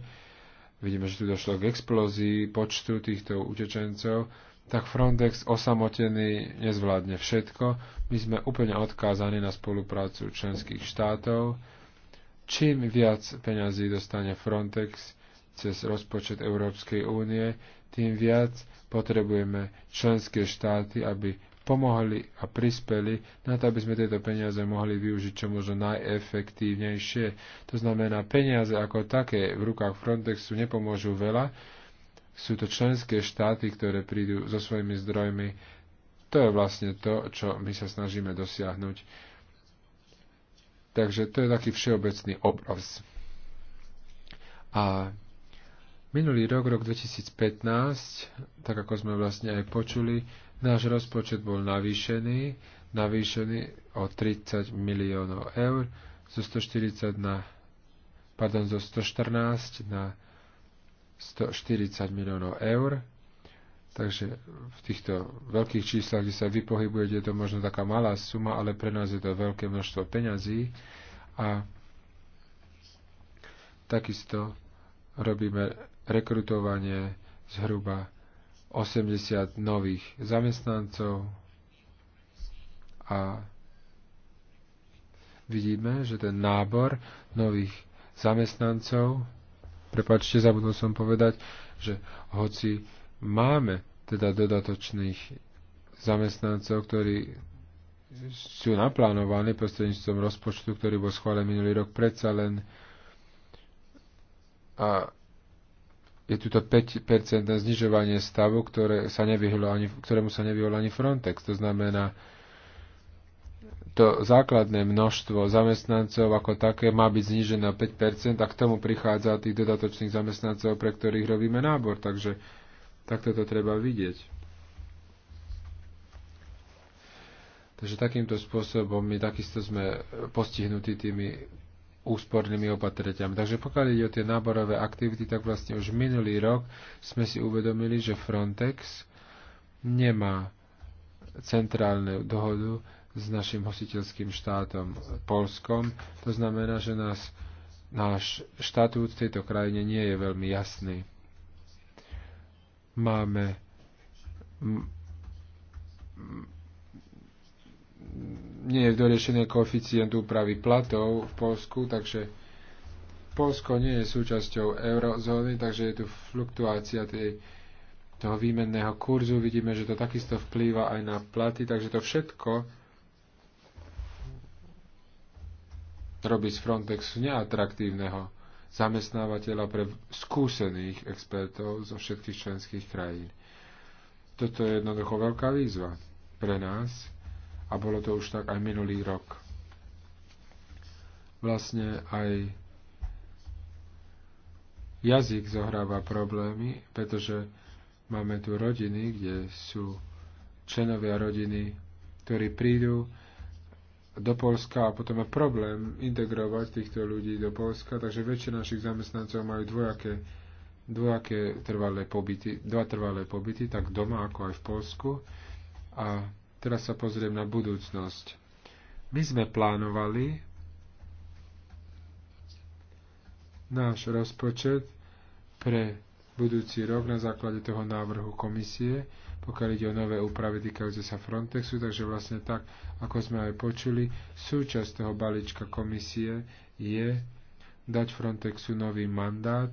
vidíme, že tu došlo k explózii počtu týchto utečencov, tak Frontex osamotený nezvládne všetko. My sme úplne odkázaní na spoluprácu členských štátov, Čím viac peňazí dostane Frontex cez rozpočet Európskej únie, tým viac potrebujeme členské štáty, aby pomohli a prispeli na to, aby sme tieto peniaze mohli využiť čo možno najefektívnejšie. To znamená, peniaze ako také v rukách Frontexu nepomôžu veľa. Sú to členské štáty, ktoré prídu so svojimi zdrojmi. To je vlastne to, čo my sa snažíme dosiahnuť Takže to je taký všeobecný obraz. A minulý rok, rok 2015, tak ako sme vlastne aj počuli, náš rozpočet bol navýšený, navýšený o 30 miliónov eur, zo 140 na, pardon, zo 114 na 140 miliónov eur Takže v týchto veľkých číslach, kde sa vypohybujete, je to možno taká malá suma, ale pre nás je to veľké množstvo peňazí a takisto robíme rekrutovanie zhruba 80 nových zamestnancov a vidíme, že ten nábor nových zamestnancov, prepačte, zabudol som povedať, že hoci Máme teda dodatočných zamestnancov, ktorí sú naplánovaní prostredníctvom rozpočtu, ktorý bol schválený minulý rok predsa len a je tu to 5% znižovanie stavu, ktoré sa nevyhlo ani, ktorému sa nevyhol ani Frontex. To znamená, to základné množstvo zamestnancov ako také má byť znižené o 5% a k tomu prichádza tých dodatočných zamestnancov, pre ktorých robíme nábor. Takže Takto to treba vidieť. Takže takýmto spôsobom my takisto sme postihnutí tými úspornými opatreťami. Takže pokiaľ ide o tie náborové aktivity, tak vlastne už minulý rok sme si uvedomili, že Frontex nemá centrálnu dohodu s našim hostiteľským štátom Polskom. To znamená, že nás, náš štatút v tejto krajine nie je veľmi jasný máme nie je doriešený koeficient úpravy platov v Polsku, takže Polsko nie je súčasťou eurozóny, takže je tu fluktuácia tej, toho výmenného kurzu. Vidíme, že to takisto vplýva aj na platy, takže to všetko robí z Frontexu neatraktívneho zamestnávateľa pre skúsených expertov zo všetkých členských krajín. Toto je jednoducho veľká výzva pre nás a bolo to už tak aj minulý rok. Vlastne aj jazyk zohráva problémy, pretože máme tu rodiny, kde sú členovia rodiny, ktorí prídu do Polska a potom je problém integrovať týchto ľudí do Polska, takže väčšina našich zamestnancov majú dvojaké, dvojaké trvalé pobyty, dva trvalé pobyty, tak doma ako aj v Polsku. A teraz sa pozriem na budúcnosť. My sme plánovali náš rozpočet pre budúci rok na základe toho návrhu komisie pokiaľ ide o nové úpravy týkajúce sa Frontexu, takže vlastne tak, ako sme aj počuli, súčasť toho balíčka komisie je dať Frontexu nový mandát,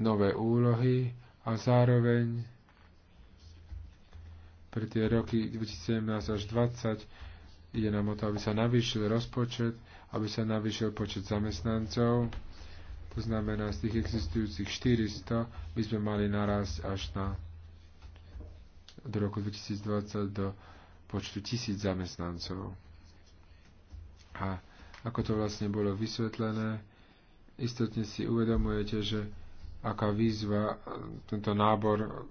nové úlohy a zároveň pre tie roky 2017 až 2020 ide nám o to, aby sa navýšil rozpočet, aby sa navýšil počet zamestnancov. To znamená, z tých existujúcich 400 by sme mali narásť až na do roku 2020 do počtu tisíc zamestnancov. A ako to vlastne bolo vysvetlené, istotne si uvedomujete, že aká výzva tento nábor,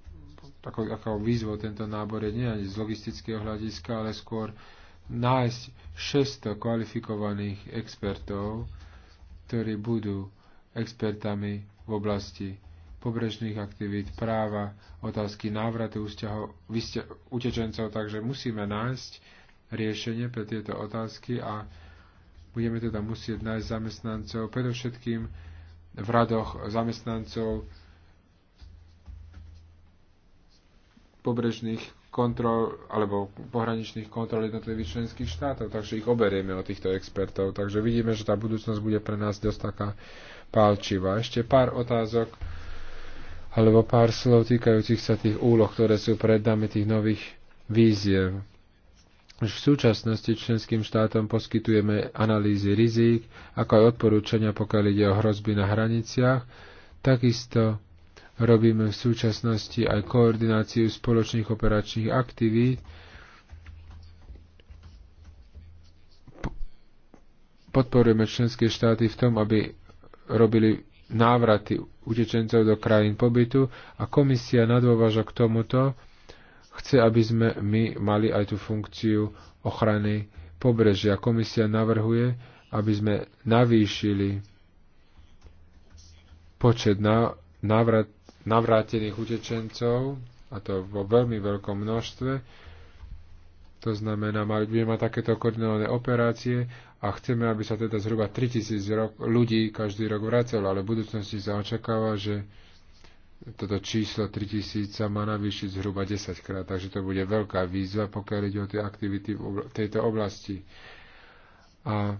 ako, aká výzva tento nábor je nie ani z logistického hľadiska, ale skôr nájsť 600 kvalifikovaných expertov, ktorí budú expertami v oblasti pobrežných aktivít, práva, otázky návratu utečencov, takže musíme nájsť riešenie pre tieto otázky a budeme teda musieť nájsť zamestnancov, predovšetkým v radoch zamestnancov pobrežných kontrol alebo pohraničných kontrol jednotlivých členských štátov, takže ich oberieme od týchto expertov. Takže vidíme, že tá budúcnosť bude pre nás dosť taká pálčivá. Ešte pár otázok alebo pár slov týkajúcich sa tých úloh, ktoré sú pred nami, tých nových víziev. Už v súčasnosti členským štátom poskytujeme analýzy rizík, ako aj odporúčania, pokiaľ ide o hrozby na hraniciach. Takisto robíme v súčasnosti aj koordináciu spoločných operačných aktivít, podporujeme členské štáty v tom, aby robili návraty utečencov do krajín pobytu a komisia na dôvažok tomuto chce, aby sme my mali aj tú funkciu ochrany pobrežia. Komisia navrhuje, aby sme navýšili počet navrat, navrátených utečencov, a to vo veľmi veľkom množstve, to znamená, mali by mať takéto koordinované operácie a chceme, aby sa teda zhruba 3000 rok, ľudí každý rok vracelo, ale v budúcnosti sa očakáva, že toto číslo 3000 sa má navýšiť zhruba 10 krát, takže to bude veľká výzva, pokiaľ ide o tie aktivity v obla- tejto oblasti. A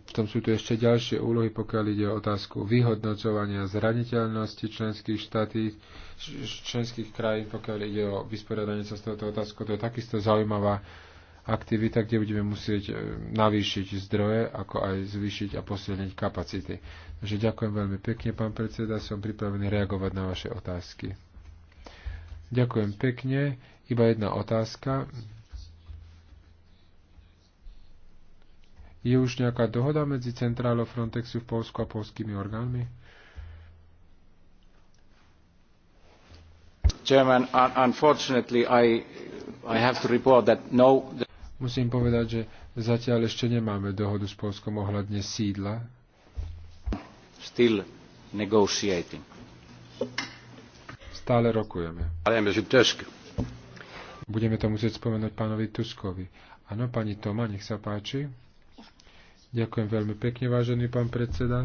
potom sú tu ešte ďalšie úlohy, pokiaľ ide o otázku vyhodnocovania zraniteľnosti členských štátí, členských krajín, pokiaľ ide o vysporiadanie sa s touto otázkou. To je takisto zaujímavá aktivita, kde budeme musieť e, navýšiť zdroje, ako aj zvýšiť a posilniť kapacity. Takže ďakujem veľmi pekne, pán predseda, som pripravený reagovať na vaše otázky. Ďakujem pekne. Iba jedna otázka. Je už nejaká dohoda medzi centrálou Frontexu v Polsku a polskými orgánmi? Chairman, unfortunately, I, I have to report that no... Musím povedať, že zatiaľ ešte nemáme dohodu s Polskom ohľadne sídla. Still negotiating. Stále rokujeme. Budeme to musieť spomenúť pánovi Tuskovi. Áno, pani Toma, nech sa páči. Ďakujem veľmi pekne, vážený pán predseda.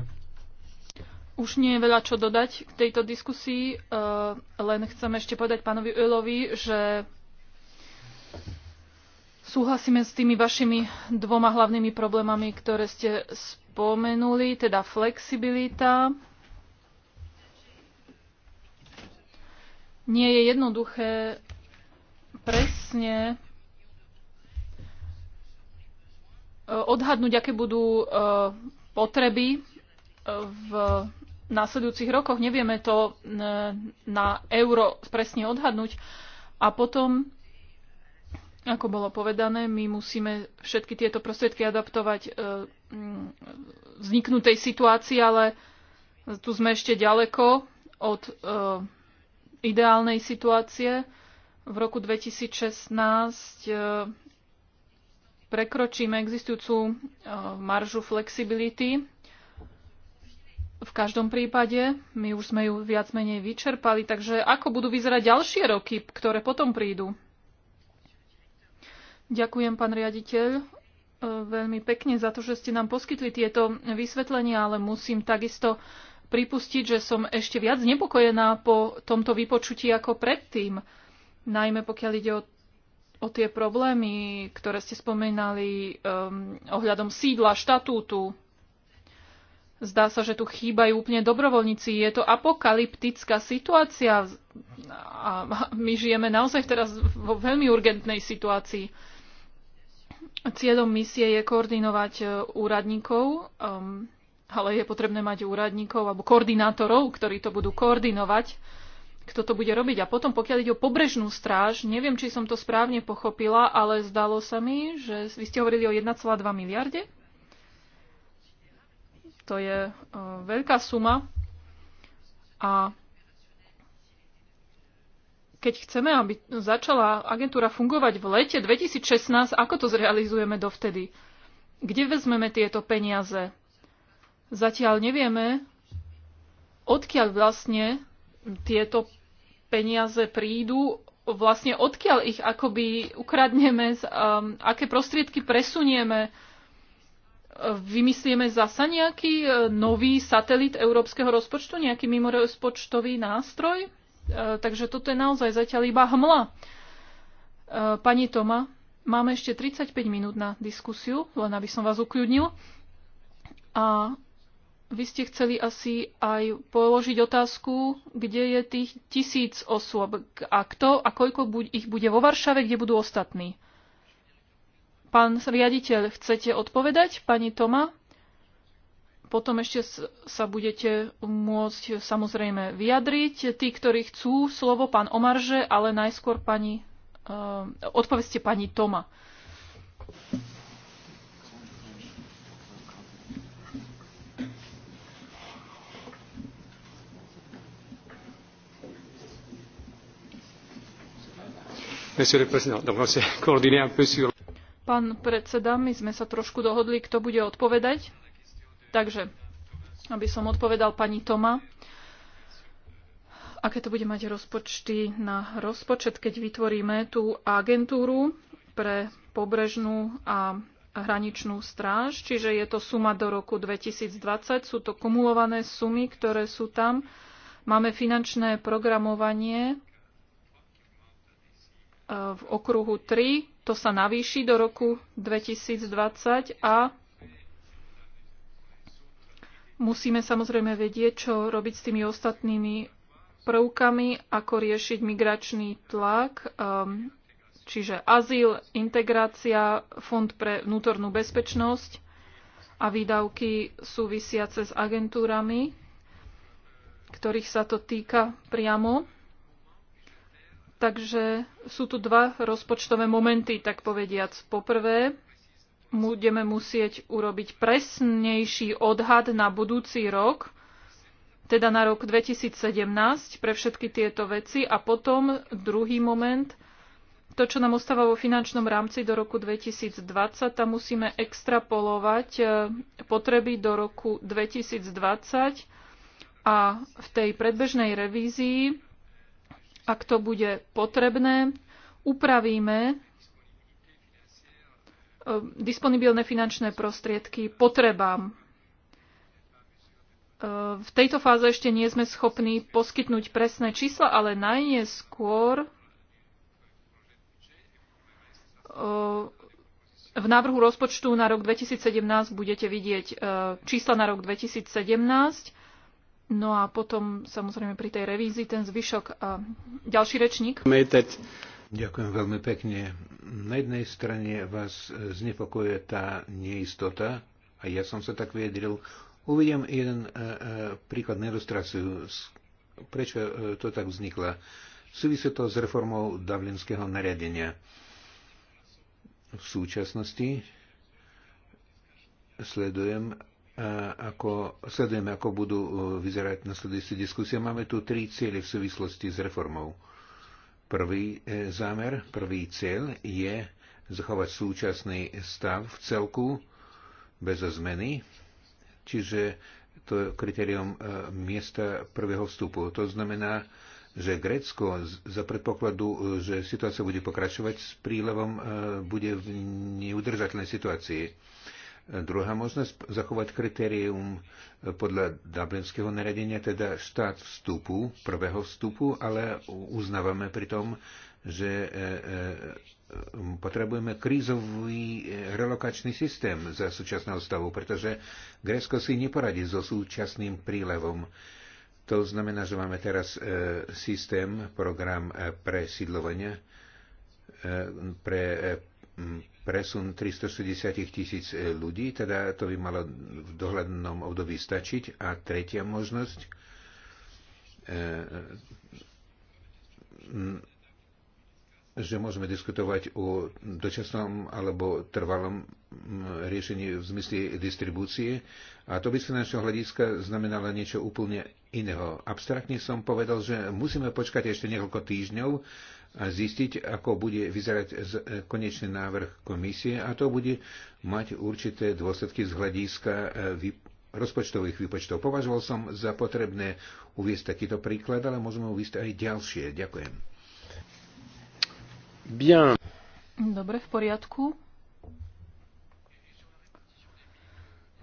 Už nie je veľa čo dodať k tejto diskusii, uh, len chcem ešte povedať pánovi Ölovi, že Súhlasíme s tými vašimi dvoma hlavnými problémami, ktoré ste spomenuli, teda flexibilita. Nie je jednoduché presne e, odhadnúť, aké budú e, potreby e, v následujúcich rokoch. Nevieme to na euro presne odhadnúť. A potom ako bolo povedané, my musíme všetky tieto prostriedky adaptovať e, vzniknutej situácii, ale tu sme ešte ďaleko od e, ideálnej situácie. V roku 2016 e, prekročíme existujúcu maržu flexibility. V každom prípade my už sme ju viac menej vyčerpali, takže ako budú vyzerať ďalšie roky, ktoré potom prídu? Ďakujem, pán riaditeľ, e, veľmi pekne za to, že ste nám poskytli tieto vysvetlenia, ale musím takisto pripustiť, že som ešte viac znepokojená po tomto vypočutí ako predtým, najmä pokiaľ ide o, o tie problémy, ktoré ste spomínali um, ohľadom sídla, štatútu. Zdá sa, že tu chýbajú úplne dobrovoľníci. Je to apokalyptická situácia a my žijeme naozaj teraz vo veľmi urgentnej situácii. Cieľom misie je koordinovať e, úradníkov, um, ale je potrebné mať úradníkov alebo koordinátorov, ktorí to budú koordinovať, kto to bude robiť. A potom, pokiaľ ide o pobrežnú stráž, neviem, či som to správne pochopila, ale zdalo sa mi, že vy ste hovorili o 1,2 miliarde. To je uh, veľká suma a keď chceme, aby začala agentúra fungovať v lete 2016, ako to zrealizujeme dovtedy? Kde vezmeme tieto peniaze? Zatiaľ nevieme, odkiaľ vlastne tieto peniaze prídu, vlastne odkiaľ ich akoby ukradneme, um, aké prostriedky presunieme, vymyslíme zasa nejaký e, nový satelit európskeho rozpočtu, nejaký mimorozpočtový nástroj? E, takže toto je naozaj zatiaľ iba hmla. E, pani Toma, máme ešte 35 minút na diskusiu, len aby som vás ukľudnil. A vy ste chceli asi aj položiť otázku, kde je tých tisíc osôb a kto a koľko ich bude vo Varšave, kde budú ostatní. Pán riaditeľ, chcete odpovedať, pani Toma? potom ešte sa budete môcť samozrejme vyjadriť. Tí, ktorí chcú slovo, pán Omarže, ale najskôr pani, uh, odpovedzte pani Toma. Pán predseda, my sme sa trošku dohodli, kto bude odpovedať. Takže, aby som odpovedal pani Toma, aké to bude mať rozpočty na rozpočet, keď vytvoríme tú agentúru pre pobrežnú a hraničnú stráž, čiže je to suma do roku 2020, sú to kumulované sumy, ktoré sú tam. Máme finančné programovanie e, v okruhu 3, to sa navýši do roku 2020 a Musíme samozrejme vedieť, čo robiť s tými ostatnými prvkami, ako riešiť migračný tlak, ehm, čiže azyl, integrácia, fond pre vnútornú bezpečnosť a výdavky súvisiace s agentúrami, ktorých sa to týka priamo. Takže sú tu dva rozpočtové momenty, tak povediac. Poprvé, budeme musieť urobiť presnejší odhad na budúci rok, teda na rok 2017 pre všetky tieto veci a potom druhý moment, to, čo nám ostáva vo finančnom rámci do roku 2020, tam musíme extrapolovať e, potreby do roku 2020 a v tej predbežnej revízii, ak to bude potrebné, upravíme Ehm, disponibilné finančné prostriedky potrebám. Ehm, v tejto fáze ešte nie sme schopní poskytnúť presné čísla, ale najneskôr ehm, v návrhu rozpočtu na rok 2017 budete vidieť čísla na rok 2017, no a potom samozrejme pri tej revízii ten zvyšok a ďalší rečník. Ďakujem veľmi pekne. Na jednej strane vás znepokojuje tá neistota, a ja som sa tak vyjadril. Uvidím jeden e, e, príklad na ilustráciu, prečo e, to tak vzniklo. Súvisí to s reformou Dublinského nariadenia. V súčasnosti sledujem, ako, sledujeme, ako budú vyzerať nasledujúce diskusie. Máme tu tri cieľe v súvislosti s reformou Prvý e, zámer, prvý cieľ je zachovať súčasný stav v celku bez zmeny, čiže to je kritérium e, miesta prvého vstupu. To znamená, že Grécko za predpokladu, e, že situácia bude pokračovať s prílevom, bude v neudržateľnej situácii. Druhá možnosť zachovať kritérium podľa Dublinského naradenia, teda štát vstupu, prvého vstupu, ale uznávame pri tom, že e, e, potrebujeme krízový relokačný systém za súčasného stavu, pretože Grécko si neporadí so súčasným prílevom. To znamená, že máme teraz e, systém, program presídlovania pre presun 360 tisíc e, ľudí, teda to by malo v dohľadnom období stačiť. A tretia možnosť, e, že môžeme diskutovať o dočasnom alebo trvalom riešení v zmysle distribúcie. A to by z finančného hľadiska znamenalo niečo úplne iného. Abstraktne som povedal, že musíme počkať ešte niekoľko týždňov, a zistiť, ako bude vyzerať e, konečný návrh komisie a to bude mať určité dôsledky z hľadiska e, rozpočtových výpočtov. Považoval som za potrebné uviesť takýto príklad, ale môžeme uviesť aj ďalšie. Ďakujem. Bien. Dobre, v poriadku.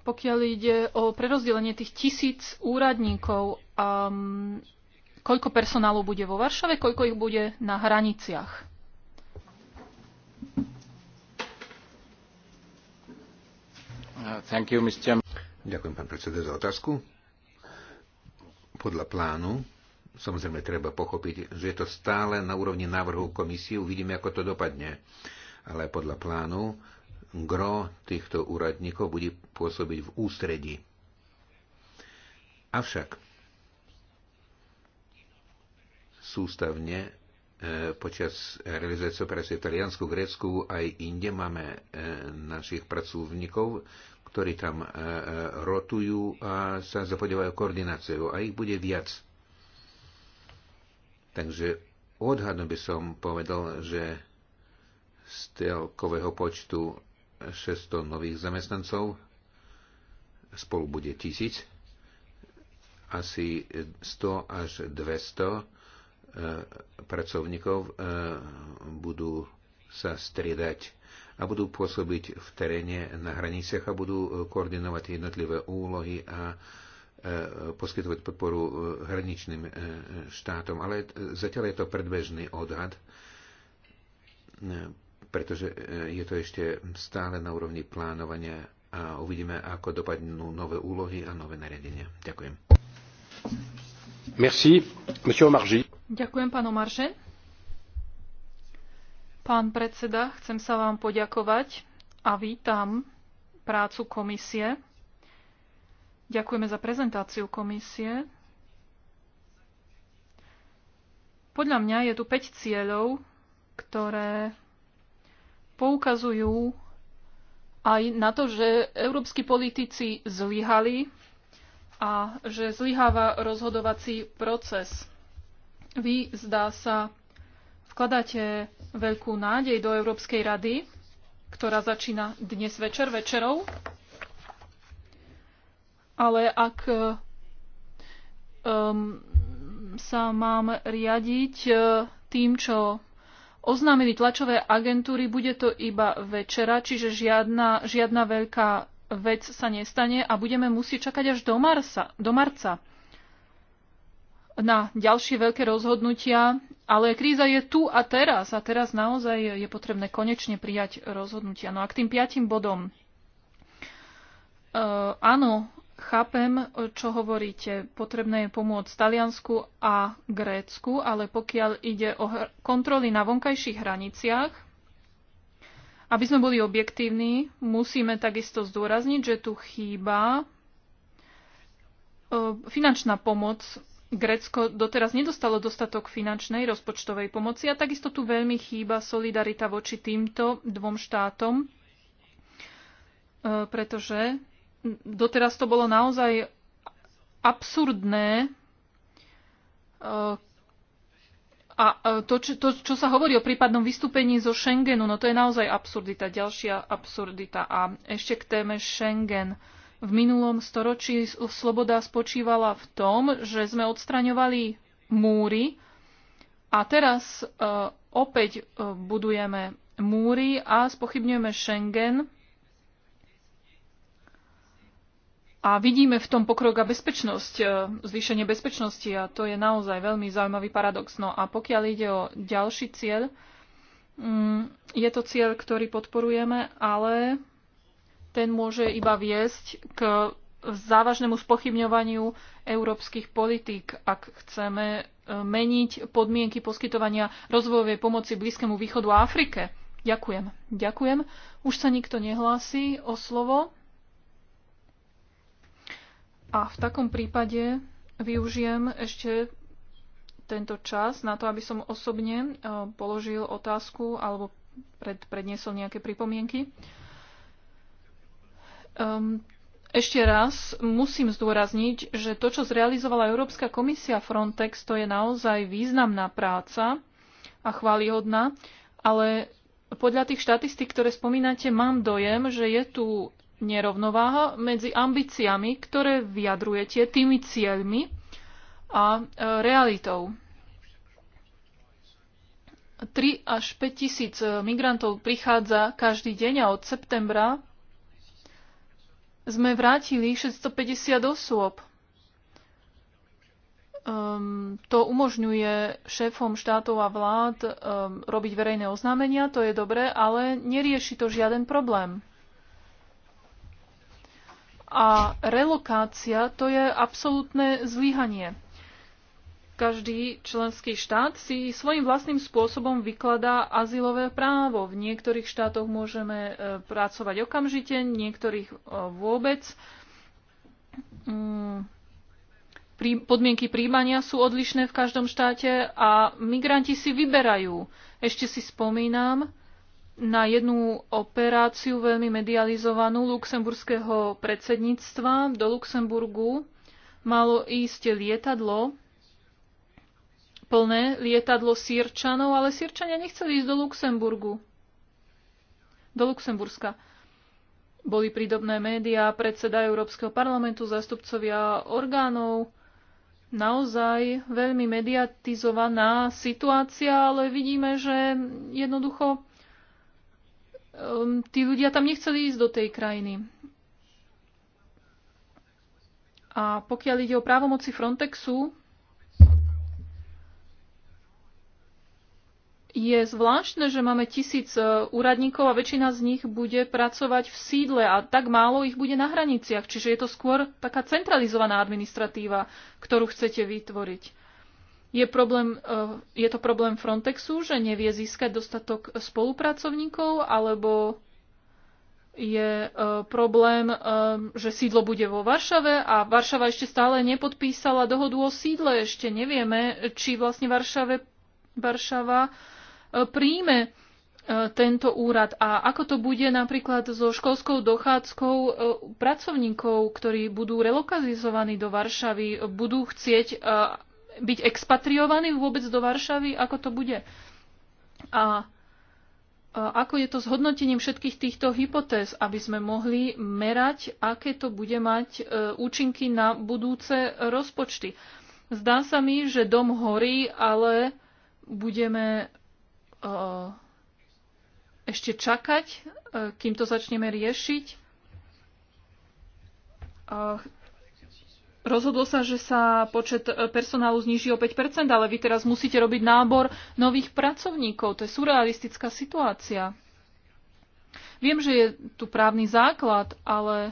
Pokiaľ ide o prerozdelenie tých tisíc úradníkov, um, Koľko personálu bude vo Varšave, koľko ich bude na hraniciach? You, Ďakujem, pán predseda, za otázku. Podľa plánu, samozrejme, treba pochopiť, že je to stále na úrovni návrhu komisie, uvidíme, ako to dopadne. Ale podľa plánu, gro týchto úradníkov bude pôsobiť v ústredí. Avšak sústavne e, počas realizácie operácie v Taliansku, Grécku aj inde máme e, našich pracovníkov, ktorí tam e, rotujú a sa zapodievajú koordináciou a ich bude viac. Takže odhadom by som povedal, že z celkového počtu 600 nových zamestnancov spolu bude tisíc, asi 100 až 200 E, pracovníkov e, budú sa striedať a budú pôsobiť v teréne na hraniciach a budú e, koordinovať jednotlivé úlohy a poskytovať podporu hraničným štátom. Ale zatiaľ je to predbežný odhad, pretože je to ešte stále na úrovni plánovania a uvidíme, ako dopadnú nové úlohy a nové nariadenia. Ďakujem. Merci, monsieur Omarji. Ďakujem, pán Omaršen. Pán predseda, chcem sa vám poďakovať a vítam prácu komisie. Ďakujeme za prezentáciu komisie. Podľa mňa je tu 5 cieľov, ktoré poukazujú aj na to, že európsky politici zlyhali a že zlyháva rozhodovací proces. Vy, zdá sa, vkladáte veľkú nádej do Európskej rady, ktorá začína dnes večer večerou. Ale ak um, sa mám riadiť e, tým, čo oznámili tlačové agentúry, bude to iba večera, čiže žiadna, žiadna veľká vec sa nestane a budeme musieť čakať až do, marsa, do marca na ďalšie veľké rozhodnutia, ale kríza je tu a teraz. A teraz naozaj je potrebné konečne prijať rozhodnutia. No a k tým piatim bodom. E, áno, chápem, čo hovoríte. Potrebné je pomôcť Taliansku a Grécku, ale pokiaľ ide o kontroly na vonkajších hraniciach, aby sme boli objektívni, musíme takisto zdôrazniť, že tu chýba e, finančná pomoc Grécko doteraz nedostalo dostatok finančnej rozpočtovej pomoci a takisto tu veľmi chýba solidarita voči týmto dvom štátom, e, pretože doteraz to bolo naozaj absurdné e, a e, to čo, to, čo sa hovorí o prípadnom vystúpení zo Schengenu, no to je naozaj absurdita, ďalšia absurdita. A ešte k téme Schengen. Uh, v minulom storočí sloboda spočívala v tom, že sme odstraňovali múry a teraz e, opäť e, budujeme múry a spochybňujeme Schengen a vidíme v tom pokrok a bezpečnosť, e, zvýšenie bezpečnosti a to je naozaj veľmi zaujímavý paradox. No a pokiaľ ide o ďalší cieľ, mm, je to cieľ, ktorý podporujeme, ale ten môže iba viesť k závažnému spochybňovaniu európskych politík, ak chceme e, meniť podmienky poskytovania rozvojovej pomoci Blízkému východu a Afrike. Ďakujem. Ďakujem. Už sa nikto nehlási o slovo. A v takom prípade využijem ešte tento čas na to, aby som osobne e, položil otázku alebo pred, predniesol nejaké pripomienky. Uh, Um, ešte raz musím zdôrazniť, že to, čo zrealizovala Európska komisia Frontex, to je naozaj významná práca a chválihodná, ale podľa tých štatistík, ktoré spomínate, mám dojem, že je tu nerovnováha medzi ambíciami, ktoré vyjadrujete tými cieľmi a e, realitou. 3 až 5 tisíc migrantov prichádza každý deň a od septembra sme vrátili 650 osôb. Um, to umožňuje šéfom štátov a vlád um, robiť verejné oznámenia, to je dobré, ale nerieši to žiaden problém. A relokácia to je absolútne zlyhanie. Každý členský štát si svojím vlastným spôsobom vykladá azylové právo. V niektorých štátoch môžeme e, pracovať okamžite, niektorých e, vôbec. Mm, podmienky príjmania sú odlišné v každom štáte a migranti si vyberajú. Ešte si spomínam na jednu operáciu veľmi medializovanú luxemburského predsedníctva do Luxemburgu. Malo ísť lietadlo plné lietadlo sírčanov, ale sírčania nechceli ísť do Luxemburgu. Do Luxemburska. Boli prídobné médiá, predseda Európskeho parlamentu, zastupcovia orgánov. Naozaj veľmi mediatizovaná situácia, ale vidíme, že jednoducho um, tí ľudia tam nechceli ísť do tej krajiny. A pokiaľ ide o právomoci Frontexu, je zvláštne, že máme tisíc e, úradníkov a väčšina z nich bude pracovať v sídle a tak málo ich bude na hraniciach. Čiže je to skôr taká centralizovaná administratíva, ktorú chcete vytvoriť. Je, problém, e, je to problém Frontexu, že nevie získať dostatok spolupracovníkov, alebo je e, problém, že sídlo bude vo Varšave a Varšava ešte stále nepodpísala dohodu o sídle. Ešte nevieme, či vlastne Varšave, Varšava E, príjme e, tento úrad a ako to bude napríklad so školskou dochádzkou e, pracovníkov, ktorí budú relokalizovaní do Varšavy, budú chcieť byť expatriovaní vôbec do Varšavy, ako to bude. A ako je to s hodnotením všetkých týchto hypotéz, aby sme mohli merať, aké to bude mať účinky na budúce rozpočty. Zdá sa mi, že dom horí, ale budeme ešte čakať, e, kým to začneme riešiť. Rozhodlo sa, že sa počet e, personálu zniží o 5%, ale vy teraz musíte robiť nábor nových pracovníkov. To je surrealistická situácia. Viem, že je tu právny základ, ale...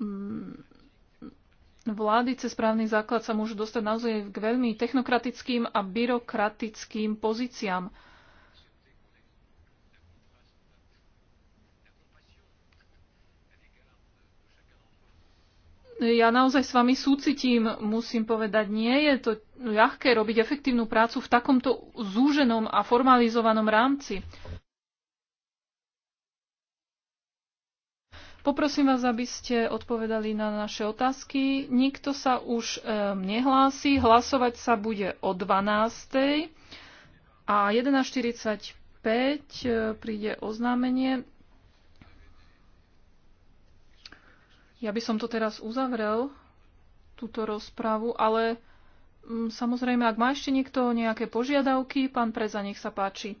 Mm, vlády cez právny základ sa môžu dostať naozaj k veľmi technokratickým a byrokratickým pozíciám. Ja naozaj s vami súcitím, musím povedať, nie je to ľahké robiť efektívnu prácu v takomto zúženom a formalizovanom rámci. Poprosím vás, aby ste odpovedali na naše otázky. Nikto sa už um, nehlási. Hlasovať sa bude o 12. A 11.45 e, príde oznámenie. Ja by som to teraz uzavrel, túto rozprávu, ale um, samozrejme, ak má ešte niekto nejaké požiadavky, pán Preza, nech sa páči.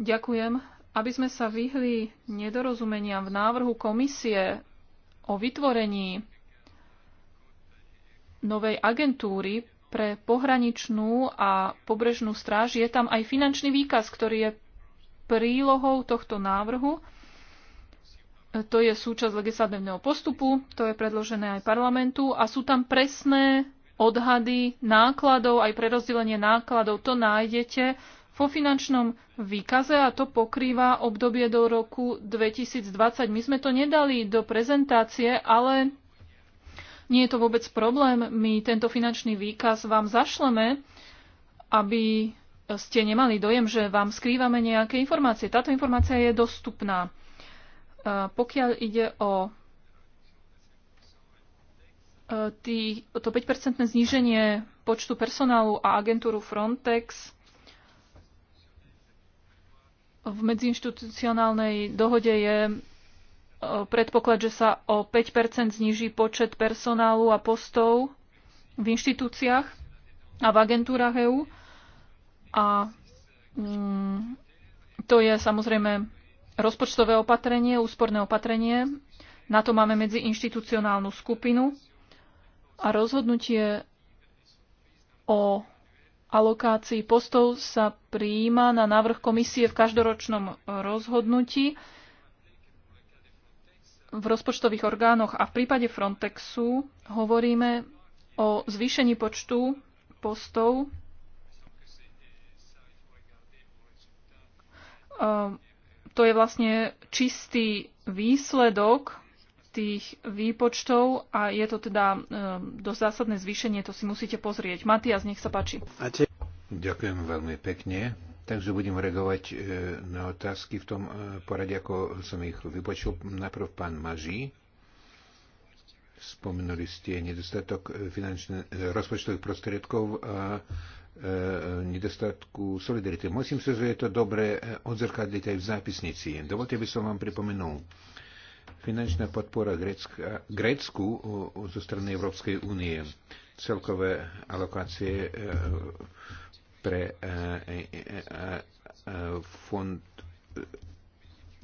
Ďakujem aby sme sa vyhli nedorozumeniam v návrhu komisie o vytvorení novej agentúry pre pohraničnú a pobrežnú stráž je tam aj finančný výkaz, ktorý je prílohou tohto návrhu. To je súčasť legislatívneho postupu, to je predložené aj parlamentu a sú tam presné odhady nákladov, aj prerozdelenie nákladov, to nájdete vo finančnom výkaze a to pokrýva obdobie do roku 2020. My sme to nedali do prezentácie, ale nie je to vôbec problém. My tento finančný výkaz vám zašleme, aby ste nemali dojem, že vám skrývame nejaké informácie. Táto informácia je dostupná. E, pokiaľ ide o e, tý, to 5-percentné zníženie počtu personálu a agentúru Frontex, v medziinstitucionálnej dohode je e, predpoklad, že sa o 5 zniží počet personálu a postov v inštitúciách a v agentúrach EÚ. A mm, to je samozrejme rozpočtové opatrenie, úsporné opatrenie. Na to máme medziinštitucionálnu skupinu a rozhodnutie o alokácii postov sa prijíma na návrh komisie v každoročnom rozhodnutí v rozpočtových orgánoch a v prípade Frontexu hovoríme o zvýšení počtu postov. Ehm, to je vlastne čistý výsledok tých výpočtov a je to teda ehm, dosť zásadné zvýšenie, to si musíte pozrieť. Matias, nech sa páči. Ďakujem veľmi pekne. Takže budem reagovať e, na otázky v tom e, poradí, ako som ich vypočul. Najprv pán Maží. Spomenuli ste nedostatok e, finančných rozpočtových prostriedkov a nedostatku solidarity. Myslím si, že je to dobre odzrkadliť aj v zápisnici. Dovolte by som vám pripomenul. Finančná podpora Grécka, Grécku zo strany Európskej únie. Celkové alokácie e, pre eh, eh, eh, fond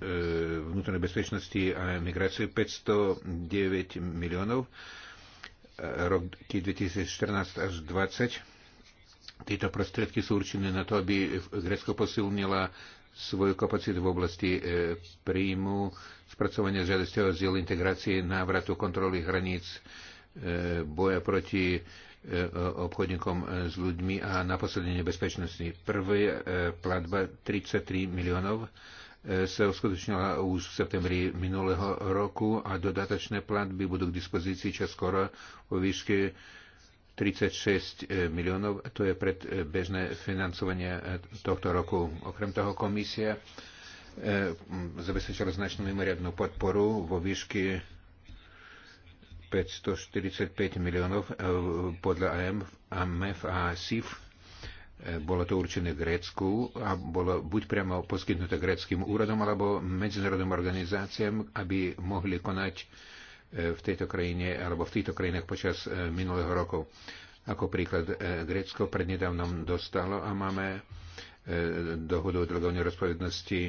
vnútornej bezpečnosti a migrácie 509 miliónov roky 2014 až 2020. Tieto prostriedky sú určené na to, aby Grécko posilnila svoju kapacitu v oblasti príjmu, spracovania žiadosti o azyl, integrácie, návratu, kontroly hraníc, boja proti E, obchodníkom e, s ľuďmi a na nebezpečnosti. Prvá e, platba 33 miliónov sa uskutočnila už v septembri minulého roku a dodatočné platby budú k dispozícii čoskoro vo výške 36 miliónov. To je predbežné financovanie tohto roku. Okrem toho komisia zabezpečila značnú mimoriadnú podporu vo výške 545 miliónov e, podľa AMF a SIF. E, bolo to určené Grécku a bolo buď priamo poskytnuté gréckým úradom alebo medzinárodným organizáciám, aby mohli konať e, v tejto krajine alebo v týchto krajinách počas minulého roku. Ako príklad, Grécko prednedávnom dostalo a máme dohodu o delegovanej rozpovednosti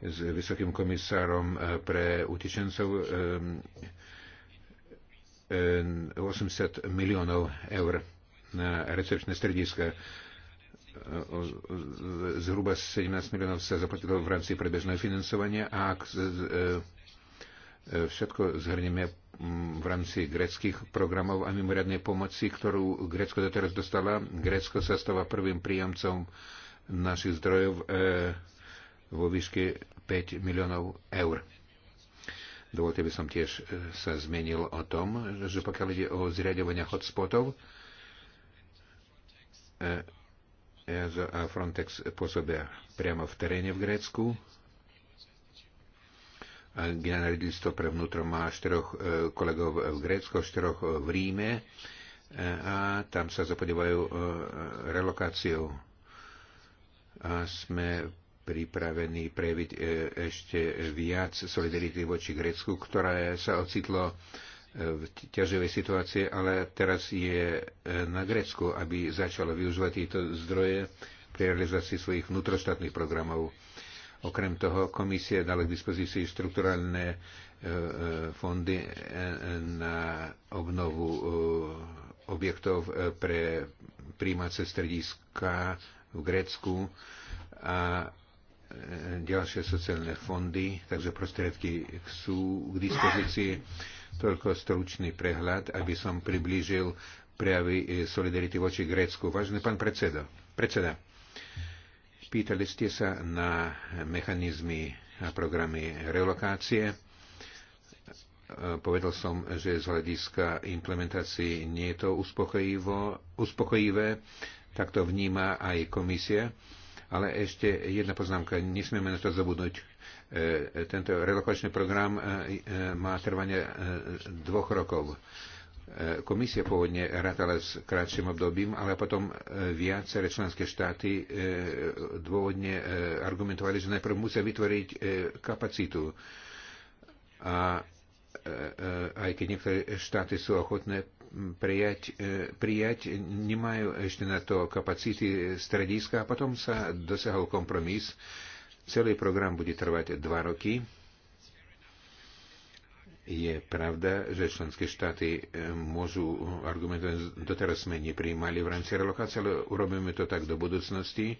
s vysokým komisárom pre utečencov 800 miliónov eur na recepčné strediska. Zhruba 17 miliónov sa zaplatilo v rámci predbežného financovania a ak e, e, všetko zhrnieme mm, v rámci greckých programov a mimoriadnej pomoci, ktorú Grécko doteraz dostala. Grécko sa stáva prvým príjemcom našich zdrojov e, vo výške 5 miliónov eur. Dovolte by som tiež e, sa zmenil o tom, že pokiaľ ide o zriadovania hotspotov, e, EASO a Frontex pôsobia priamo v teréne v Grécku. Generálne riaditeľstvo pre vnútro má štyroch e, kolegov v Grécku, štyroch v Ríme a tam sa zapodívajú relokáciou. A sme pripravený prejaviť e, ešte viac solidarity voči Grécku, ktoré sa ocitlo e, v ťaživej situácii, ale teraz je e, na Grécku, aby začalo využívať tieto zdroje pri realizácii svojich vnútroštátnych programov. Okrem toho komisia dala k dispozícii štrukturálne fondy na obnovu objektov pre príjmace strediska v Grécku a ďalšie sociálne fondy, takže prostriedky sú k dispozícii. Toľko stručný prehľad, aby som priblížil prejavy e, solidarity voči Grécku. Vážený pán predseda, predseda, pýtali ste sa na mechanizmy a programy relokácie. E, povedal som, že z hľadiska implementácií nie je to uspokojivé. Tak to vníma aj komisia ale ešte jedna poznámka, nesmieme na to zabudnúť. E, e, tento relokačný program e, má trvanie dvoch rokov. Komisia pôvodne rátala s krátším obdobím, ale potom viaceré členské štáty dôvodne argumentovali, že najprv musia vytvoriť kapacitu. A aj keď niektoré štáty sú ochotné prijať, e, prijať nemajú ešte na to kapacity strediska a potom sa dosiahol kompromis. Celý program bude trvať dva roky. Je pravda, že členské štáty e, môžu argumentovať, doteraz sme neprijímali v rámci relokácie, ale urobíme to tak do budúcnosti.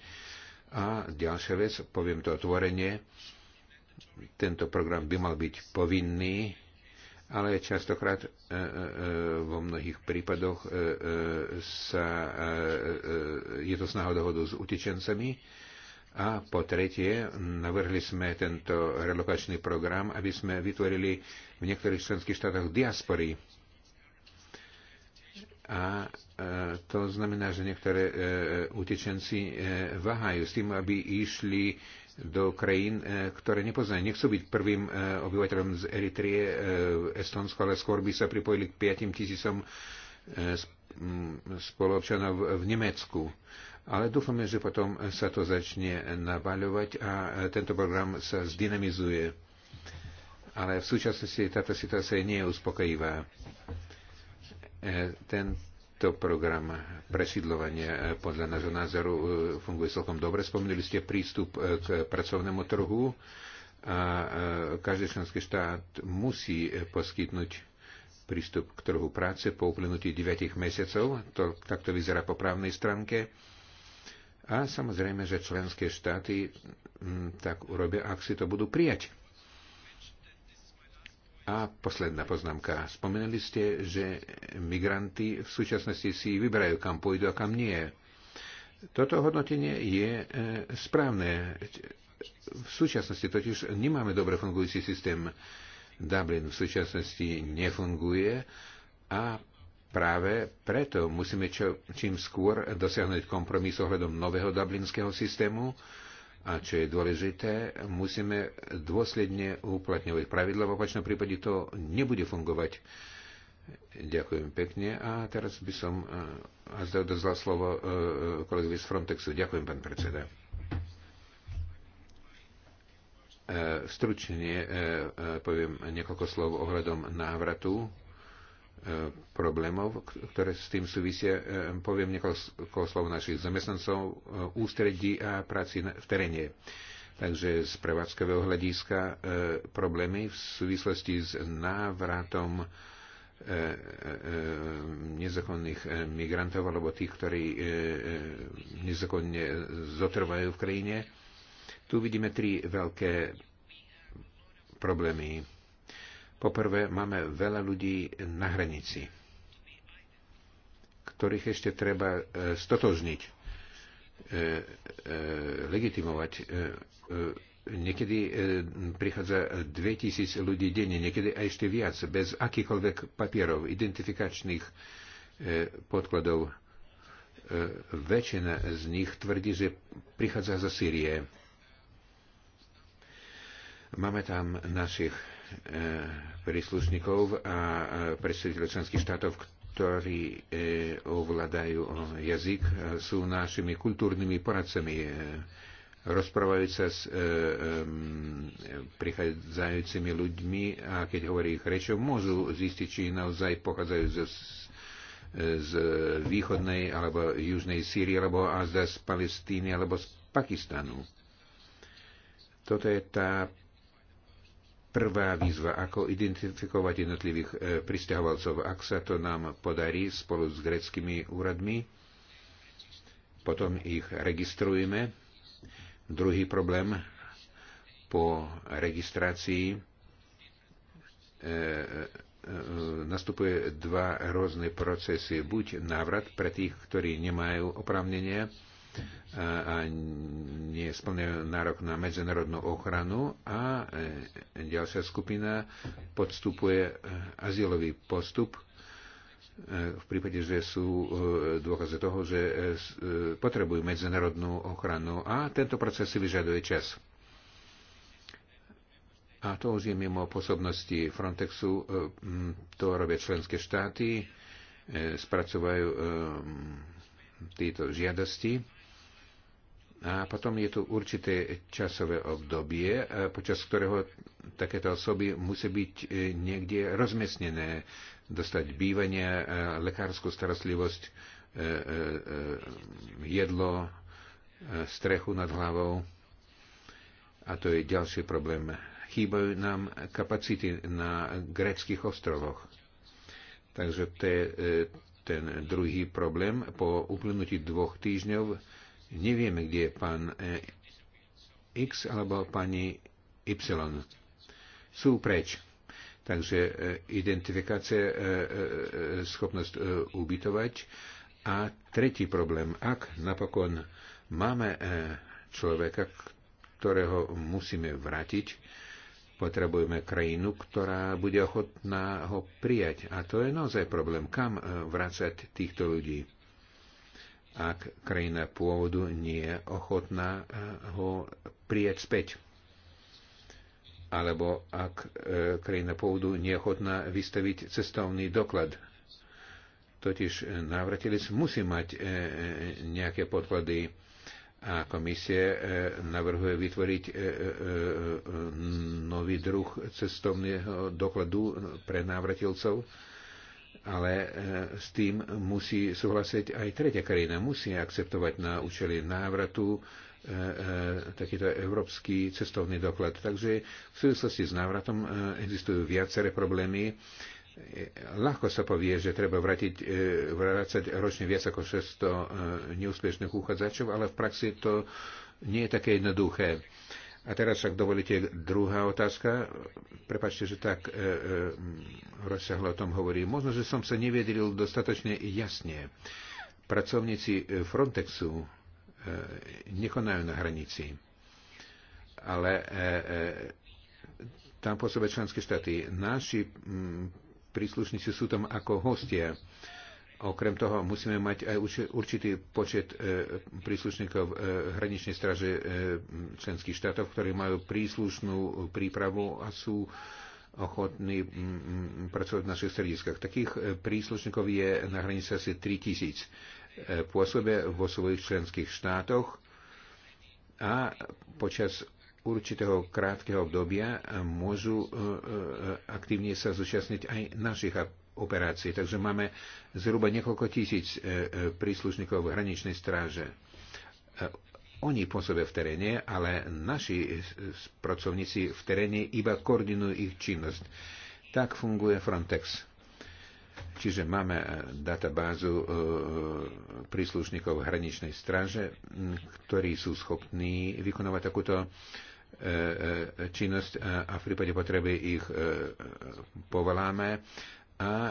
A ďalšia vec, poviem to otvorenie. tento program by mal byť povinný ale častokrát e, e, e, vo mnohých prípadoch sa, je to snaha dohodu s utečencami. A po tretie, navrhli sme tento relokačný program, aby sme vytvorili v niektorých členských štátoch diaspory. A to znamená, že niektoré utečenci váhajú s tým, aby išli do krajín, e, ktoré nepoznajú. Nechcú byť prvým e, obyvateľom z Eritrie v e, Estonsku, ale skôr by sa pripojili k 5 tisícom spoločanov v Nemecku. Ale dúfame, že potom sa to začne nabaľovať a tento program sa zdynamizuje. Ale v súčasnosti táto situácia nie je uspokojivá. Ten tento program presídlovania e, podľa nášho názoru e, funguje celkom dobre. Spomenuli ste prístup e, k pracovnému trhu a každý členský štát musí poskytnúť prístup k trhu práce po uplynutí 9 mesiacov. To, takto vyzerá po právnej stránke. A samozrejme, že členské štáty tak urobia, ak si to budú prijať. A posledná poznámka. Spomenuli ste, že migranti v súčasnosti si vyberajú, kam pôjdu a kam nie. Toto hodnotenie je e, správne. V súčasnosti totiž nemáme dobre fungujúci systém. Dublin v súčasnosti nefunguje a práve preto musíme čo, čím skôr dosiahnuť kompromis ohľadom nového dublinského systému, a čo je dôležité, musíme dôsledne uplatňovať pravidla, v opačnom prípade to nebude fungovať. Ďakujem pekne a teraz by som e, a dozval slovo e, e, kolegovi z Frontexu. Ďakujem, pán predseda. Stručne poviem niekoľko slov ohľadom návratu E, problémov, ktoré s tým súvisia. E, poviem niekoľko slov našich zamestnancov e, ústredí a práci v teréne. Takže z prevádzkového hľadiska problémy v súvislosti s návratom nezakonných migrantov alebo tých, ktorí nezakonne zotrvajú v krajine. Tu vidíme tri veľké problémy Poprvé, máme veľa ľudí na hranici, ktorých ešte treba e, stotožniť, e, e, legitimovať. Niekedy prichádza 2000 ľudí denne, niekedy aj ešte viac, bez akýchkoľvek papierov, identifikačných podkladov. Väčšina z nich tvrdí, že prichádza za Syrie. Máme tam našich Eh, príslušníkov a predstaviteľov členských štátov, ktorí eh, ovládajú eh, jazyk, sú našimi kultúrnymi poradcami. Rozprávajú sa s prichádzajúcimi ľuďmi a keď hovorí ich rečou, môžu zistiť, či naozaj pochádzajú z, z východnej alebo južnej Sýrie, alebo azda z Palestíny, alebo z Pakistanu. Toto je tá prvá výzva, ako identifikovať jednotlivých e, pristahovalcov. Ak sa to nám podarí spolu s greckými úradmi, potom ich registrujeme. Druhý problém po registrácii e, e, nastupuje dva rôzne procesy. Buď návrat pre tých, ktorí nemajú oprávnenie, a nie splňajú nárok na medzinárodnú ochranu a e, ďalšia skupina podstupuje e, azylový postup e, v prípade, že sú dôkazy toho, že potrebujú medzinárodnú ochranu a tento proces si vyžaduje čas. A to už je mimo pôsobnosti Frontexu, to robia členské štáty, spracovajú tieto žiadosti a potom je tu určité časové obdobie, e, počas ktorého takéto osoby musí byť e, niekde rozmiestnené, dostať bývanie, e, lekárskú starostlivosť, jedlo, strechu nad hlavou. A to je ďalší problém. Chýbajú nám kapacity na greckých ostrovoch. Takže to je ten druhý problém. Po uplynutí dvoch týždňov Nevieme, kde je pán e, X alebo pani Y. Sú preč. Takže e, identifikácia, e, schopnosť ubytovať. A tretí problém, ak napokon máme človeka, ktorého musíme vrátiť, potrebujeme krajinu, ktorá bude ochotná ho prijať. A to je naozaj problém, kam vrácať týchto ľudí ak krajina pôvodu nie je ochotná eh, ho prijať späť. Alebo ak eh, krajina pôvodu nie je ochotná vystaviť cestovný doklad. Totiž eh, návratelec musí mať nejaké podklady a komisie navrhuje vytvoriť nový druh cestovného dokladu pre návratilcov ale e, s tým musí súhlasiť aj tretia krajina. Musí akceptovať na účely návratu e, e, takýto európsky cestovný doklad. Takže v súvislosti s návratom existujú viaceré problémy. Ľahko sa povie, že treba vrátiť, vrácať ročne viac ako 600 neúspešných uchádzačov, ale v praxi to nie je také jednoduché a teraz, ak dovolíte, druhá otázka. Prepačte, že tak e, e, rozsiahlo o tom hovorí. Možno, že som sa neviedril dostatočne jasne. Pracovníci e, Frontexu e, nekonajú na hranici, ale e, e, tam pôsobia členské štáty. Naši m, príslušníci sú tam ako hostia. E, Okrem toho musíme mať aj určitý počet e, príslušníkov e, hraničnej straže e, členských štátov, ktorí majú príslušnú prípravu a sú ochotní pracovať v našich strediskách. Takých príslušníkov je na hranici asi 3000. pôsobe vo svojich členských štátoch a počas určitého krátkeho obdobia môžu aktívne sa zúčastniť aj našich operácie. Takže máme zhruba niekoľko tisíc e, e, príslušníkov hraničnej stráže. E, oni pôsobia v teréne, ale naši pracovníci v teréne iba koordinujú ich činnosť. Tak funguje Frontex. Čiže máme databázu príslušníkov hraničnej stráže, ktorí sú schopní vykonovať takúto činnosť a v prípade potreby ich povoláme a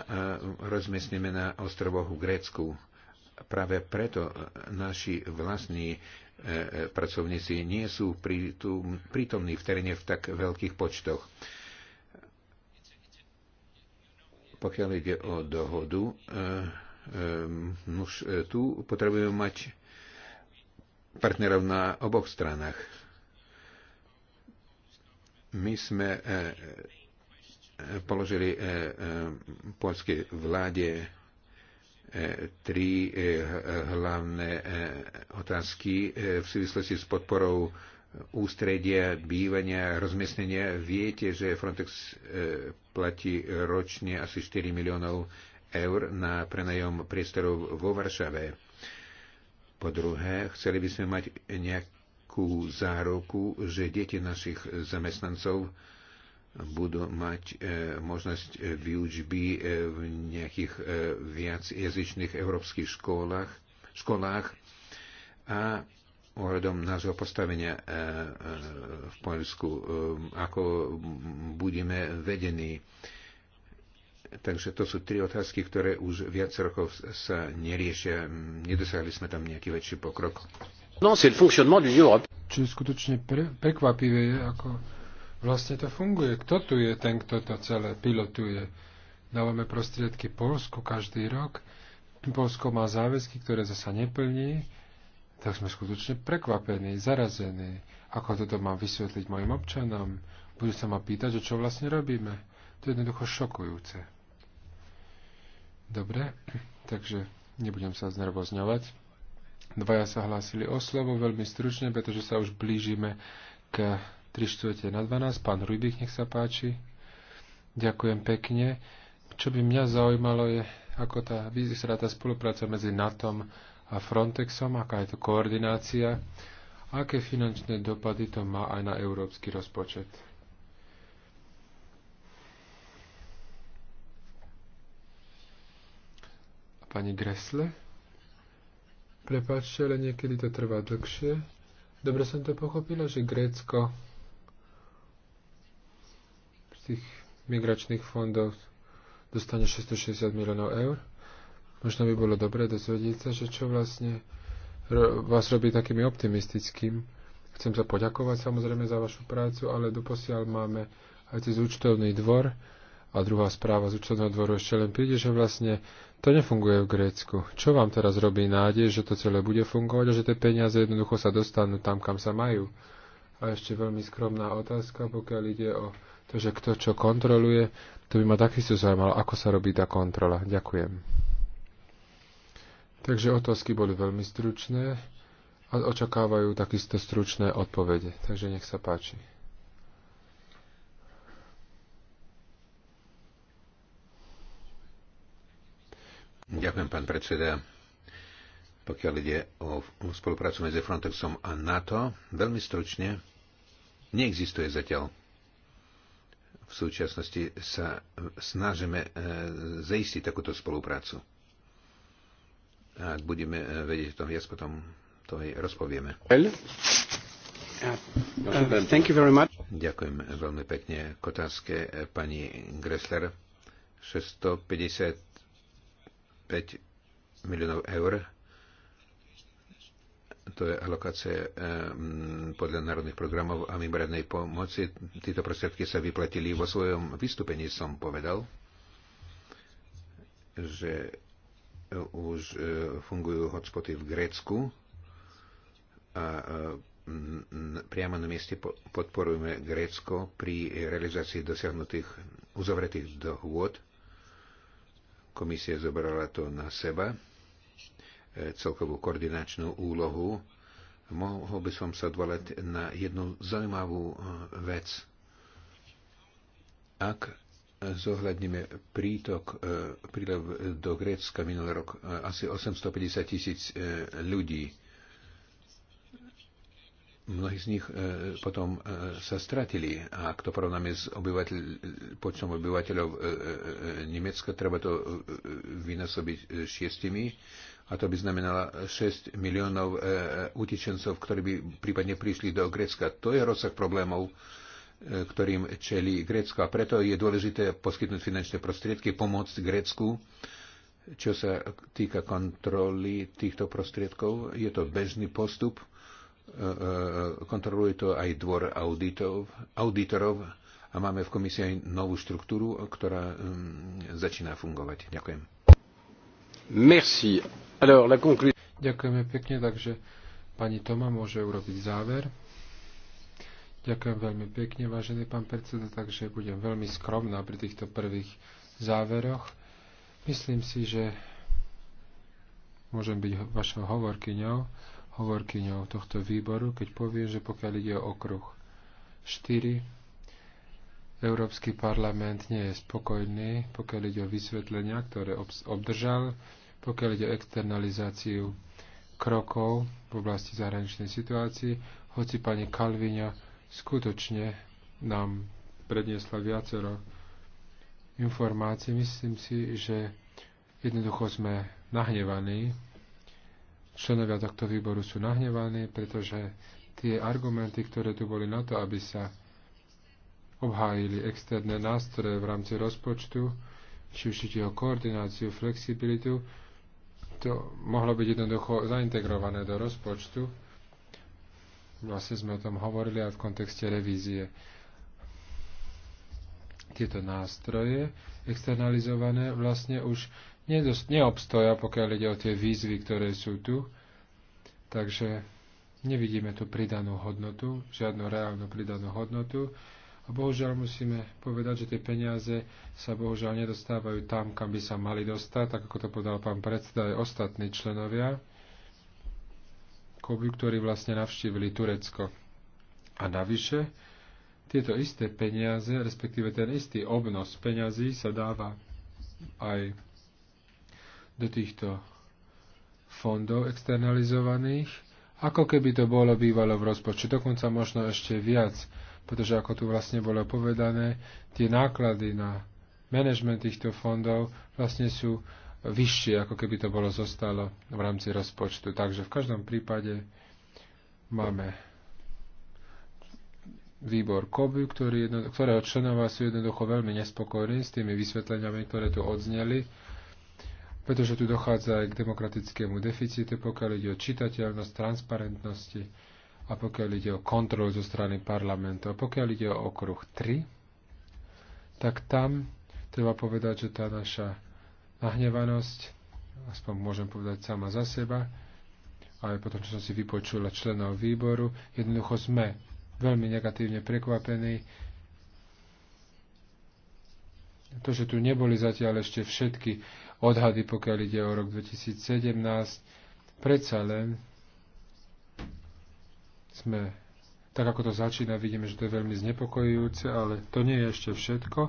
rozmiestneme na ostrovoch v Grécku. Práve preto naši vlastní e, e, pracovníci nie sú prítomní v teréne v tak veľkých počtoch. Pokiaľ ide o dohodu, e, už tu potrebujeme mať partnerov na oboch stranách. My sme položili e, e, poľskej vláde e, tri hlavné otázky v súvislosti s podporou ústredia, bývania, rozmiestnenia. Viete, že Frontex platí ročne asi 4 miliónov eur na prenajom priestorov vo Varšave. Po druhé, chceli by sme mať nejakú záruku, že deti našich zamestnancov budú mať e, možnosť e, e, v nejakých e, viac jazyčných európskych školách, školách a ohľadom nášho postavenia v Poľsku, ako budeme vedení. Takže to sú tri otázky, ktoré už viac rokov sa neriešia. Nedosiahli sme tam nejaký väčší pokrok. No, c'est le fonctionnement de l'Union Čo je skutočne pre, prekvapivé, ako vlastne to funguje. Kto tu je ten, kto to celé pilotuje? Dávame prostriedky Polsku každý rok. Polsko má záväzky, ktoré zasa neplní. Tak sme skutočne prekvapení, zarazení. Ako toto mám vysvetliť mojim občanom? Budú sa ma pýtať, o čo vlastne robíme. To je jednoducho šokujúce. Dobre, takže nebudem sa znervozňovať. Dvaja sa hlásili o slovo veľmi stručne, pretože sa už blížime k 3 čtvrte na 12. Pán Rubik, nech sa páči. Ďakujem pekne. Čo by mňa zaujímalo je, ako tá vyzerá tá spolupráca medzi NATO a Frontexom, aká je to koordinácia, aké finančné dopady to má aj na európsky rozpočet. A pani Gresle? Prepačte, ale niekedy to trvá dlhšie. Dobre som to pochopila, že Grécko tých migračných fondov dostane 660 miliónov eur. Možno by bolo dobré dozvedieť sa, že čo vlastne vás robí takými optimistickým. Chcem sa poďakovať samozrejme za vašu prácu, ale doposiaľ máme aj cez účtovný dvor a druhá správa z účtovného dvoru ešte len príde, že vlastne to nefunguje v Grécku. Čo vám teraz robí nádej, že to celé bude fungovať a že tie peniaze jednoducho sa dostanú tam, kam sa majú? A ešte veľmi skromná otázka, pokiaľ ide o Takže kto čo kontroluje, to by ma takisto zaujímalo, ako sa robí tá kontrola. Ďakujem. Takže otázky boli veľmi stručné a očakávajú takisto stručné odpovede. Takže nech sa páči. Ďakujem, pán predseda. Pokiaľ ide o spoluprácu medzi Frontexom a NATO, veľmi stručne neexistuje zatiaľ v súčasnosti sa snažíme e, zaistiť takúto spoluprácu. A ak budeme e, vedieť o tom viac, potom to aj rozpovieme. Uh, Ďakujem veľmi pekne k otázke e, pani Gressler. 655 miliónov eur to je alokácia eh, podľa národných programov a mimoriadnej pomoci. Títo prostriedky sa vyplatili. Vo svojom vystúpení som povedal, že eh, už eh, fungujú hotspoty v Grécku a priamo na mieste podporujeme Grécko pri realizácii dosiahnutých uzavretých dohôd. Komisia zobrala to na seba E, celkovú koordinačnú úlohu, mohol by som sa dvolať na jednu zaujímavú e, vec. Ak zohľadníme prítok, e, prílev do Grécka minulý rok asi 850 tisíc ľudí. Mnohí z nich potom sa stratili. A ak to porovnáme s obyvateľ, počtom obyvateľov Nemecka, treba to vynásobiť šiestimi a to by znamenalo 6 miliónov e, e, utečencov, ktorí by prípadne prišli do Grécka. To je rozsah problémov, e, ktorým čelí Grécko. A preto je dôležité poskytnúť finančné prostriedky, pomôcť Grécku. Čo sa týka kontroly týchto prostriedkov, je to bežný postup. E, e, kontroluje to aj dvor auditov, auditorov a máme v komisii aj novú štruktúru, ktorá um, začína fungovať. Ďakujem. Merci. Ďakujeme pekne, takže pani Toma môže urobiť záver. Ďakujem veľmi pekne, vážený pán predseda, takže budem veľmi skromná pri týchto prvých záveroch. Myslím si, že môžem byť vašou hovorkyňou, hovorkyňou tohto výboru, keď poviem, že pokiaľ ide o okruh 4, Európsky parlament nie je spokojný, pokiaľ ide o vysvetlenia, ktoré obdržal pokiaľ ide o externalizáciu krokov v oblasti zahraničnej situácii, hoci pani Kalviňa skutočne nám predniesla viacero informácií. Myslím si, že jednoducho sme nahnevaní. Členovia tohto výboru sú nahnevaní, pretože tie argumenty, ktoré tu boli na to, aby sa obhájili externé nástroje v rámci rozpočtu, či už ide o koordináciu, flexibilitu, to mohlo byť jednoducho zaintegrované do rozpočtu. Vlastne sme o tom hovorili aj v kontexte revízie. Tieto nástroje externalizované vlastne už nedost, neobstoja, pokiaľ ide o tie výzvy, ktoré sú tu. Takže nevidíme tu pridanú hodnotu, žiadnu reálnu pridanú hodnotu a bohužiaľ musíme povedať, že tie peniaze sa bohužiaľ nedostávajú tam, kam by sa mali dostať, tak ako to povedal pán predseda aj ostatní členovia ktorí vlastne navštívili Turecko. A navyše, tieto isté peniaze, respektíve ten istý obnos peňazí sa dáva aj do týchto fondov externalizovaných, ako keby to bolo bývalo v rozpočte, dokonca možno ešte viac pretože ako tu vlastne bolo povedané, tie náklady na manažment týchto fondov vlastne sú vyššie, ako keby to bolo zostalo v rámci rozpočtu. Takže v každom prípade máme výbor KOBU, ktorý jedno, ktorého členovia sú jednoducho veľmi nespokojní s tými vysvetleniami, ktoré tu odzneli, pretože tu dochádza aj k demokratickému deficitu, pokiaľ ide o čitateľnosť, transparentnosti a pokiaľ ide o kontrolu zo strany parlamentu. A pokiaľ ide o okruh 3, tak tam treba povedať, že tá naša nahnevanosť, aspoň môžem povedať sama za seba, aj potom, čo som si vypočula členov výboru, jednoducho sme veľmi negatívne prekvapení. To, že tu neboli zatiaľ ešte všetky odhady, pokiaľ ide o rok 2017, predsa len sme, tak ako to začína, vidíme, že to je veľmi znepokojujúce, ale to nie je ešte všetko.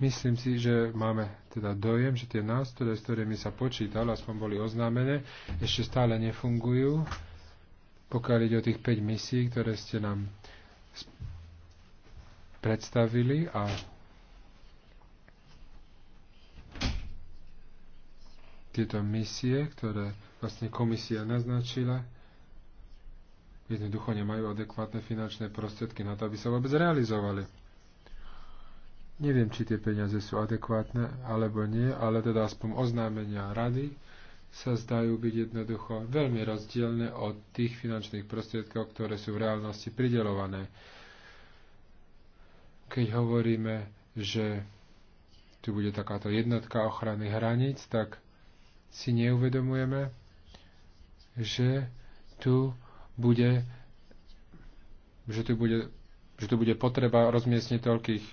Myslím si, že máme teda dojem, že tie nástroje, s ktorými sa počítalo, aspoň boli oznámené, ešte stále nefungujú. Pokiaľ ide o tých 5 misií, ktoré ste nám predstavili a tieto misie, ktoré vlastne komisia naznačila, jednoducho nemajú adekvátne finančné prostriedky na to, aby sa vôbec realizovali. Neviem, či tie peniaze sú adekvátne alebo nie, ale teda aspoň oznámenia rady sa zdajú byť jednoducho veľmi rozdielne od tých finančných prostriedkov, ktoré sú v reálnosti pridelované. Keď hovoríme, že tu bude takáto jednotka ochrany hraníc, tak si neuvedomujeme, že tu bude, že tu bude, že tu bude potreba rozmiestniť toľkých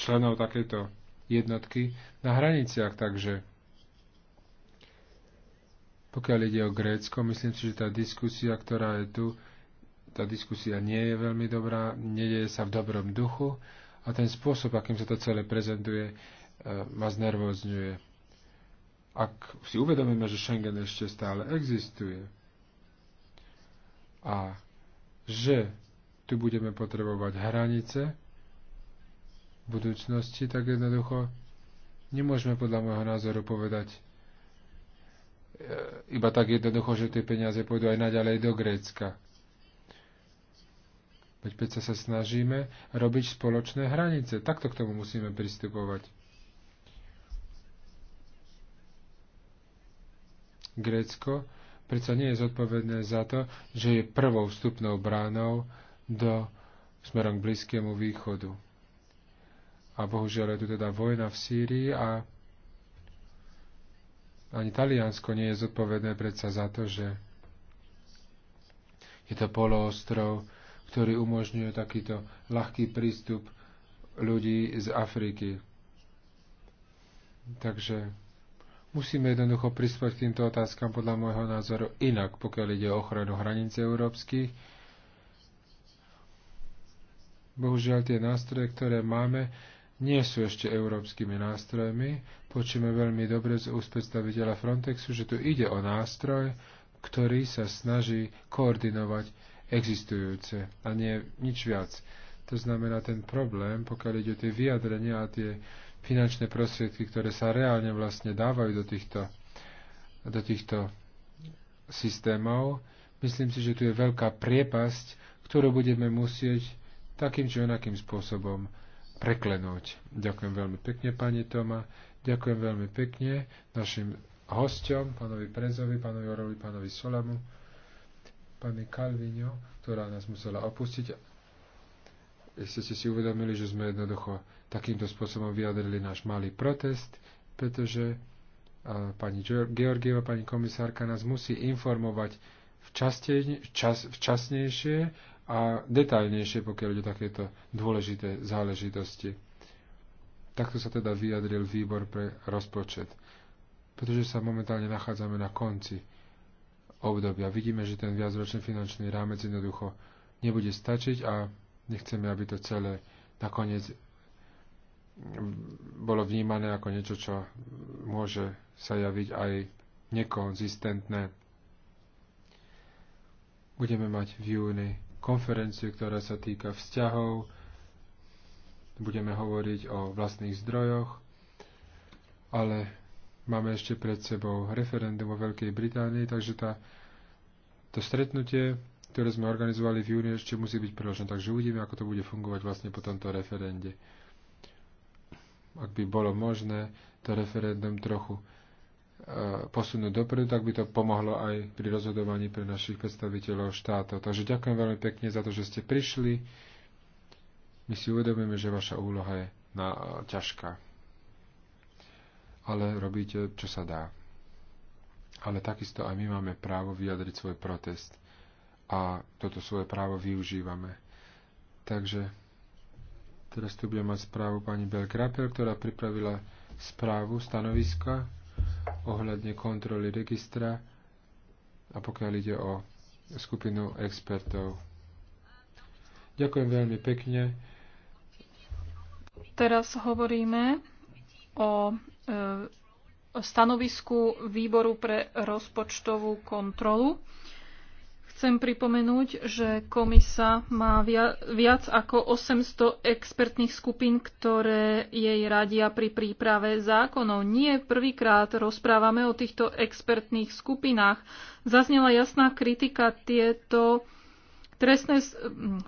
členov takéto jednotky na hraniciach, takže pokiaľ ide o Grécko, myslím si, že tá diskusia, ktorá je tu, tá diskusia nie je veľmi dobrá, nedieje sa v dobrom duchu a ten spôsob, akým sa to celé prezentuje, e, ma znervozňuje. Ak si uvedomíme, že Schengen ešte stále existuje, a že tu budeme potrebovať hranice v budúcnosti, tak jednoducho nemôžeme podľa môjho názoru povedať e, iba tak jednoducho, že tie peniaze pôjdu aj naďalej do Grécka. Veď predsa sa snažíme robiť spoločné hranice. Takto k tomu musíme pristupovať. Grécko predsa nie je zodpovedné za to, že je prvou vstupnou bránou do smerom k Blízkému východu. A bohužiaľ je tu teda vojna v Sýrii a ani Taliansko nie je zodpovedné predsa za to, že je to poloostrov, ktorý umožňuje takýto ľahký prístup ľudí z Afriky. Takže Musíme jednoducho prispať k týmto otázkam podľa môjho názoru inak, pokiaľ ide o ochranu hraníc európskych. Bohužiaľ tie nástroje, ktoré máme, nie sú ešte európskymi nástrojmi. počíme veľmi dobre z úst predstaviteľa Frontexu, že tu ide o nástroj, ktorý sa snaží koordinovať existujúce a nie nič viac. To znamená, ten problém, pokiaľ ide o tie vyjadrenia a tie finančné prostriedky, ktoré sa reálne vlastne dávajú do týchto, do týchto systémov. Myslím si, že tu je veľká priepasť, ktorú budeme musieť takým či onakým spôsobom preklenúť. Ďakujem veľmi pekne, pani Toma. Ďakujem veľmi pekne našim hosťom, pánovi Prezovi, pánovi Orovi, pánovi Solamu, pani Kalvinio, ktorá nás musela opustiť. Ste si uvedomili, že sme jednoducho takýmto spôsobom vyjadrili náš malý protest, pretože pani Georgieva, pani komisárka nás musí informovať včasnejšie a detailnejšie, pokiaľ ide o takéto dôležité záležitosti. Takto sa teda vyjadril výbor pre rozpočet, pretože sa momentálne nachádzame na konci obdobia. Vidíme, že ten viacročný finančný rámec jednoducho nebude stačiť a nechceme, aby to celé nakoniec bolo vnímané ako niečo, čo môže sa javiť aj nekonzistentné. Budeme mať v júni konferenciu, ktorá sa týka vzťahov. Budeme hovoriť o vlastných zdrojoch, ale máme ešte pred sebou referendum o Veľkej Británii, takže tá, to stretnutie, ktoré sme organizovali v júni, ešte musí byť preložené. Takže uvidíme, ako to bude fungovať vlastne po tomto referende ak by bolo možné to referendum trochu e, posunúť dopredu, tak by to pomohlo aj pri rozhodovaní pre našich predstaviteľov štátov. Takže ďakujem veľmi pekne za to, že ste prišli. My si uvedomíme, že vaša úloha je na, e, ťažká. Ale robíte, čo sa dá. Ale takisto aj my máme právo vyjadriť svoj protest. A toto svoje právo využívame. Takže Teraz tu budeme mať správu pani Belkrapel, ktorá pripravila správu stanoviska ohľadne kontroly registra a pokiaľ ide o skupinu expertov. Ďakujem veľmi pekne. Teraz hovoríme o e, stanovisku výboru pre rozpočtovú kontrolu. Chcem pripomenúť, že komisa má viac ako 800 expertných skupín, ktoré jej radia pri príprave zákonov. Nie prvýkrát rozprávame o týchto expertných skupinách. Zaznela jasná kritika tieto trestné,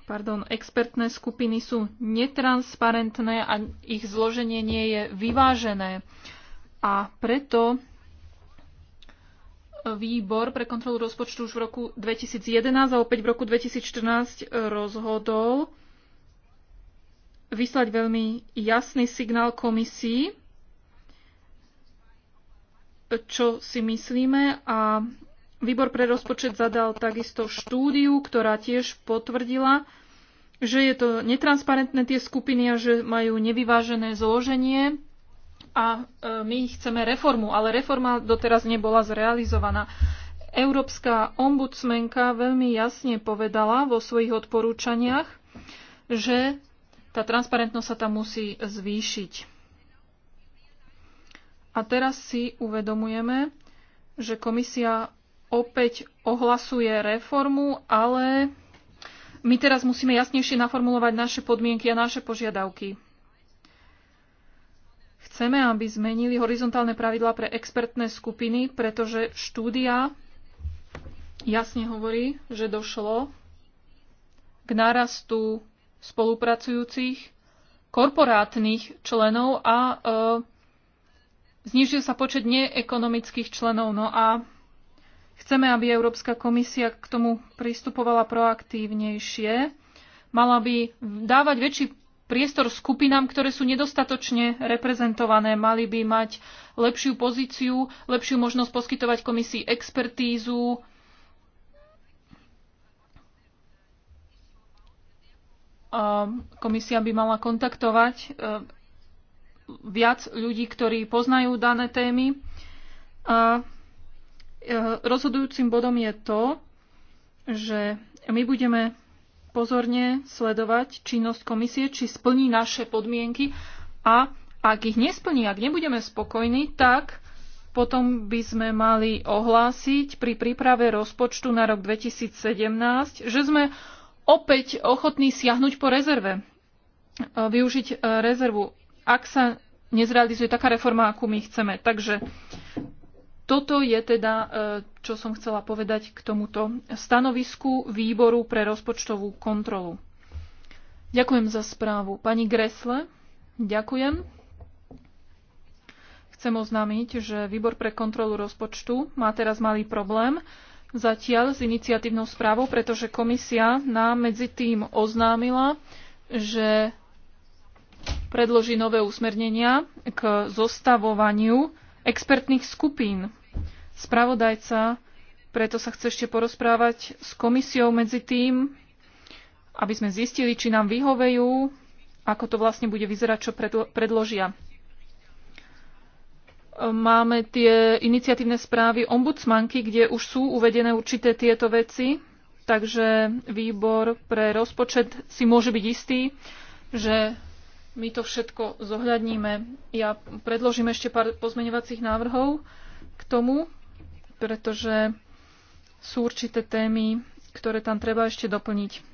pardon, expertné skupiny sú netransparentné a ich zloženie nie je vyvážené. A preto výbor pre kontrolu rozpočtu už v roku 2011 a opäť v roku 2014 e, rozhodol vyslať veľmi jasný signál komisii, čo si myslíme a výbor pre rozpočet zadal takisto štúdiu, ktorá tiež potvrdila, že je to netransparentné tie skupiny a že majú nevyvážené zloženie a e, my chceme reformu, ale reforma doteraz nebola zrealizovaná. Európska ombudsmenka veľmi jasne povedala vo svojich odporúčaniach, že tá transparentnosť sa tam musí zvýšiť. A teraz si uvedomujeme, že komisia opäť ohlasuje reformu, ale my teraz musíme jasnejšie naformulovať naše podmienky a naše požiadavky. Chceme, aby zmenili horizontálne pravidlá pre expertné skupiny, pretože štúdia jasne hovorí, že došlo k nárastu spolupracujúcich korporátnych členov a e, znižil sa počet neekonomických členov. No a chceme, aby Európska komisia k tomu pristupovala proaktívnejšie. Mala by dávať väčší priestor skupinám, ktoré sú nedostatočne reprezentované. Mali by mať lepšiu pozíciu, lepšiu možnosť poskytovať komisii expertízu, komisia by mala kontaktovať e, viac ľudí, ktorí poznajú dané témy. A e, rozhodujúcim bodom je to, že my budeme pozorne sledovať činnosť komisie, či splní naše podmienky a ak ich nesplní, ak nebudeme spokojní, tak potom by sme mali ohlásiť pri príprave rozpočtu na rok 2017, že sme opäť ochotní siahnuť po rezerve, e, využiť e, rezervu, ak sa nezrealizuje taká reforma, akú my chceme. Takže toto je teda, e, čo som chcela povedať k tomuto stanovisku výboru pre rozpočtovú kontrolu. Ďakujem za správu. Pani Gresle, ďakujem. Chcem oznámiť, že výbor pre kontrolu rozpočtu má teraz malý problém zatiaľ s iniciatívnou správou, pretože komisia nám medzi tým oznámila, že predloží nové usmernenia k zostavovaniu expertných skupín. Spravodajca preto sa chce ešte porozprávať s komisiou medzi tým, aby sme zistili, či nám vyhovejú, ako to vlastne bude vyzerať, čo predložia. Máme tie iniciatívne správy ombudsmanky, kde už sú uvedené určité tieto veci, takže výbor pre rozpočet si môže byť istý, že my to všetko zohľadníme. Ja predložím ešte pár pozmeňovacích návrhov k tomu, pretože sú určité témy, ktoré tam treba ešte doplniť.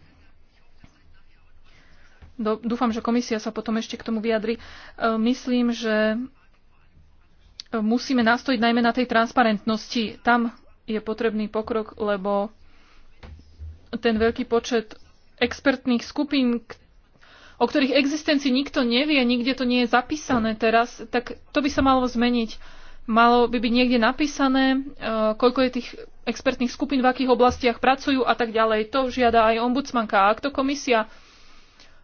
Do, dúfam, že komisia sa potom ešte k tomu vyjadri. E, myslím, že musíme nastojiť najmä na tej transparentnosti. Tam je potrebný pokrok, lebo ten veľký počet expertných skupín, o ktorých existencii nikto nevie, nikde to nie je zapísané teraz, tak to by sa malo zmeniť. Malo by byť niekde napísané, e, koľko je tých expertných skupín, v akých oblastiach pracujú a tak ďalej. To žiada aj ombudsmanka. A ak to komisia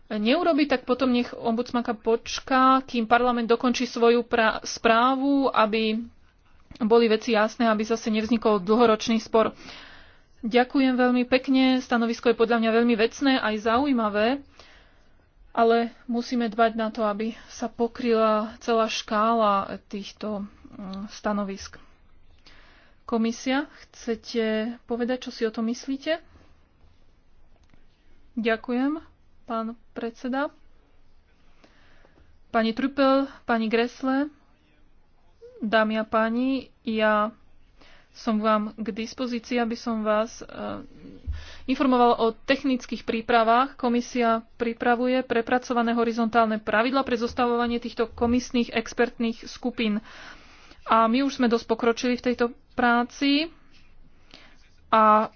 neurobi, tak potom nech ombudsmanka počká, kým parlament dokončí svoju správu, aby boli veci jasné, aby zase nevznikol dlhoročný spor. Ďakujem veľmi pekne, stanovisko je podľa mňa veľmi vecné aj zaujímavé ale musíme dbať na to, aby sa pokryla celá škála týchto mm, stanovisk. Komisia, chcete povedať, čo si o to myslíte? Ďakujem, pán predseda. Pani Trupel, pani Gresle, dámy a páni, ja som vám k dispozícii, aby som vás e, informoval o technických prípravách. Komisia pripravuje prepracované horizontálne pravidla pre zostavovanie týchto komisných expertných skupín. A my už sme dosť pokročili v tejto práci a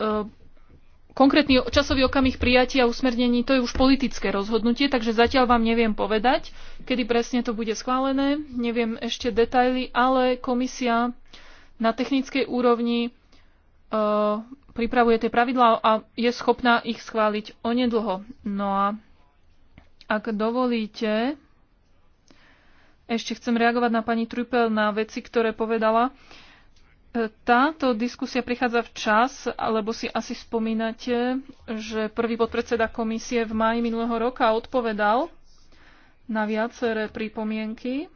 e, konkrétny časový okamih prijatia a usmernení, to je už politické rozhodnutie, takže zatiaľ vám neviem povedať, kedy presne to bude schválené, neviem ešte detaily, ale komisia na technickej úrovni e, pripravuje tie pravidlá a je schopná ich schváliť onedlho. No a ak dovolíte, ešte chcem reagovať na pani Trupel na veci, ktoré povedala. E, táto diskusia prichádza včas, lebo si asi spomínate, že prvý podpredseda komisie v maji minulého roka odpovedal na viaceré pripomienky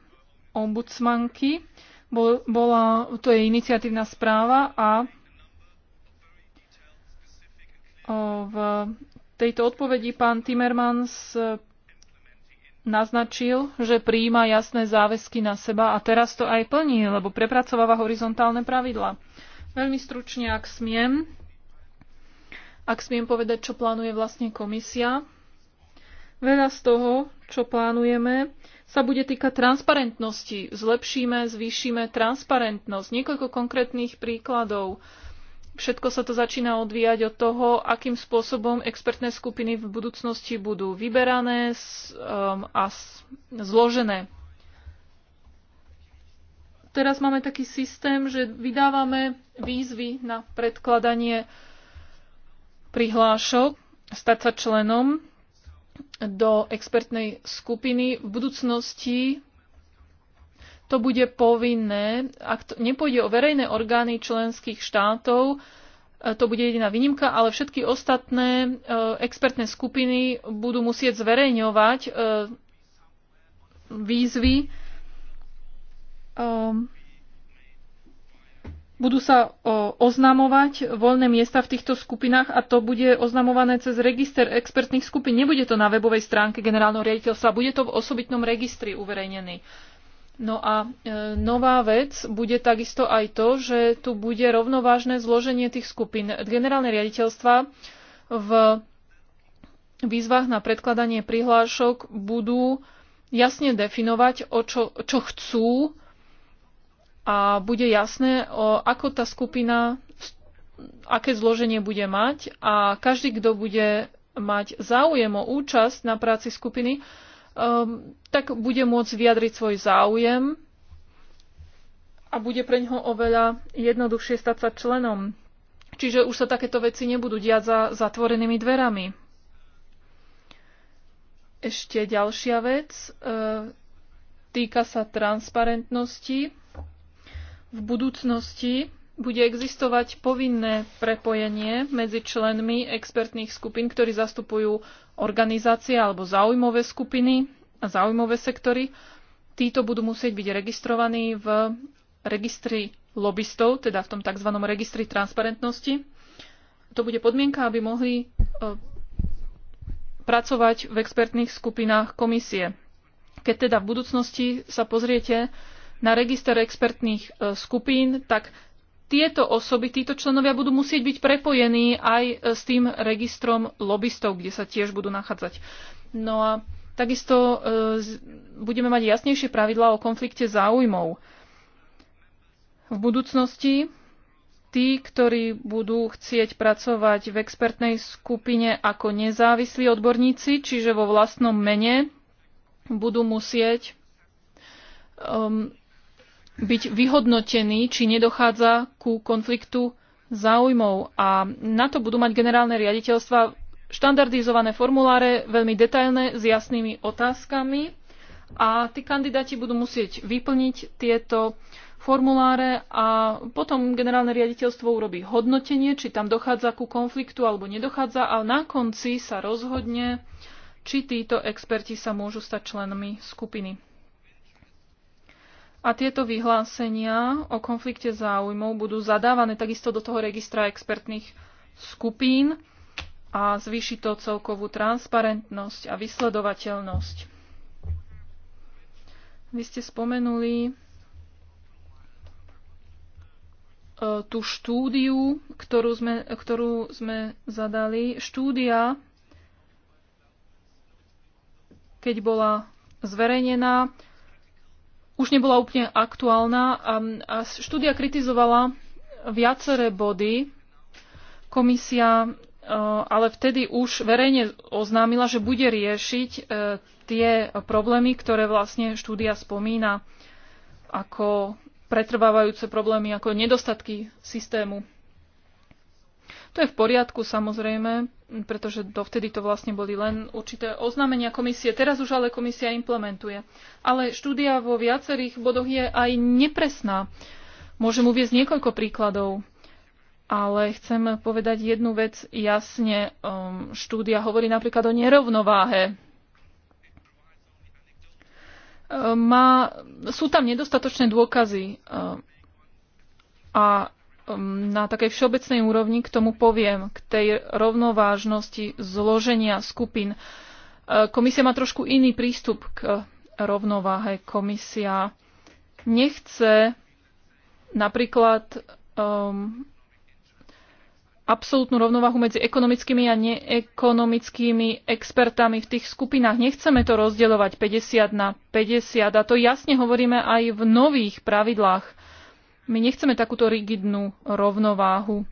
ombudsmanky. Bola, to je iniciatívna správa a v tejto odpovedi pán Timmermans e, naznačil, že prijíma jasné záväzky na seba a teraz to aj plní, lebo prepracováva horizontálne pravidla. Veľmi stručne, ak smiem, ak smiem povedať, čo plánuje vlastne komisia. Veľa z toho, čo plánujeme, sa bude týkať transparentnosti. Zlepšíme, zvýšime transparentnosť. Niekoľko konkrétnych príkladov. Uh, všetko sa to začína odvíjať od toho, akým spôsobom expertné skupiny v budúcnosti budú vyberané um, a zložené. Teraz máme taký systém, že vydávame výzvy na predkladanie prihlášok, stať sa členom do expertnej skupiny. V budúcnosti to bude povinné. Ak to nepôjde o verejné orgány členských štátov, e, to bude jediná výnimka, ale všetky ostatné e, expertné skupiny budú musieť zverejňovať e, výzvy. Ehm, budú sa oznamovať voľné miesta v týchto skupinách a to bude oznamované cez register expertných skupín. Nebude to na webovej stránke generálneho riaditeľstva, bude to v osobitnom registri uverejnený. No a e, nová vec bude takisto aj to, že tu bude rovnovážne zloženie tých skupín. Generálne riaditeľstva v výzvach na predkladanie prihlášok budú jasne definovať, o čo, čo chcú a bude jasné, o, ako tá skupina, aké zloženie bude mať a každý, kto bude mať záujem o účasť na práci skupiny, um, tak bude môcť vyjadriť svoj záujem a bude pre ňoho oveľa jednoduchšie stať sa členom. Čiže už sa takéto veci nebudú diať za zatvorenými dverami. Ešte ďalšia vec. E, týka sa transparentnosti. V budúcnosti bude existovať povinné prepojenie medzi členmi expertných skupín, ktorí zastupujú organizácie alebo záujmové skupiny a záujmové sektory. Títo budú musieť byť registrovaní v registri lobbystov, teda v tom tzv. registri transparentnosti. To bude podmienka, aby mohli e, pracovať v expertných skupinách komisie. Keď teda v budúcnosti sa pozriete na register expertných e, skupín, tak tieto osoby, títo členovia budú musieť byť prepojení aj e, s tým registrom lobbystov, kde sa tiež budú nachádzať. No a takisto e, budeme mať jasnejšie pravidlá o konflikte záujmov. V budúcnosti tí, ktorí budú chcieť pracovať v expertnej skupine ako nezávislí odborníci, čiže vo vlastnom mene, budú musieť um, byť vyhodnotený, či nedochádza ku konfliktu záujmov. A na to budú mať generálne riaditeľstva štandardizované formuláre, veľmi detailné, s jasnými otázkami. A tí kandidáti budú musieť vyplniť tieto formuláre a potom generálne riaditeľstvo urobí hodnotenie, či tam dochádza ku konfliktu alebo nedochádza a na konci sa rozhodne, či títo experti sa môžu stať členmi skupiny. A tieto vyhlásenia o konflikte záujmov budú zadávané takisto do toho registra expertných skupín a zvýši to celkovú transparentnosť a vysledovateľnosť. Vy ste spomenuli e, tú štúdiu, ktorú sme, ktorú sme zadali. Štúdia, keď bola zverejnená, už nebola úplne aktuálna a, a štúdia kritizovala viaceré body. Komisia e, ale vtedy už verejne oznámila, že bude riešiť e, tie problémy, ktoré vlastne štúdia spomína ako pretrvávajúce problémy, ako nedostatky systému to je v poriadku samozrejme, pretože dovtedy to vlastne boli len určité oznámenia komisie. Teraz už ale komisia implementuje. Ale štúdia vo viacerých bodoch je aj nepresná. Môžem uviezť niekoľko príkladov, ale chcem povedať jednu vec jasne. Um, štúdia hovorí napríklad o nerovnováhe. Um, má, sú tam nedostatočné dôkazy um, a Um, na takej všeobecnej úrovni k tomu poviem, k tej rovnovážnosti zloženia skupín. E, komisia má trošku iný prístup k rovnováhe. Komisia nechce napríklad um, absolútnu rovnováhu medzi ekonomickými a neekonomickými expertami v tých skupinách. Nechceme to rozdeľovať 50 na 50 a to jasne hovoríme aj v nových pravidlách my nechceme takúto rigidnú rovnováhu.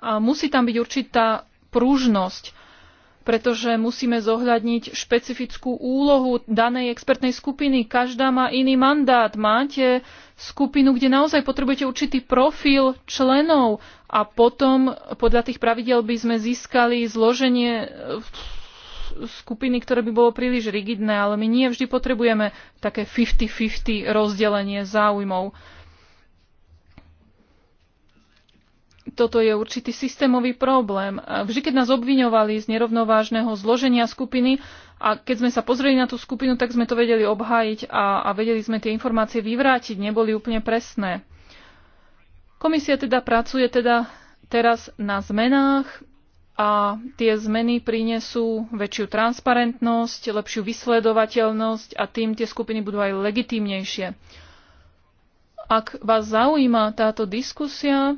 A musí tam byť určitá prúžnosť, pretože musíme zohľadniť špecifickú úlohu danej expertnej skupiny. Každá má iný mandát. Máte skupinu, kde naozaj potrebujete určitý profil členov a potom podľa tých pravidel by sme získali zloženie skupiny, ktoré by bolo príliš rigidné, ale my nie vždy potrebujeme také 50-50 rozdelenie záujmov. toto je určitý systémový problém. Vždy, keď nás obviňovali z nerovnovážneho zloženia skupiny a keď sme sa pozreli na tú skupinu, tak sme to vedeli obhájiť a, a vedeli sme tie informácie vyvrátiť, neboli úplne presné. Komisia teda pracuje teda teraz na zmenách a tie zmeny prinesú väčšiu transparentnosť, lepšiu vysledovateľnosť a tým tie skupiny budú aj legitímnejšie. Ak vás zaujíma táto diskusia,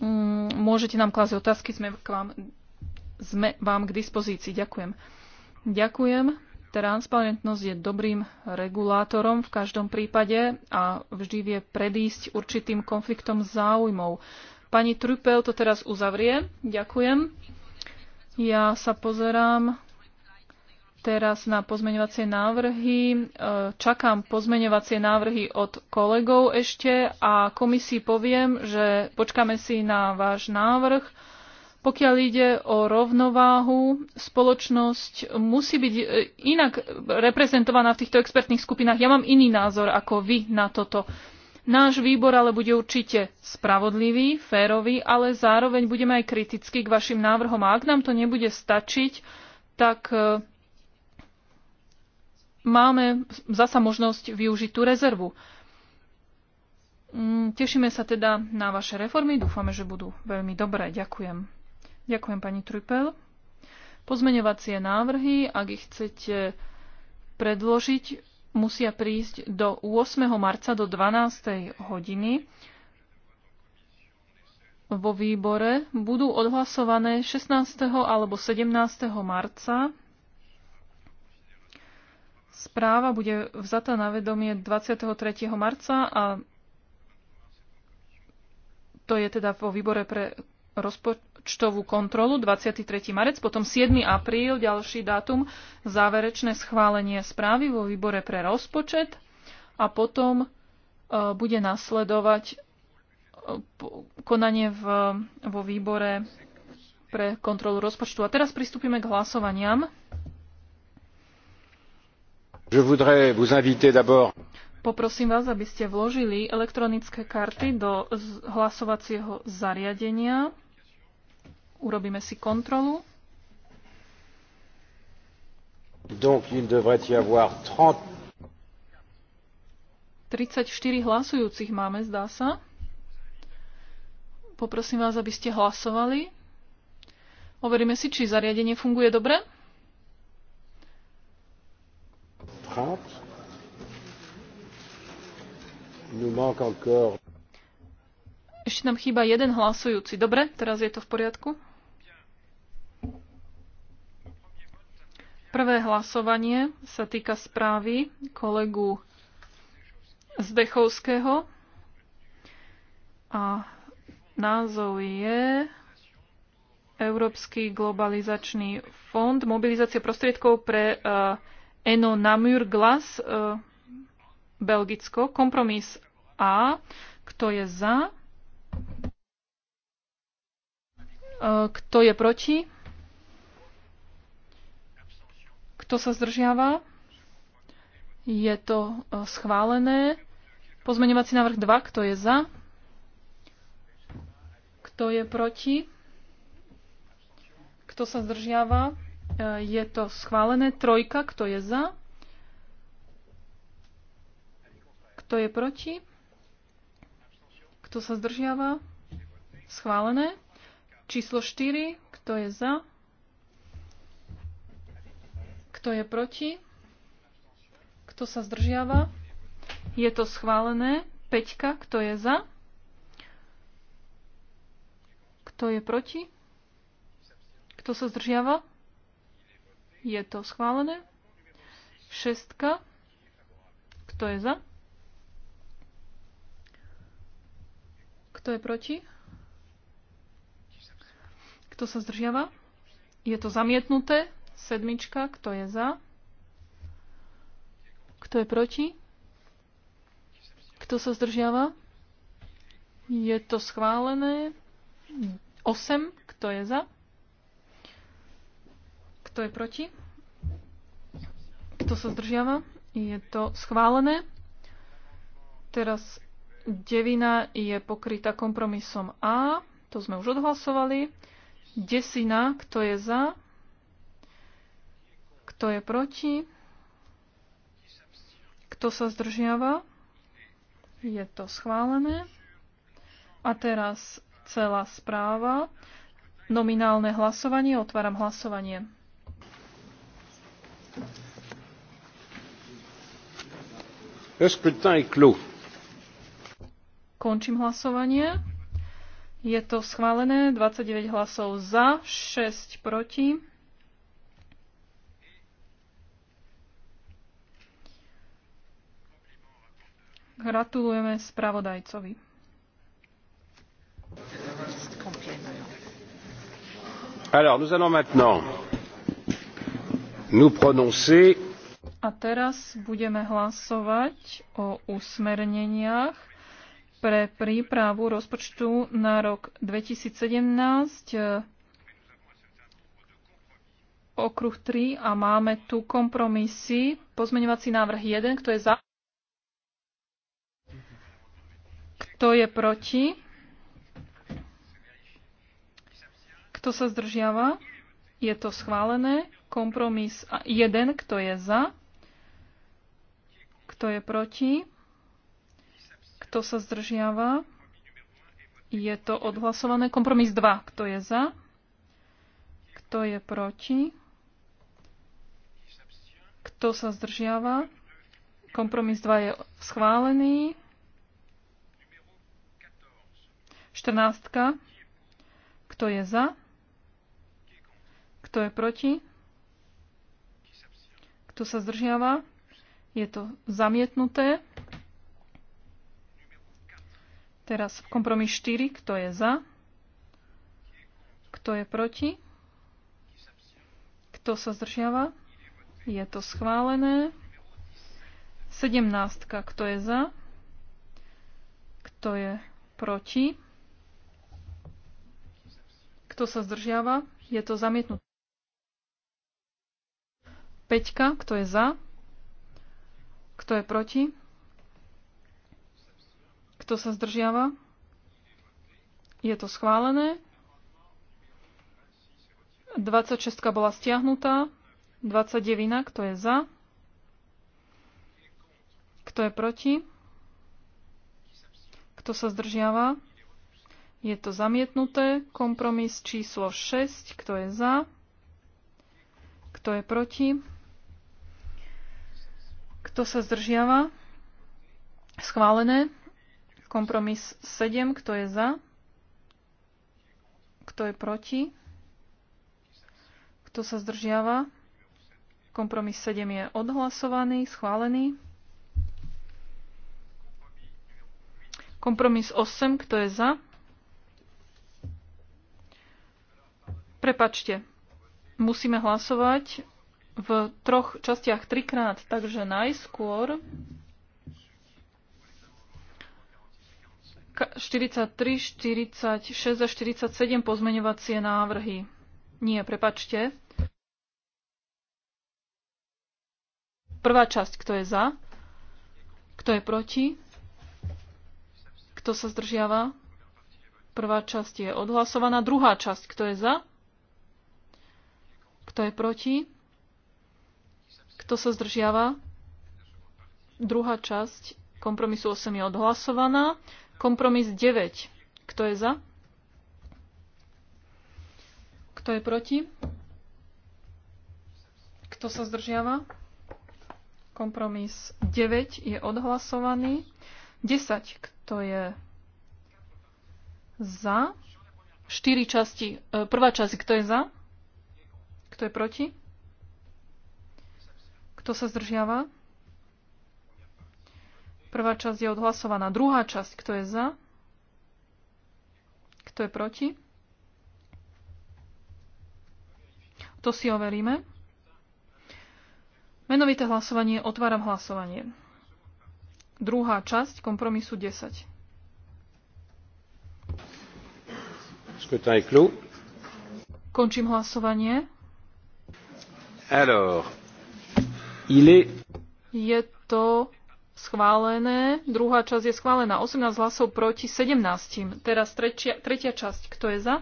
Mm, môžete nám klásť otázky, sme, k vám, sme vám k dispozícii. Ďakujem. Ďakujem. Transparentnosť je dobrým regulátorom v každom prípade a vždy vie predísť určitým konfliktom záujmov. Pani Trupel to teraz uzavrie. Ďakujem. Ja sa pozerám teraz na pozmeňovacie návrhy. E, čakám pozmeňovacie návrhy od kolegov ešte a komisii poviem, že počkáme si na váš návrh. Pokiaľ ide o rovnováhu, spoločnosť musí byť e, inak reprezentovaná v týchto expertných skupinách. Ja mám iný názor ako vy na toto. Náš výbor ale bude určite spravodlivý, férový, ale zároveň budeme aj kriticky k vašim návrhom. A ak nám to nebude stačiť, tak e, máme zasa možnosť využiť tú rezervu. Mm, tešíme sa teda na vaše reformy, dúfame, že budú veľmi dobré. Ďakujem. Ďakujem pani Trupel. Pozmeňovacie návrhy, ak ich chcete predložiť, musia prísť do 8. marca do 12. hodiny. Vo výbore budú odhlasované 16. alebo 17. marca Správa bude vzatá na vedomie 23. marca a to je teda vo výbore pre rozpočtovú kontrolu 23. marec, potom 7. apríl, ďalší dátum, záverečné schválenie správy vo výbore pre rozpočet a potom e, bude nasledovať e, konanie v, vo výbore pre kontrolu rozpočtu. A teraz pristúpime k hlasovaniam. Poprosím vás, aby ste vložili elektronické karty do hlasovacieho zariadenia. Urobíme si kontrolu. Donc il devrait y avoir 30... 34 hlasujúcich máme, zdá sa. Poprosím vás, aby ste hlasovali. Overíme si, či zariadenie funguje dobre. trente. nous manque encore. Ešte nám chýba jeden hlasujúci. Dobre, teraz je to v poriadku. Prvé hlasovanie sa týka správy kolegu Zdechovského a názov je Európsky globalizačný fond, mobilizácia prostriedkov pre uh, Eno Namur Glas, e, Belgicko, kompromis A, e, e, kto je za, kto je proti, kto sa zdržiava, je to schválené. Pozmeňovací návrh 2, kto je za, kto je proti, kto sa zdržiava, Eh, je to schválené. Trojka, kto je za? Kto je proti? Kto sa zdržiava? Schválené. Číslo 4. Kto je za? Kto je proti? Kto sa zdržiava? Je to schválené. Peťka. Kto je za? Kto je proti? Kto sa zdržiava? Je to schválené. Šestka. Kto je za? Kto je proti? Kto sa zdržiava? Je to zamietnuté. Sedmička. Kto je za? Kto je proti? Kto sa zdržiava? Je to schválené. Osem. Kto je za? Kto je proti? Kto sa zdržiava? Je to schválené. Teraz devina je pokrytá kompromisom A. To sme už odhlasovali. Desina, kto je za? Kto je proti? Kto sa zdržiava? Je to schválené. A teraz celá správa. Nominálne hlasovanie. Otváram hlasovanie. Končím hlasovanie. Je to schválené. 29 hlasov za, 6 proti. Gratulujeme spravodajcovi. Alors, nous allons maintenant nous prononcer a teraz budeme hlasovať o usmerneniach pre prípravu rozpočtu na rok 2017 okruh 3 a máme tu kompromisy. Pozmeňovací návrh 1, kto je za? Kto je proti? Kto sa zdržiava? Je to schválené. Kompromis 1, kto je za? Kto je proti? Kto sa zdržiava? Je to odhlasované. Kompromis 2. Kto je za? Kto je proti? Kto sa zdržiava? Kompromis 2 je schválený. 14. Kto je za? Kto je proti? Kto sa zdržiava? Je to zamietnuté. Teraz kompromis 4. Kto je za? Kto je proti? Kto sa zdržiava? Je to schválené. 17. Kto je za? Kto je proti? Kto sa zdržiava? Je to zamietnuté. 5. Kto je za? Kto je proti? Kto sa zdržiava? Je to schválené. 26 bola stiahnutá. 29, kto je za? Kto je proti? Kto sa zdržiava? Je to zamietnuté. Kompromis číslo 6, kto je za? Kto je proti? Kto sa zdržiava? Schválené. Kompromis 7. Kto je za? Kto je proti? Kto sa zdržiava? Kompromis 7 je odhlasovaný, schválený. Kompromis 8. Kto je za? Prepačte. Musíme hlasovať v troch častiach trikrát, takže najskôr 43, 46 a 47 pozmeňovacie návrhy. Nie, prepačte. Prvá časť, kto je za, kto je proti, kto sa zdržiava. Prvá časť je odhlasovaná. Druhá časť, kto je za, kto je proti. Kto sa zdržiava? Druhá časť kompromisu 8 je odhlasovaná. Kompromis 9. Kto je za? Kto je proti? Kto sa zdržiava? Kompromis 9 je odhlasovaný. 10. Kto je za? 4 časti. E, prvá časť, kto je za? Kto je proti? Kto sa zdržiava? Prvá časť je odhlasovaná. Druhá časť, kto je za? Kto je proti? To si overíme. Menovité hlasovanie, otváram hlasovanie. Druhá časť kompromisu 10. Končím hlasovanie. Alors, Il est... Je to schválené. Druhá časť je schválená. 18 hlasov proti 17. Teraz tretia, tretia časť. Kto je za?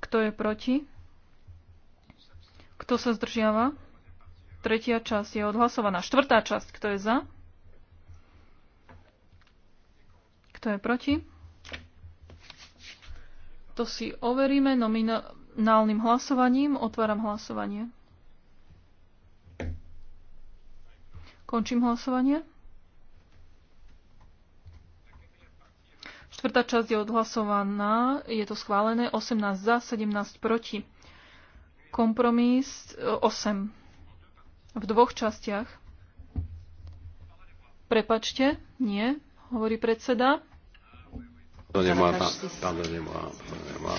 Kto je proti? Kto sa zdržiava? Tretia časť je odhlasovaná. Štvrtá časť. Kto je za? Kto je proti? To si overíme nominálnym hlasovaním. Otváram hlasovanie. Končím hlasovanie. Štvrtá časť je odhlasovaná, je to schválené, 18 za, 17 proti. Kompromis 8 e, v dvoch častiach. Prepačte, nie, hovorí predseda. pardonnez nemá, pardon, nemá, pardonnez nemá.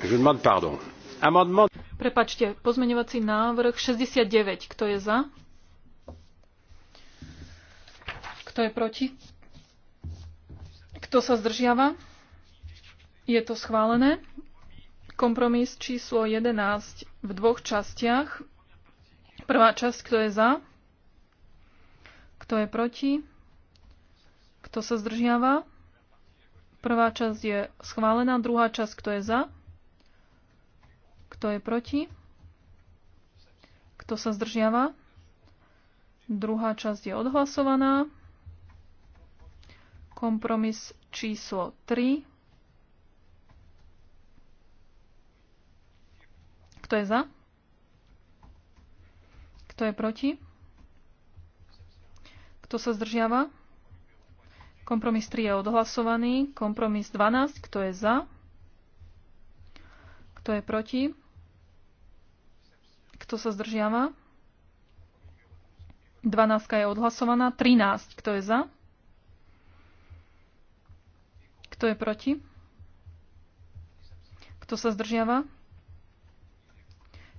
Je demande pardon. Prepačte, pozmeňovací návrh 69. Kto je za? Kto je proti? Kto sa zdržiava? Je to schválené. Kompromis číslo 11 v dvoch častiach. Prvá časť, kto je za? Kto je proti? Kto sa zdržiava? Prvá časť je schválená, druhá časť, kto je za? Kto je proti? Kto sa zdržiava? Druhá časť je odhlasovaná. Kompromis číslo 3. Kto je za? Kto je proti? Kto sa zdržiava? Kompromis 3 je odhlasovaný. Kompromis 12. Kto je za? Kto je proti? Kto sa zdržiava? 12 je odhlasovaná. 13. Kto je za? Kto je proti? Kto sa zdržiava?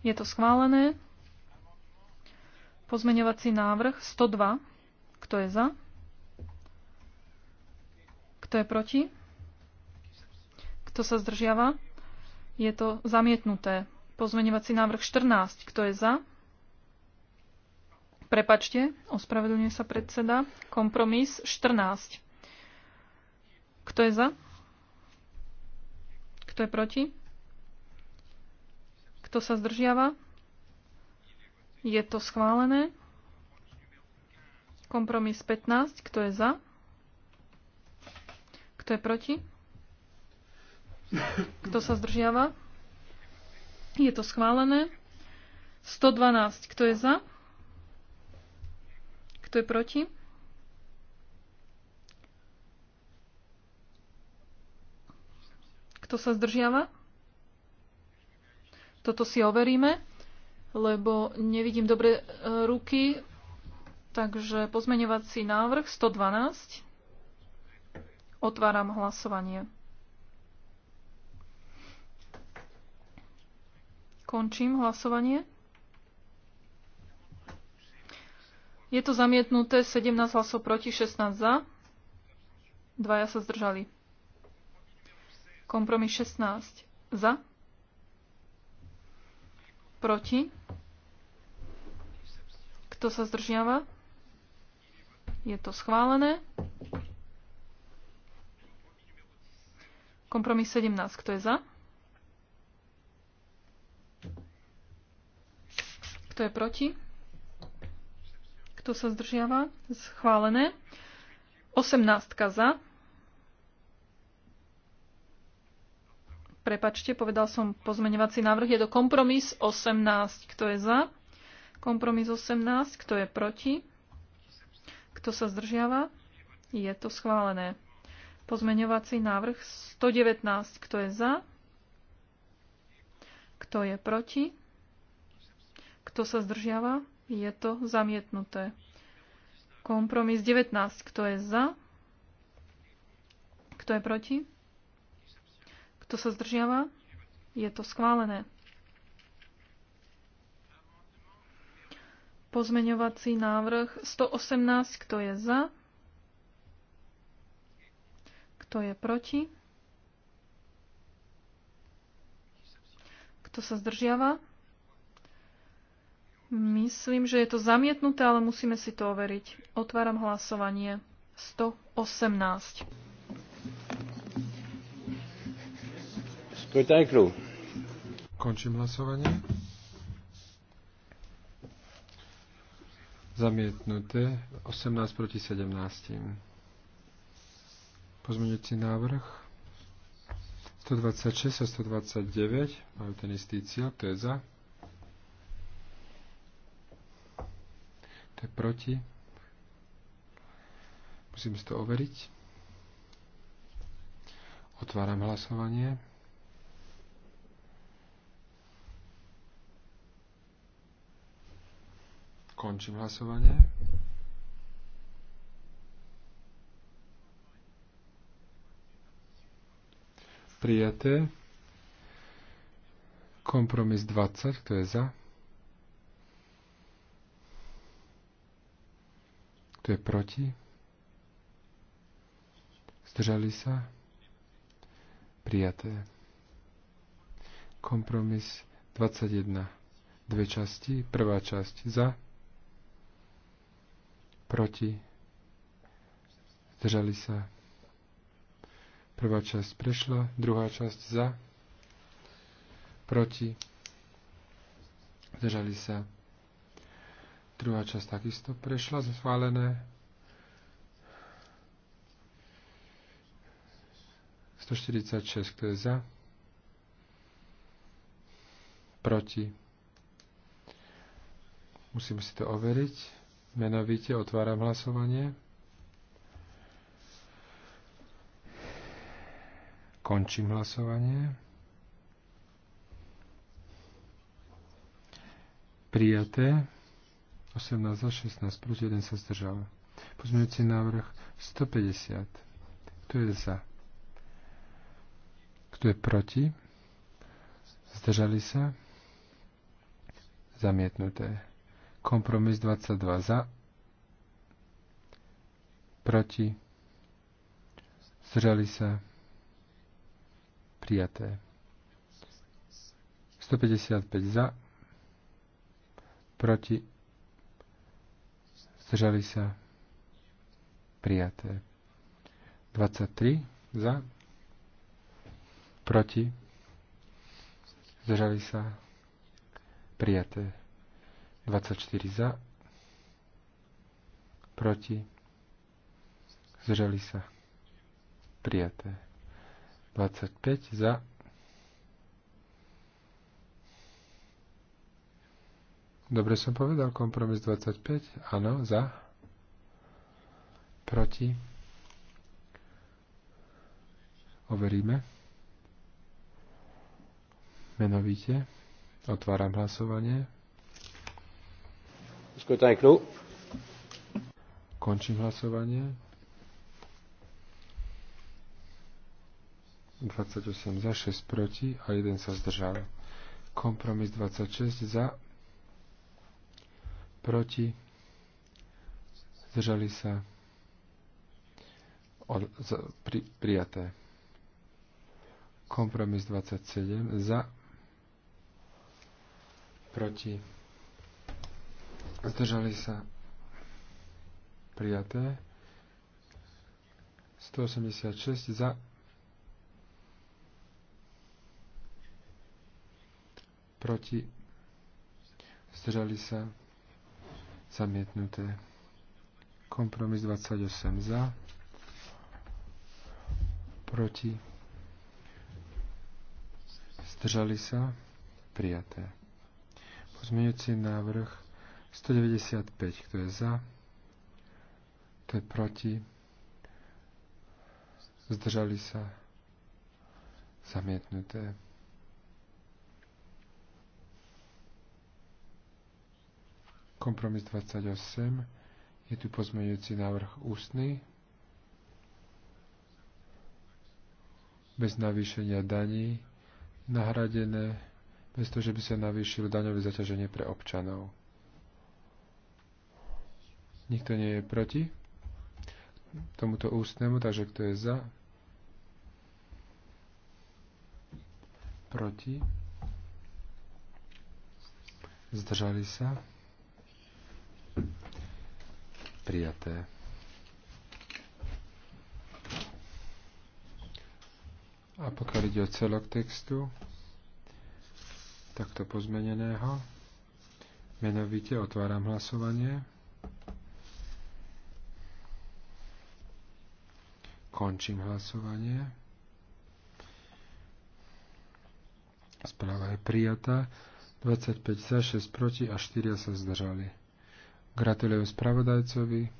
Je to schválené. Pozmeňovací návrh 102. Kto je za? Kto je proti? Kto sa zdržiava? Je to zamietnuté. Pozmeňovací návrh 14. Kto je za? Prepačte, ospravedlňuje sa predseda. Kompromis 14. Kto je za? Kto je proti? Kto sa zdržiava? Je to schválené. Kompromis 15. Kto je za? Kto je proti? Kto sa zdržiava? Je to schválené. 112. Kto je za? Kto je proti? Kto sa zdržiava? Toto si overíme, lebo nevidím dobre e, ruky. Takže pozmeňovací návrh 112. Otváram hlasovanie. Končím hlasovanie. Je to zamietnuté 17 hlasov proti, 16 za. Dvaja sa zdržali. Kompromis 16 za. Proti. Kto sa zdržiava? Je to schválené. Kompromis 17. Kto je za? Kto je proti? Kto sa zdržiava? Schválené. 18 za. Prepačte, povedal som pozmeňovací návrh. Je to kompromis 18. Kto je za? Kompromis 18. Kto je proti? Kto sa zdržiava? Je to schválené. Pozmeňovací návrh 119. Kto je za? Kto je proti? Kto sa zdržiava? Je to zamietnuté. Kompromis 19. Kto je za? Kto je proti? Kto sa zdržiava? Je to schválené. Pozmeňovací návrh 118. Kto je za? Kto je proti? Kto sa zdržiava? Myslím, že je to zamietnuté, ale musíme si to overiť. Otváram hlasovanie. 118. Končím hlasovanie. Zamietnuté 18 proti 17. Pozmeňujúci návrh 126 a 129 majú ten istý cieľ, to je za. To je proti. Musím si to overiť. Otváram hlasovanie. Končím hlasovanie. Prijaté. Kompromis 20, kto je za? Kto je proti? Zdržali sa? Prijaté. Kompromis 21. Dve časti. Prvá časť za. Proti. Zdržali sa. Prvá časť prešla. Druhá časť za. Proti. Zdržali sa Druhá časť takisto prešla, schválené. 146, kto je za? Proti. Musím si to overiť. Menovite otváram hlasovanie. Končím hlasovanie. Prijaté. 18 za 16, proti 1 sa zdržal. Pozmeňujúci návrh 150. Kto je za? Kto je proti? Zdržali sa? Zamietnuté. Kompromis 22 za. Proti? Zdržali sa? Prijaté. 155 za. Proti? Zdržali sa prijaté. 23 za. Proti. Zdržali sa prijaté. 24 za. Proti. Zdržali sa prijaté. 25 za. Dobre som povedal, kompromis 25, áno, za, proti, overíme, menovite, otváram hlasovanie. Skutajknú. Končím hlasovanie. 28 za, 6 proti a 1 sa zdržal. Kompromis 26 za, proti, zdržali sa od, z, pri, prijaté. Kompromis 27 za, proti, zdržali sa prijaté. 186 za, proti, zdržali sa prijaté Zamietnuté. Kompromis 28 za. Proti. Zdržali sa. Prijaté. Pozmeňujúci návrh 195, kto je za, kto je proti, zdržali sa, zamietnuté. Kompromis 28. Je tu pozmeňujúci návrh ústny. Bez navýšenia daní nahradené bez toho, že by sa navýšilo daňové zaťaženie pre občanov. Nikto nie je proti tomuto ústnemu, takže kto je za? Proti? Zdržali sa? Prijaté. A pokiaľ ide o celok textu, takto pozmeneného, menovite otváram hlasovanie. Končím hlasovanie. Správa je prijatá. 25 za, 6 proti a 4 sa zdržali. Gratulujem spravodajcovi.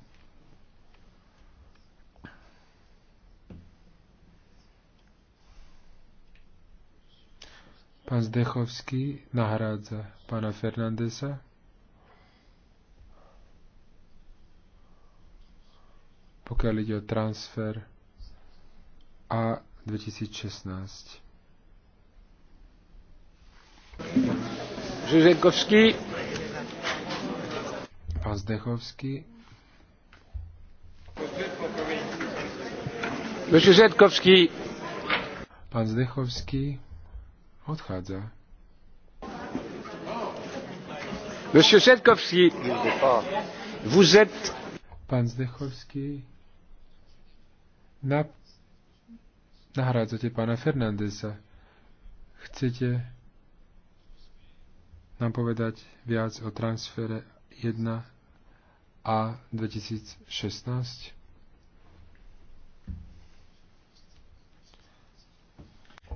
Pán Zdechovský nahrádza pána Fernandesa. Pokiaľ ide o transfer A 2016. Žižekovský Pán Zdechovský. Mr. Zetkovský. Pán Zdechovský odchádza. Mr. Zetkovský, vous êtes... Pán Zdechovský, na... nahrádzate pána Fernandesa. Chcete nám povedať viac o transfere 1 a 2016?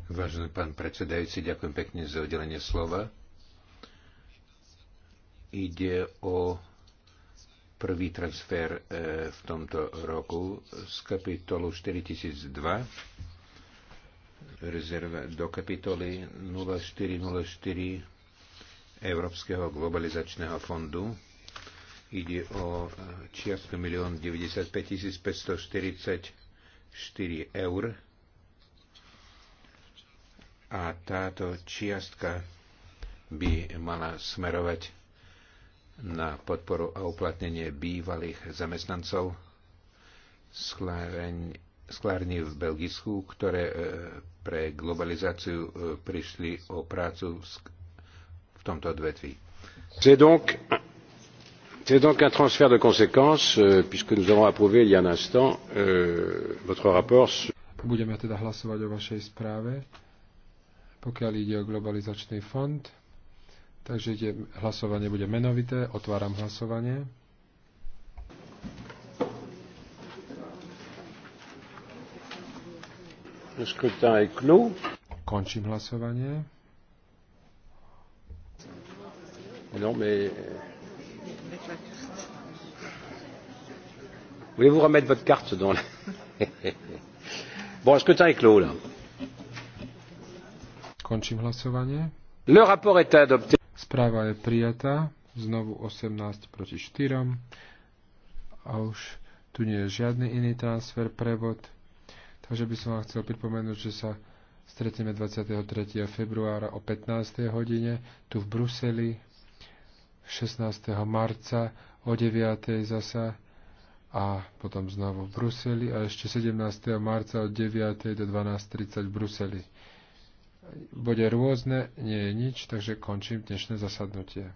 Vážený pán predsedajúci, ďakujem pekne za udelenie slova. Ide o prvý transfer e, v tomto roku z kapitolu 4002 rezerva do kapitoly 0404 Európskeho globalizačného fondu Ide o e, čiastku 1 095 544 eur a táto čiastka by mala smerovať na podporu a uplatnenie bývalých zamestnancov sklárni v Belgisku, ktoré e, pre globalizáciu e, prišli o prácu v tomto odvetví. C'est donc c'est donc un transfert de conséquences euh, puisque nous avons approuvé il y a un instant euh, votre rapport sur... Budeme teda hlasovať o vašej správe, pokiaľ ide o globalizačný fond. Takže ide, hlasovanie bude menovité. Otváram hlasovanie. Končím hlasovanie. Non, mais Voulez-vous remettre votre carte dans la... bon, le scrutin est clos, là. Končím hlasovanie. Le rapport est adopté. Správa je prijatá. Znovu 18 proti 4. A už tu nie je žiadny iný transfer, prevod. Takže by som vám chcel pripomenúť, že sa stretneme 23. februára o 15. hodine tu v Bruseli, 16. marca o 9. zasa a potom znovu v Bruseli a ešte 17. marca od 9. do 12.30 v Bruseli. Bude rôzne, nie je nič, takže končím dnešné zasadnutie.